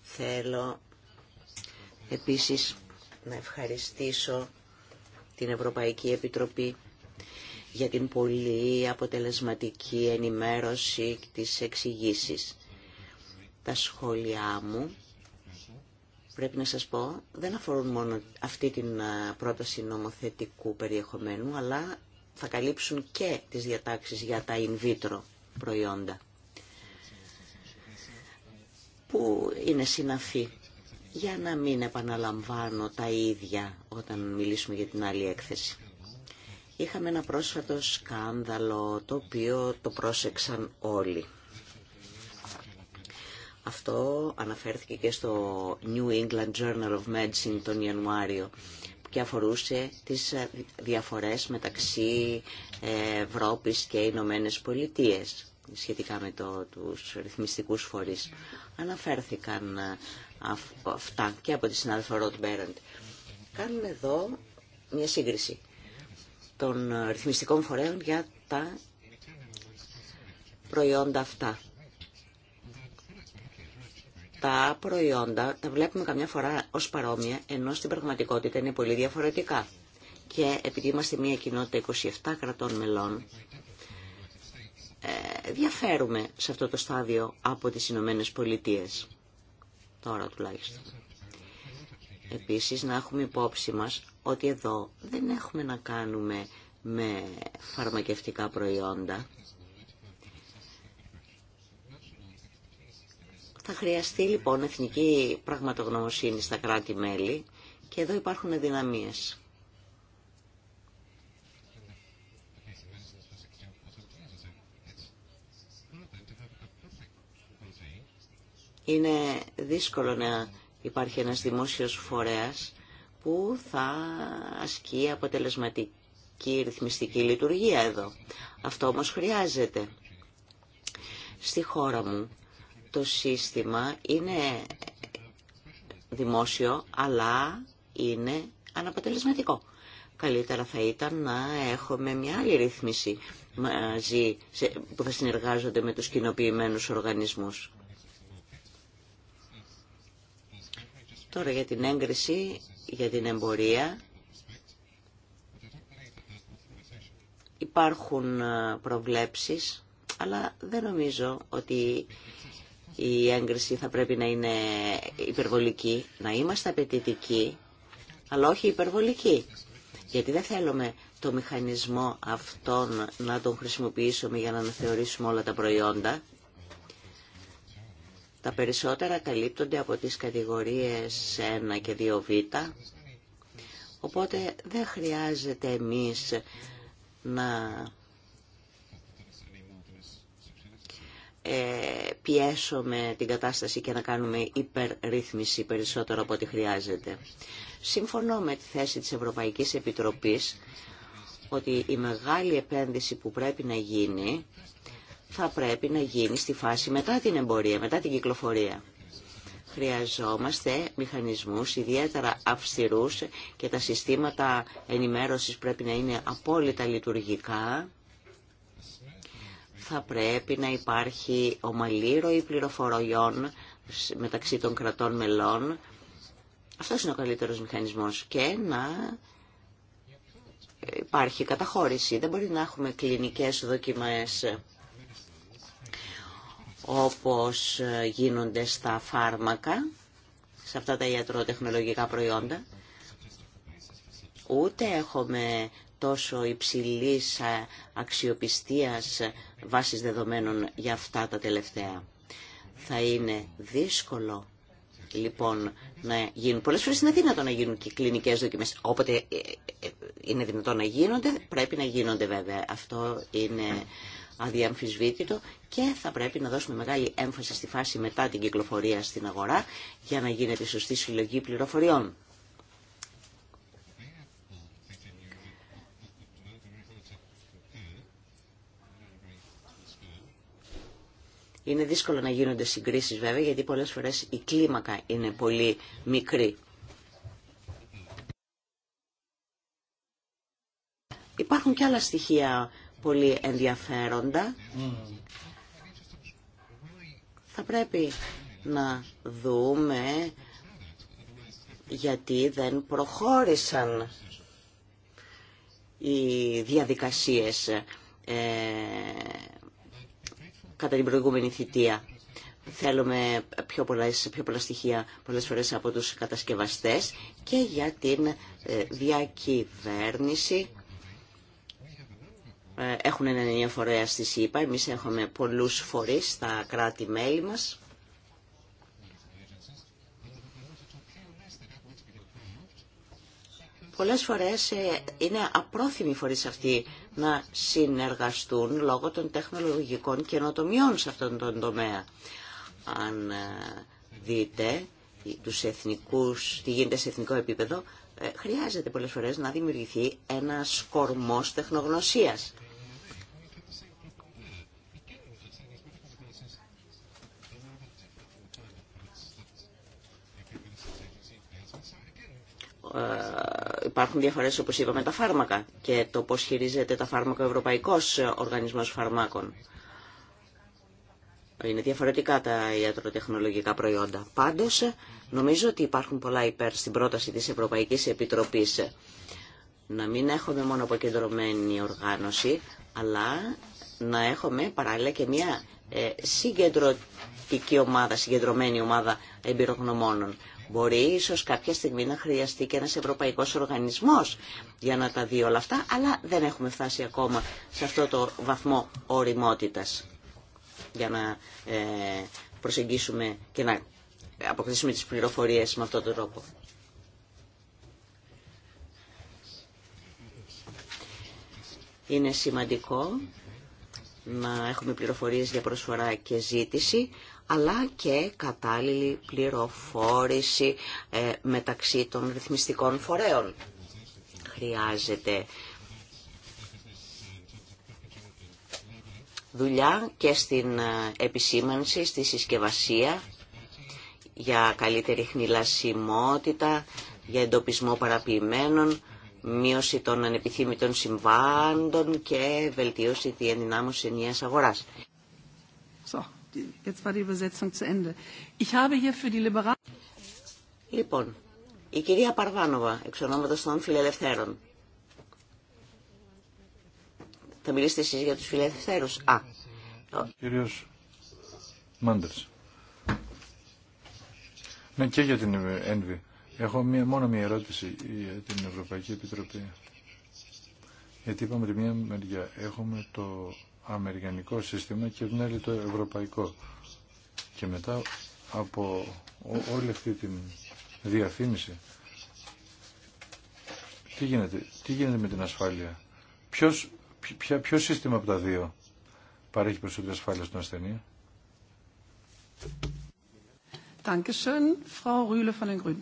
Θέλω επίσης να ευχαριστήσω την Ευρωπαϊκή Επιτροπή για την πολύ αποτελεσματική ενημέρωση της εξηγήσει. Τα σχόλιά μου, πρέπει να σας πω, δεν αφορούν μόνο αυτή την πρόταση νομοθετικού περιεχομένου, αλλά θα καλύψουν και τις διατάξεις για τα in vitro προϊόντα, που είναι συναφή για να μην επαναλαμβάνω τα ίδια όταν μιλήσουμε για την άλλη έκθεση. Είχαμε ένα πρόσφατο σκάνδαλο το οποίο το πρόσεξαν όλοι. Αυτό αναφέρθηκε και στο New England Journal of Medicine τον Ιανουάριο και αφορούσε τις διαφορές μεταξύ Ευρώπης και Ηνωμένε Πολιτείε σχετικά με το, τους ρυθμιστικούς φορείς. Αναφέρθηκαν αυτά και από τη συνάδελφα Ροτ Μπέραντ. Κάνουμε εδώ μια σύγκριση των ρυθμιστικών φορέων για τα προϊόντα αυτά. Τα προϊόντα τα βλέπουμε καμιά φορά ως παρόμοια, ενώ στην πραγματικότητα είναι πολύ διαφορετικά. Και επειδή είμαστε μια κοινότητα 27 κρατών μελών, ε, διαφέρουμε σε αυτό το στάδιο από τις Ηνωμένε Πολιτείες τώρα τουλάχιστον. Επίσης να έχουμε υπόψη μας ότι εδώ δεν έχουμε να κάνουμε με φαρμακευτικά προϊόντα. Θα χρειαστεί λοιπόν εθνική πραγματογνωμοσύνη στα κράτη-μέλη και εδώ υπάρχουν δυναμίες. είναι δύσκολο να υπάρχει ένας δημόσιος φορέας που θα ασκεί αποτελεσματική ρυθμιστική λειτουργία εδώ. Αυτό όμως χρειάζεται. Στη χώρα μου το σύστημα είναι δημόσιο, αλλά είναι αναποτελεσματικό. Καλύτερα θα ήταν να έχουμε μια άλλη ρύθμιση μαζί που θα συνεργάζονται με τους κοινοποιημένους οργανισμούς. Τώρα για την έγκριση, για την εμπορία. Υπάρχουν ε, προβλέψεις, αλλά δεν νομίζω ότι η έγκριση θα πρέπει να είναι υπερβολική, να είμαστε απαιτητικοί, αλλά όχι υπερβολικοί. Γιατί δεν θέλουμε το μηχανισμό αυτόν να τον χρησιμοποιήσουμε για να αναθεωρήσουμε όλα τα προϊόντα. Τα περισσότερα καλύπτονται από τις κατηγορίες 1 και 2β, οπότε δεν χρειάζεται εμείς να ε, πιέσουμε την κατάσταση και να κάνουμε υπερρύθμιση περισσότερο από ό,τι χρειάζεται. Συμφωνώ με τη θέση της Ευρωπαϊκής Επιτροπής ότι η μεγάλη επένδυση που πρέπει να γίνει θα πρέπει να γίνει στη φάση μετά την εμπορία, μετά την κυκλοφορία. Χρειαζόμαστε μηχανισμούς ιδιαίτερα αυστηρούς και τα συστήματα ενημέρωσης πρέπει να είναι απόλυτα λειτουργικά. Θα πρέπει να υπάρχει ομαλή ροή πληροφοριών μεταξύ των κρατών μελών. Αυτό είναι ο καλύτερος μηχανισμός και να υπάρχει καταχώρηση. Δεν μπορεί να έχουμε κλινικές δοκιμές όπως ε, γίνονται στα φάρμακα, σε αυτά τα ιατροτεχνολογικά προϊόντα. Ούτε έχουμε τόσο υψηλής ε, αξιοπιστίας ε, βάσης δεδομένων για αυτά τα τελευταία. Θα είναι δύσκολο λοιπόν να γίνουν. Πολλές φορές είναι δυνατόν να γίνουν και κλινικές δοκιμές. Όποτε είναι δυνατόν να γίνονται, πρέπει να γίνονται βέβαια. Αυτό είναι αδιαμφισβήτητο και θα πρέπει να δώσουμε μεγάλη έμφαση στη φάση μετά την κυκλοφορία στην αγορά για να γίνεται σωστή συλλογή πληροφοριών. Είναι δύσκολο να γίνονται συγκρίσεις βέβαια γιατί πολλές φορές η κλίμακα είναι πολύ μικρή. Υπάρχουν και άλλα στοιχεία πολύ ενδιαφέροντα. Θα πρέπει να δούμε γιατί δεν προχώρησαν οι διαδικασίες ε, κατά την προηγούμενη θητεία. Θέλουμε πιο, πιο πολλά στοιχεία πολλές φορές από τους κατασκευαστές και για την ε, διακυβέρνηση ε, έχουν έναν ενιαίο φορέα στη ΣΥΠΑ, εμείς έχουμε πολλούς φορείς στα κράτη-μέλη μας. Πολλές φορές ε, είναι απρόθυμοι φορείς αυτοί να συνεργαστούν λόγω των τεχνολογικών καινοτομιών σε αυτόν τον τομέα. Αν ε, δείτε τους εθνικούς, τι γίνεται σε εθνικό επίπεδο, χρειάζεται πολλές φορές να δημιουργηθεί ένας κορμός τεχνογνωσίας. Ε, υπάρχουν διαφορές όπως είπαμε, τα φάρμακα και το πώς χειρίζεται τα φάρμακα ο Ευρωπαϊκός Οργανισμός Φαρμάκων. Είναι διαφορετικά τα ιατροτεχνολογικά προϊόντα. Πάντως, νομίζω ότι υπάρχουν πολλά υπέρ στην πρόταση της Ευρωπαϊκής Επιτροπής. Να μην έχουμε μόνο αποκεντρωμένη οργάνωση, αλλά να έχουμε παράλληλα και μια ε, συγκεντρωτική ομάδα, συγκεντρωμένη ομάδα εμπειρογνωμόνων Μπορεί ίσως κάποια στιγμή να χρειαστεί και ένας ευρωπαϊκός οργανισμός για να τα δει όλα αυτά, αλλά δεν έχουμε φτάσει ακόμα σε αυτό το βαθμό οριμότητας για να ε, προσεγγίσουμε και να αποκτήσουμε τις πληροφορίες με αυτόν τον τρόπο. Είναι σημαντικό να έχουμε πληροφορίες για προσφορά και ζήτηση, αλλά και κατάλληλη πληροφόρηση ε, μεταξύ των ρυθμιστικών φορέων. Χρειάζεται δουλειά και στην ε, επισήμανση, στη συσκευασία για καλύτερη χνηλασιμότητα, για εντοπισμό παραποιημένων, μείωση των ανεπιθύμητων συμβάντων και βελτίωση τη ενδυνάμωση ενιαίας αγοράς. Λοιπόν, η κυρία Παρβάνοβα, εξ ονόματος των φιλελευθέρων. Θα μιλήσετε εσείς για τους φιλελευθέρους. Α. Κύριος Μάντερς. Ναι, και για την ΕΝΒΗ. Έχω μόνο μία ερώτηση για την Ευρωπαϊκή Επιτροπή. Γιατί είπαμε τη μία μεριά έχουμε το αμερικανικό σύστημα και την άλλη το ευρωπαϊκό. Και μετά από όλη αυτή την διαφήμιση, τι γίνεται, τι γίνεται με την ασφάλεια. Ποιος, ποια, ποιο σύστημα από τα δύο παρέχει περισσότερη ασφάλεια στον ασθενή. Dankeschön, Frau Rühle von den Grünen.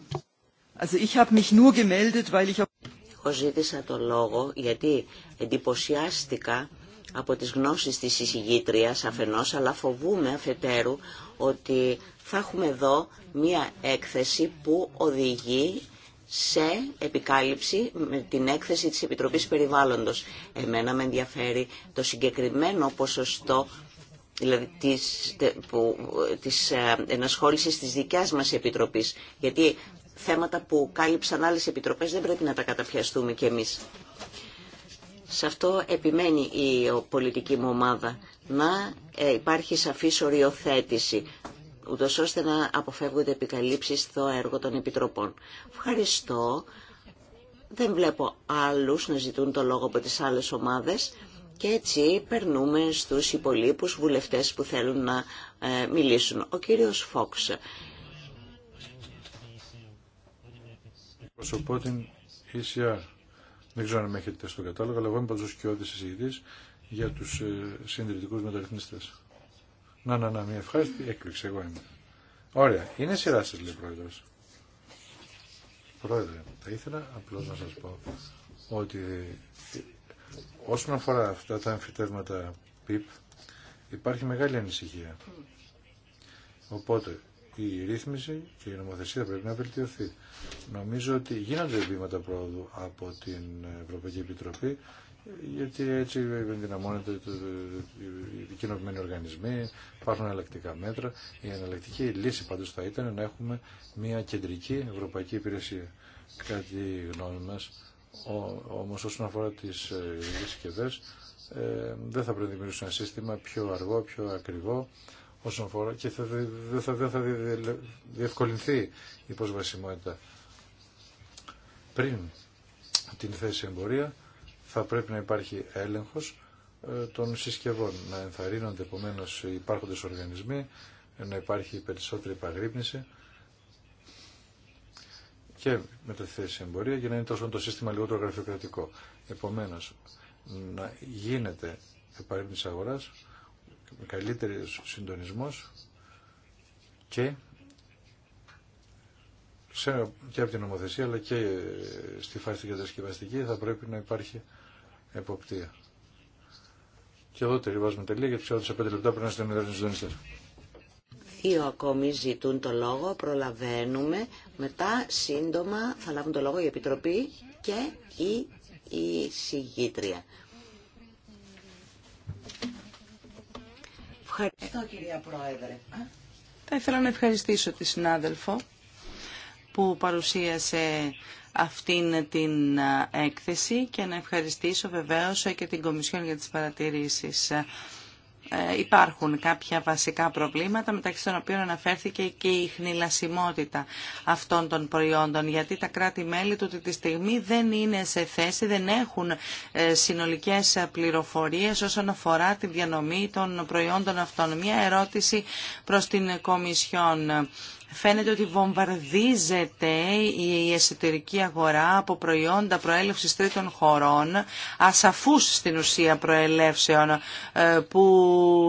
Also ich habe mich nur gemeldet, weil ich... Εγώ ζήτησα το λόγο γιατί εντυπωσιάστηκα από τις γνώσεις της εισηγήτριας αφενός, αλλά φοβούμε αφετέρου ότι θα έχουμε εδώ μία έκθεση που οδηγεί σε επικάλυψη με την έκθεση της Επιτροπής Περιβάλλοντος. Εμένα με ενδιαφέρει το συγκεκριμένο ποσοστό δηλαδή της, που, της ε, ενασχόλησης της δικιάς μας Επιτροπής, γιατί θέματα που κάλυψαν άλλες επιτροπές δεν πρέπει να τα καταφιαστούμε κι εμείς. Σε αυτό επιμένει η πολιτική μου ομάδα, να ε, υπάρχει σαφής οριοθέτηση, ούτως ώστε να αποφεύγονται επικαλύψεις στο έργο των Επιτροπών. Ευχαριστώ. Δεν βλέπω άλλους να ζητούν το λόγο από τις άλλες ομάδες και έτσι περνούμε στους υπολείπους βουλευτές που θέλουν να ε, μιλήσουν. Ο κύριος Φόξ. Δεν ξέρω αν με έχετε στο κατάλογο, αλλά εγώ είμαι παντού σκιώδη συζητητή για του ε, συντηρητικού μεταρρυθμιστέ. Να, να, να, μια ευχάριστη έκπληξη. Εγώ είμαι. Ωραία. Είναι σειρά σα, λέει ο πρόεδρο. Πρόεδρε, θα ήθελα απλώ να σα πω ότι ε, όσον αφορά αυτά τα εμφυτεύματα PIP, υπάρχει μεγάλη ανησυχία. Οπότε, η ρύθμιση και η νομοθεσία πρέπει να βελτιωθεί. Νομίζω ότι γίνονται βήματα πρόοδου από την Ευρωπαϊκή Επιτροπή γιατί έτσι ενδυναμώνεται οι κοινοποιημένοι οργανισμοί, υπάρχουν εναλλακτικά μέτρα. Η εναλλακτική λύση πάντως θα ήταν να έχουμε μια κεντρική ευρωπαϊκή υπηρεσία. Κάτι γνώμη μας, όμως όσον αφορά τις ε, συσκευέ, ε, δεν θα πρέπει να δημιουργήσουμε ένα σύστημα πιο αργό, πιο ακριβό, όσον αφορά και θα, δεν θα, διευκολυνθεί η προσβασιμότητα. Πριν την θέση εμπορία θα πρέπει να υπάρχει έλεγχος ε, των συσκευών, να ενθαρρύνονται επομένω οι υπάρχοντες οργανισμοί, να υπάρχει περισσότερη παρρύπνηση και με τη θέση εμπορία για να είναι τόσο το σύστημα λιγότερο γραφειοκρατικό. Επομένως, να γίνεται επαρρύπνηση αγοράς Καλύτερο συντονισμό και σε και από την νομοθεσία αλλά και στη φάση κατασκευαστική θα πρέπει να υπάρχει εποπτεία. Και εδώ τελειβάζουμε τελεία γιατί ξέρω ότι σε πέντε λεπτά πρέπει να είστε μετρήσουν συντονιστές. Δύο ακόμη ζητούν το λόγο, προλαβαίνουμε. Μετά σύντομα θα λάβουν το λόγο η Επιτροπή και η, η συγγήτρια. Ευχαριστώ κυρία Πρόεδρε. Θα ήθελα να ευχαριστήσω τη συνάδελφο που παρουσίασε αυτήν την έκθεση και να ευχαριστήσω βεβαίως και την Κομισιόν για τις παρατηρήσεις. Ε, υπάρχουν κάποια βασικά προβλήματα μεταξύ των οποίων αναφέρθηκε και η χνηλασιμότητα αυτών των προϊόντων γιατί τα κράτη-μέλη του τη στιγμή δεν είναι σε θέση, δεν έχουν ε, συνολικές πληροφορίες όσον αφορά τη διανομή των προϊόντων αυτών. Μια ερώτηση προς την Κομισιόν φαίνεται ότι βομβαρδίζεται η εσωτερική αγορά από προϊόντα προέλευσης τρίτων χωρών, ασαφούς στην ουσία προελεύσεων, ε, που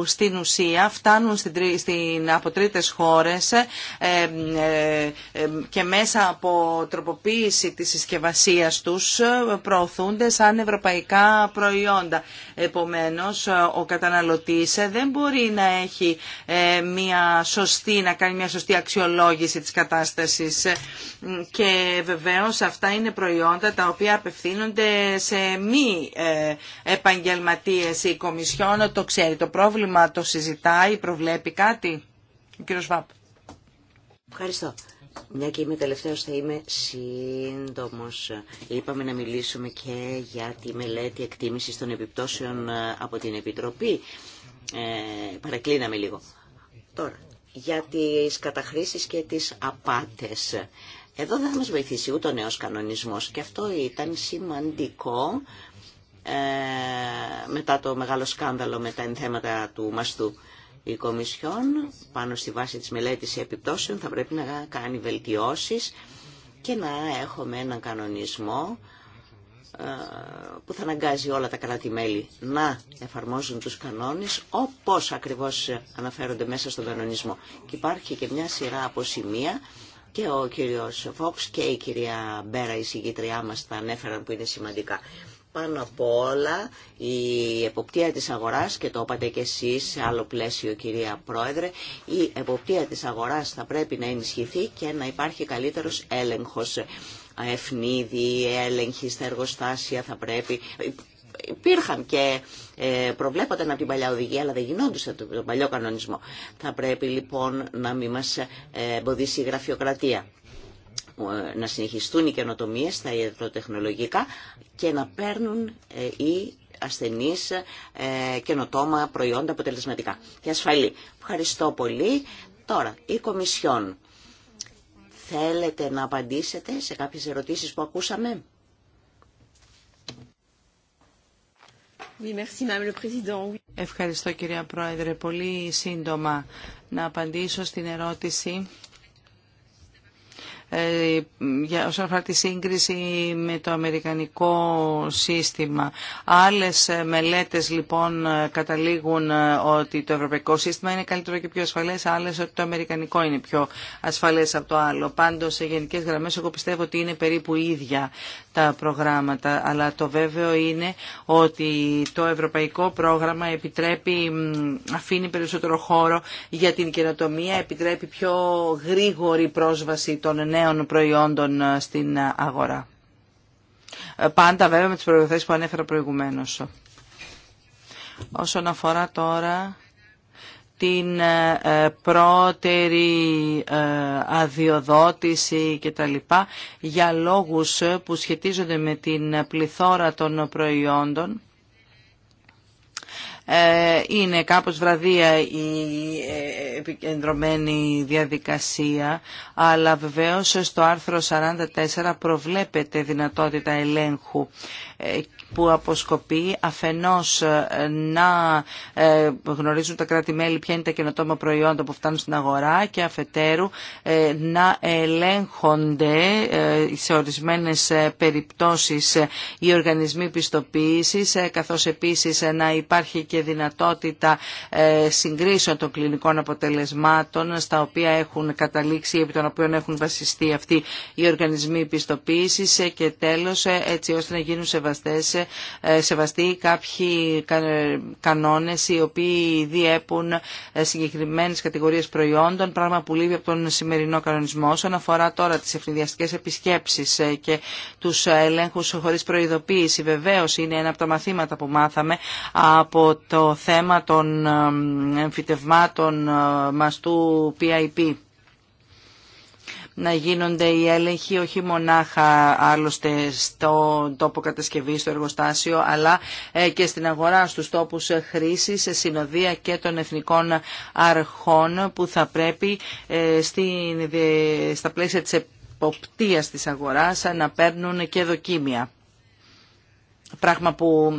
στην ουσία φτάνουν στην, από τρίτες χώρες ε, ε, και μέσα από τροποποίηση της συσκευασία τους προωθούνται σαν ευρωπαϊκά προϊόντα. Επομένως, ο καταναλωτής δεν μπορεί να έχει μια σωστή, να κάνει μια σωστή αξιολόγηση αξιολόγηση της κατάστασης και βεβαίως αυτά είναι προϊόντα τα οποία απευθύνονται σε μη ε, επαγγελματίες η Κομισιόν το ξέρει το πρόβλημα το συζητάει προβλέπει κάτι ο κύριος Βάπ Ευχαριστώ μια και είμαι τελευταίος θα είμαι σύντομο. Είπαμε να μιλήσουμε και για τη μελέτη εκτίμηση των επιπτώσεων ε, από την Επιτροπή. Ε, παρακλίναμε λίγο. Τώρα, για τις καταχρήσεις και τις απάτες. Εδώ δεν θα μας βοηθήσει ούτε ο νέος κανονισμός και αυτό ήταν σημαντικό ε, μετά το μεγάλο σκάνδαλο με τα ενθέματα του μαστού. Η Κομισιόν πάνω στη βάση της μελέτης επιπτώσεων θα πρέπει να κάνει βελτιώσεις και να έχουμε έναν κανονισμό ε, που θα αναγκάζει όλα τα κράτη-μέλη να εφαρμόζουν τους κανόνες όπως ακριβώς αναφέρονται μέσα στον κανονισμό. Και υπάρχει και μια σειρά από σημεία και ο κύριος Φόξ και η κυρία Μπέρα, η συγκήτριά μας, τα ανέφεραν που είναι σημαντικά. Πάνω από όλα η εποπτεία της αγοράς και το είπατε και εσείς σε άλλο πλαίσιο κυρία Πρόεδρε η εποπτεία της αγοράς θα πρέπει να ενισχυθεί και να υπάρχει καλύτερος έλεγχος αεφνίδι, έλεγχοι στα εργοστάσια θα πρέπει. Υπήρχαν και ε, προβλέπονταν από την παλιά οδηγία, αλλά δεν γινόντουσαν τον παλιό κανονισμό. Θα πρέπει λοιπόν να μην μας ε, εμποδίσει η γραφειοκρατία ε, να συνεχιστούν οι καινοτομίες στα ιατροτεχνολογικά και να παίρνουν οι ασθενείς καινοτόμα προϊόντα αποτελεσματικά και ασφαλή. Ευχαριστώ πολύ. Τώρα, η Κομισιόν Θέλετε να απαντήσετε σε κάποιες ερωτήσεις που ακούσαμε. Ευχαριστώ κυρία Πρόεδρε. Πολύ σύντομα να απαντήσω στην ερώτηση για ε, όσον αφορά τη σύγκριση με το αμερικανικό σύστημα. Άλλες μελέτες λοιπόν καταλήγουν ε, ότι το ευρωπαϊκό σύστημα είναι καλύτερο και πιο ασφαλές, άλλες ότι το αμερικανικό είναι πιο ασφαλές από το άλλο. Πάντως σε γενικές γραμμές εγώ πιστεύω ότι είναι περίπου ίδια τα προγράμματα, αλλά το βέβαιο είναι ότι το ευρωπαϊκό πρόγραμμα επιτρέπει, αφήνει περισσότερο χώρο για την καινοτομία, επιτρέπει πιο γρήγορη πρόσβαση των νέων νέων προϊόντων ε, στην ε, αγορά. Ε, πάντα βέβαια με τις προϋποθέσεις που ανέφερα προηγουμένως. Όσον αφορά τώρα την πρώτερη αδειοδότηση και τα λοιπά, για λόγους που σχετίζονται με την πληθώρα των προϊόντων ε, είναι κάπως βραδία η ε, επικεντρωμένη διαδικασία, αλλά βεβαίως στο άρθρο 44 προβλέπεται δυνατότητα ελέγχου ε, που αποσκοπεί αφενός ε, να ε, γνωρίζουν τα κράτη-μέλη ποια είναι τα καινοτόμα προϊόντα που φτάνουν στην αγορά και αφετέρου ε, να ελέγχονται σε ορισμένες περιπτώσεις οι οργανισμοί πιστοποίησης καθώς επίσης να υπάρχει και δυνατότητα συγκρίσεων των κλινικών αποτελεσμάτων στα οποία έχουν καταλήξει ή επί των οποίων έχουν βασιστεί αυτοί οι οργανισμοί πιστοποίησης και τέλος έτσι ώστε να γίνουν σεβαστές ε, σεβαστεί κάποιοι κανόνες οι οποίοι διέπουν ε, συγκεκριμένες κατηγορίες προϊόντων, πράγμα που λείπει από τον σημερινό κανονισμό. Όσον αφορά τώρα τις ευνηδιαστικές επισκέψεις ε, και τους ελέγχους χωρίς προειδοποίηση, βεβαίως είναι ένα από τα μαθήματα που μάθαμε από το θέμα των εμφυτευμάτων μαστού PIP να γίνονται οι έλεγχοι όχι μονάχα άλλωστε στο τόπο κατασκευή, στο εργοστάσιο, αλλά ε, και στην αγορά, στους τόπους χρήσης, σε συνοδεία και των εθνικών αρχών που θα πρέπει ε, στην, στα πλαίσια της εποπτείας της αγοράς να παίρνουν και δοκίμια. Πράγμα που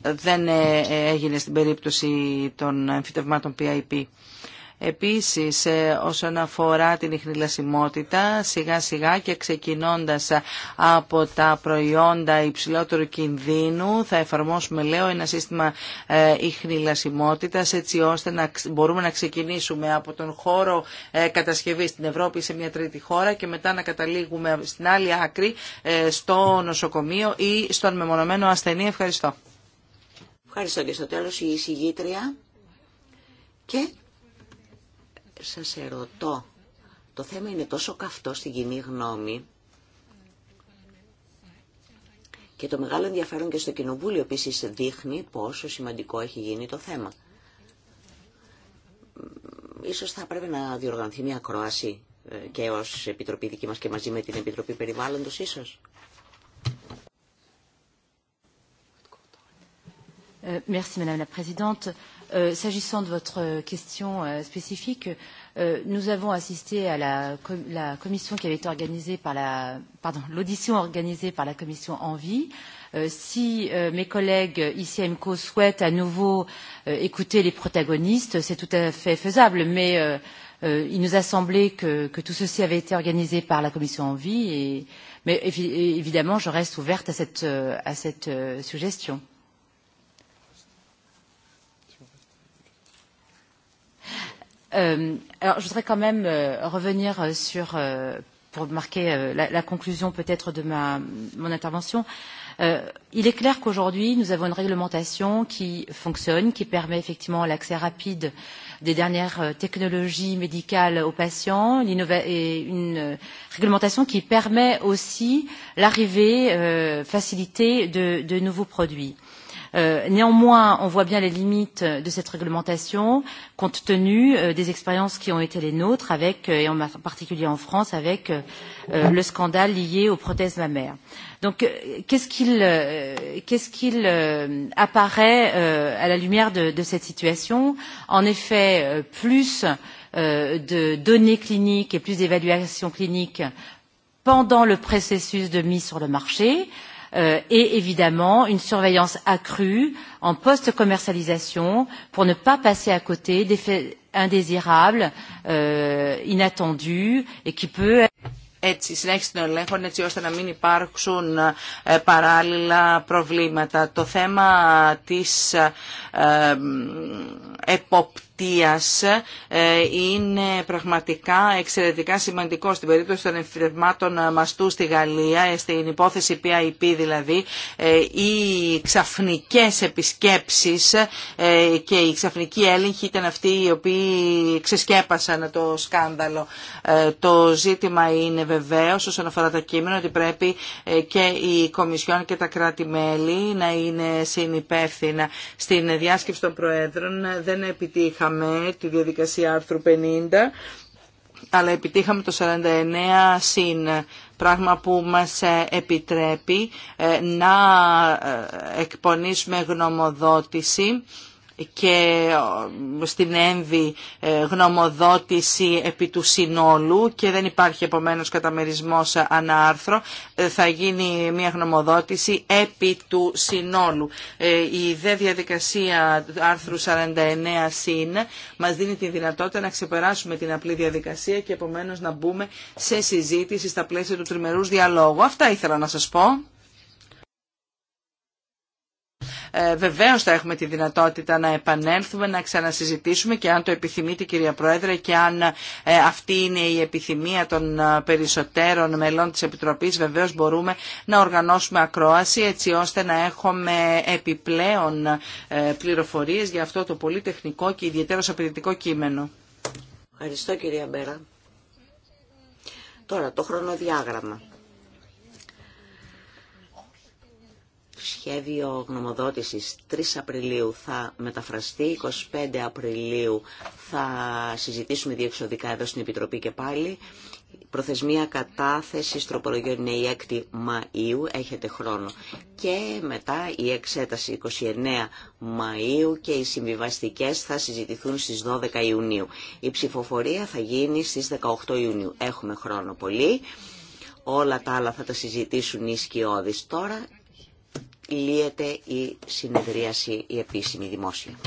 δεν ε, έγινε στην περίπτωση των εμφυτευμάτων PIP. Επίσης, ε, όσον αφορά την ιχνηλασιμότητα, σιγά σιγά και ξεκινώντας από τα προϊόντα υψηλότερου κινδύνου, θα εφαρμόσουμε, λέω, ένα σύστημα ε, ιχνηλασιμότητας, έτσι ώστε να μπορούμε να ξεκινήσουμε από τον χώρο ε, κατασκευής στην Ευρώπη σε μια τρίτη χώρα και μετά να καταλήγουμε στην άλλη άκρη, στο νοσοκομείο ή στον μεμονωμένο ασθενή. Ευχαριστώ. Ευχαριστώ και στο τέλος η εισηγήτρια. Και σας ερωτώ, το θέμα είναι τόσο καυτό στην κοινή γνώμη και το μεγάλο ενδιαφέρον και στο Κοινοβούλιο επίση δείχνει πόσο σημαντικό έχει γίνει το θέμα. Ίσως θα πρέπει να διοργανωθεί μια ακρόαση ε, και ως Επιτροπή δική μας και μαζί με την Επιτροπή Περιβάλλοντος ίσως. Ε, merci, Madame la Présidente. S'agissant de votre question spécifique, nous avons assisté à la commission qui avait été organisée par la pardon l'audition organisée par la commission Envie. Si mes collègues ici à souhaitent à nouveau écouter les protagonistes, c'est tout à fait faisable, mais il nous a semblé que tout ceci avait été organisé par la commission Envie, mais évidemment je reste ouverte à cette suggestion. Alors, je voudrais quand même revenir sur, pour marquer la conclusion peut-être de mon intervention. Il est clair qu'aujourd'hui, nous avons une réglementation qui fonctionne, qui permet effectivement l'accès rapide des dernières technologies médicales aux patients, et une réglementation qui permet aussi l'arrivée facilitée de nouveaux produits. Néanmoins, on voit bien les limites de cette réglementation, compte tenu des expériences qui ont été les nôtres, avec, et en particulier en France, avec le scandale lié aux prothèses mammaires. qu'est-ce qu'il apparaît à la lumière de cette situation En effet, plus de données cliniques et plus d'évaluations cliniques pendant le processus de mise sur le marché, et évidemment une surveillance accrue en post commercialisation pour ne pas passer à côté d'effets indésirables, inattendus et qui peut έτσι, συνέχιση των ελέγχων έτσι ώστε να μην υπάρξουν παράλληλα προβλήματα. Το θέμα της εποπτείας ε, είναι πραγματικά εξαιρετικά σημαντικό στην περίπτωση των εμφυρευμάτων ε, μαστού στη Γαλλία, ε, στην υπόθεση PIP δηλαδή, οι ξαφνικές επισκέψεις και η ξαφνική έλεγχη ήταν αυτοί οι οποίοι ξεσκέπασαν το σκάνδαλο. Το ζήτημα είναι βεβαίως όσον αφορά το κείμενο ότι πρέπει και οι Κομισιόν και τα κράτη-μέλη να είναι συνυπεύθυνα. Στην διάσκεψη των Προέδρων δεν επιτύχα επιτύχαμε τη διαδικασία άρθρου 50, αλλά επιτύχαμε το 49 συν, πράγμα που μας ε, επιτρέπει ε, να ε, εκπονήσουμε γνωμοδότηση και στην ένδυ ε, γνωμοδότηση επί του συνόλου και δεν υπάρχει επομένως καταμερισμός άρθρο ε, θα γίνει μια γνωμοδότηση επί του συνόλου. Ε, η δε διαδικασία άρθρου 49 συν μας δίνει τη δυνατότητα να ξεπεράσουμε την απλή διαδικασία και επομένως να μπούμε σε συζήτηση στα πλαίσια του τριμερούς διαλόγου. Αυτά ήθελα να σας πω. Ε, βεβαίως θα έχουμε τη δυνατότητα να επανέλθουμε, να ξανασυζητήσουμε και αν το επιθυμείτε κυρία Πρόεδρε και αν ε, αυτή είναι η επιθυμία των ε, περισσότερων μελών της Επιτροπής βεβαίως μπορούμε να οργανώσουμε ακρόαση έτσι ώστε να έχουμε επιπλέον ε, πληροφορίες για αυτό το πολύ τεχνικό και ιδιαίτερο απαιτητικό κείμενο. Ευχαριστώ κυρία Μπέρα. Τώρα το χρονοδιάγραμμα. σχέδιο γνωμοδότησης 3 Απριλίου θα μεταφραστεί, 25 Απριλίου θα συζητήσουμε διεξοδικά εδώ στην Επιτροπή και πάλι. Προθεσμία κατάθεσης τροπολογιών είναι η 6η Μαΐου, έχετε χρόνο. Και μετά η εξέταση 29 Μαΐου και οι συμβιβαστικές θα συζητηθούν στις 12 Ιουνίου. Η ψηφοφορία θα γίνει στις 18 Ιουνίου. Έχουμε χρόνο πολύ. Όλα τα άλλα θα τα συζητήσουν οι σκιώδεις. Τώρα λύεται η συνεδρίαση η επίσημη δημόσια.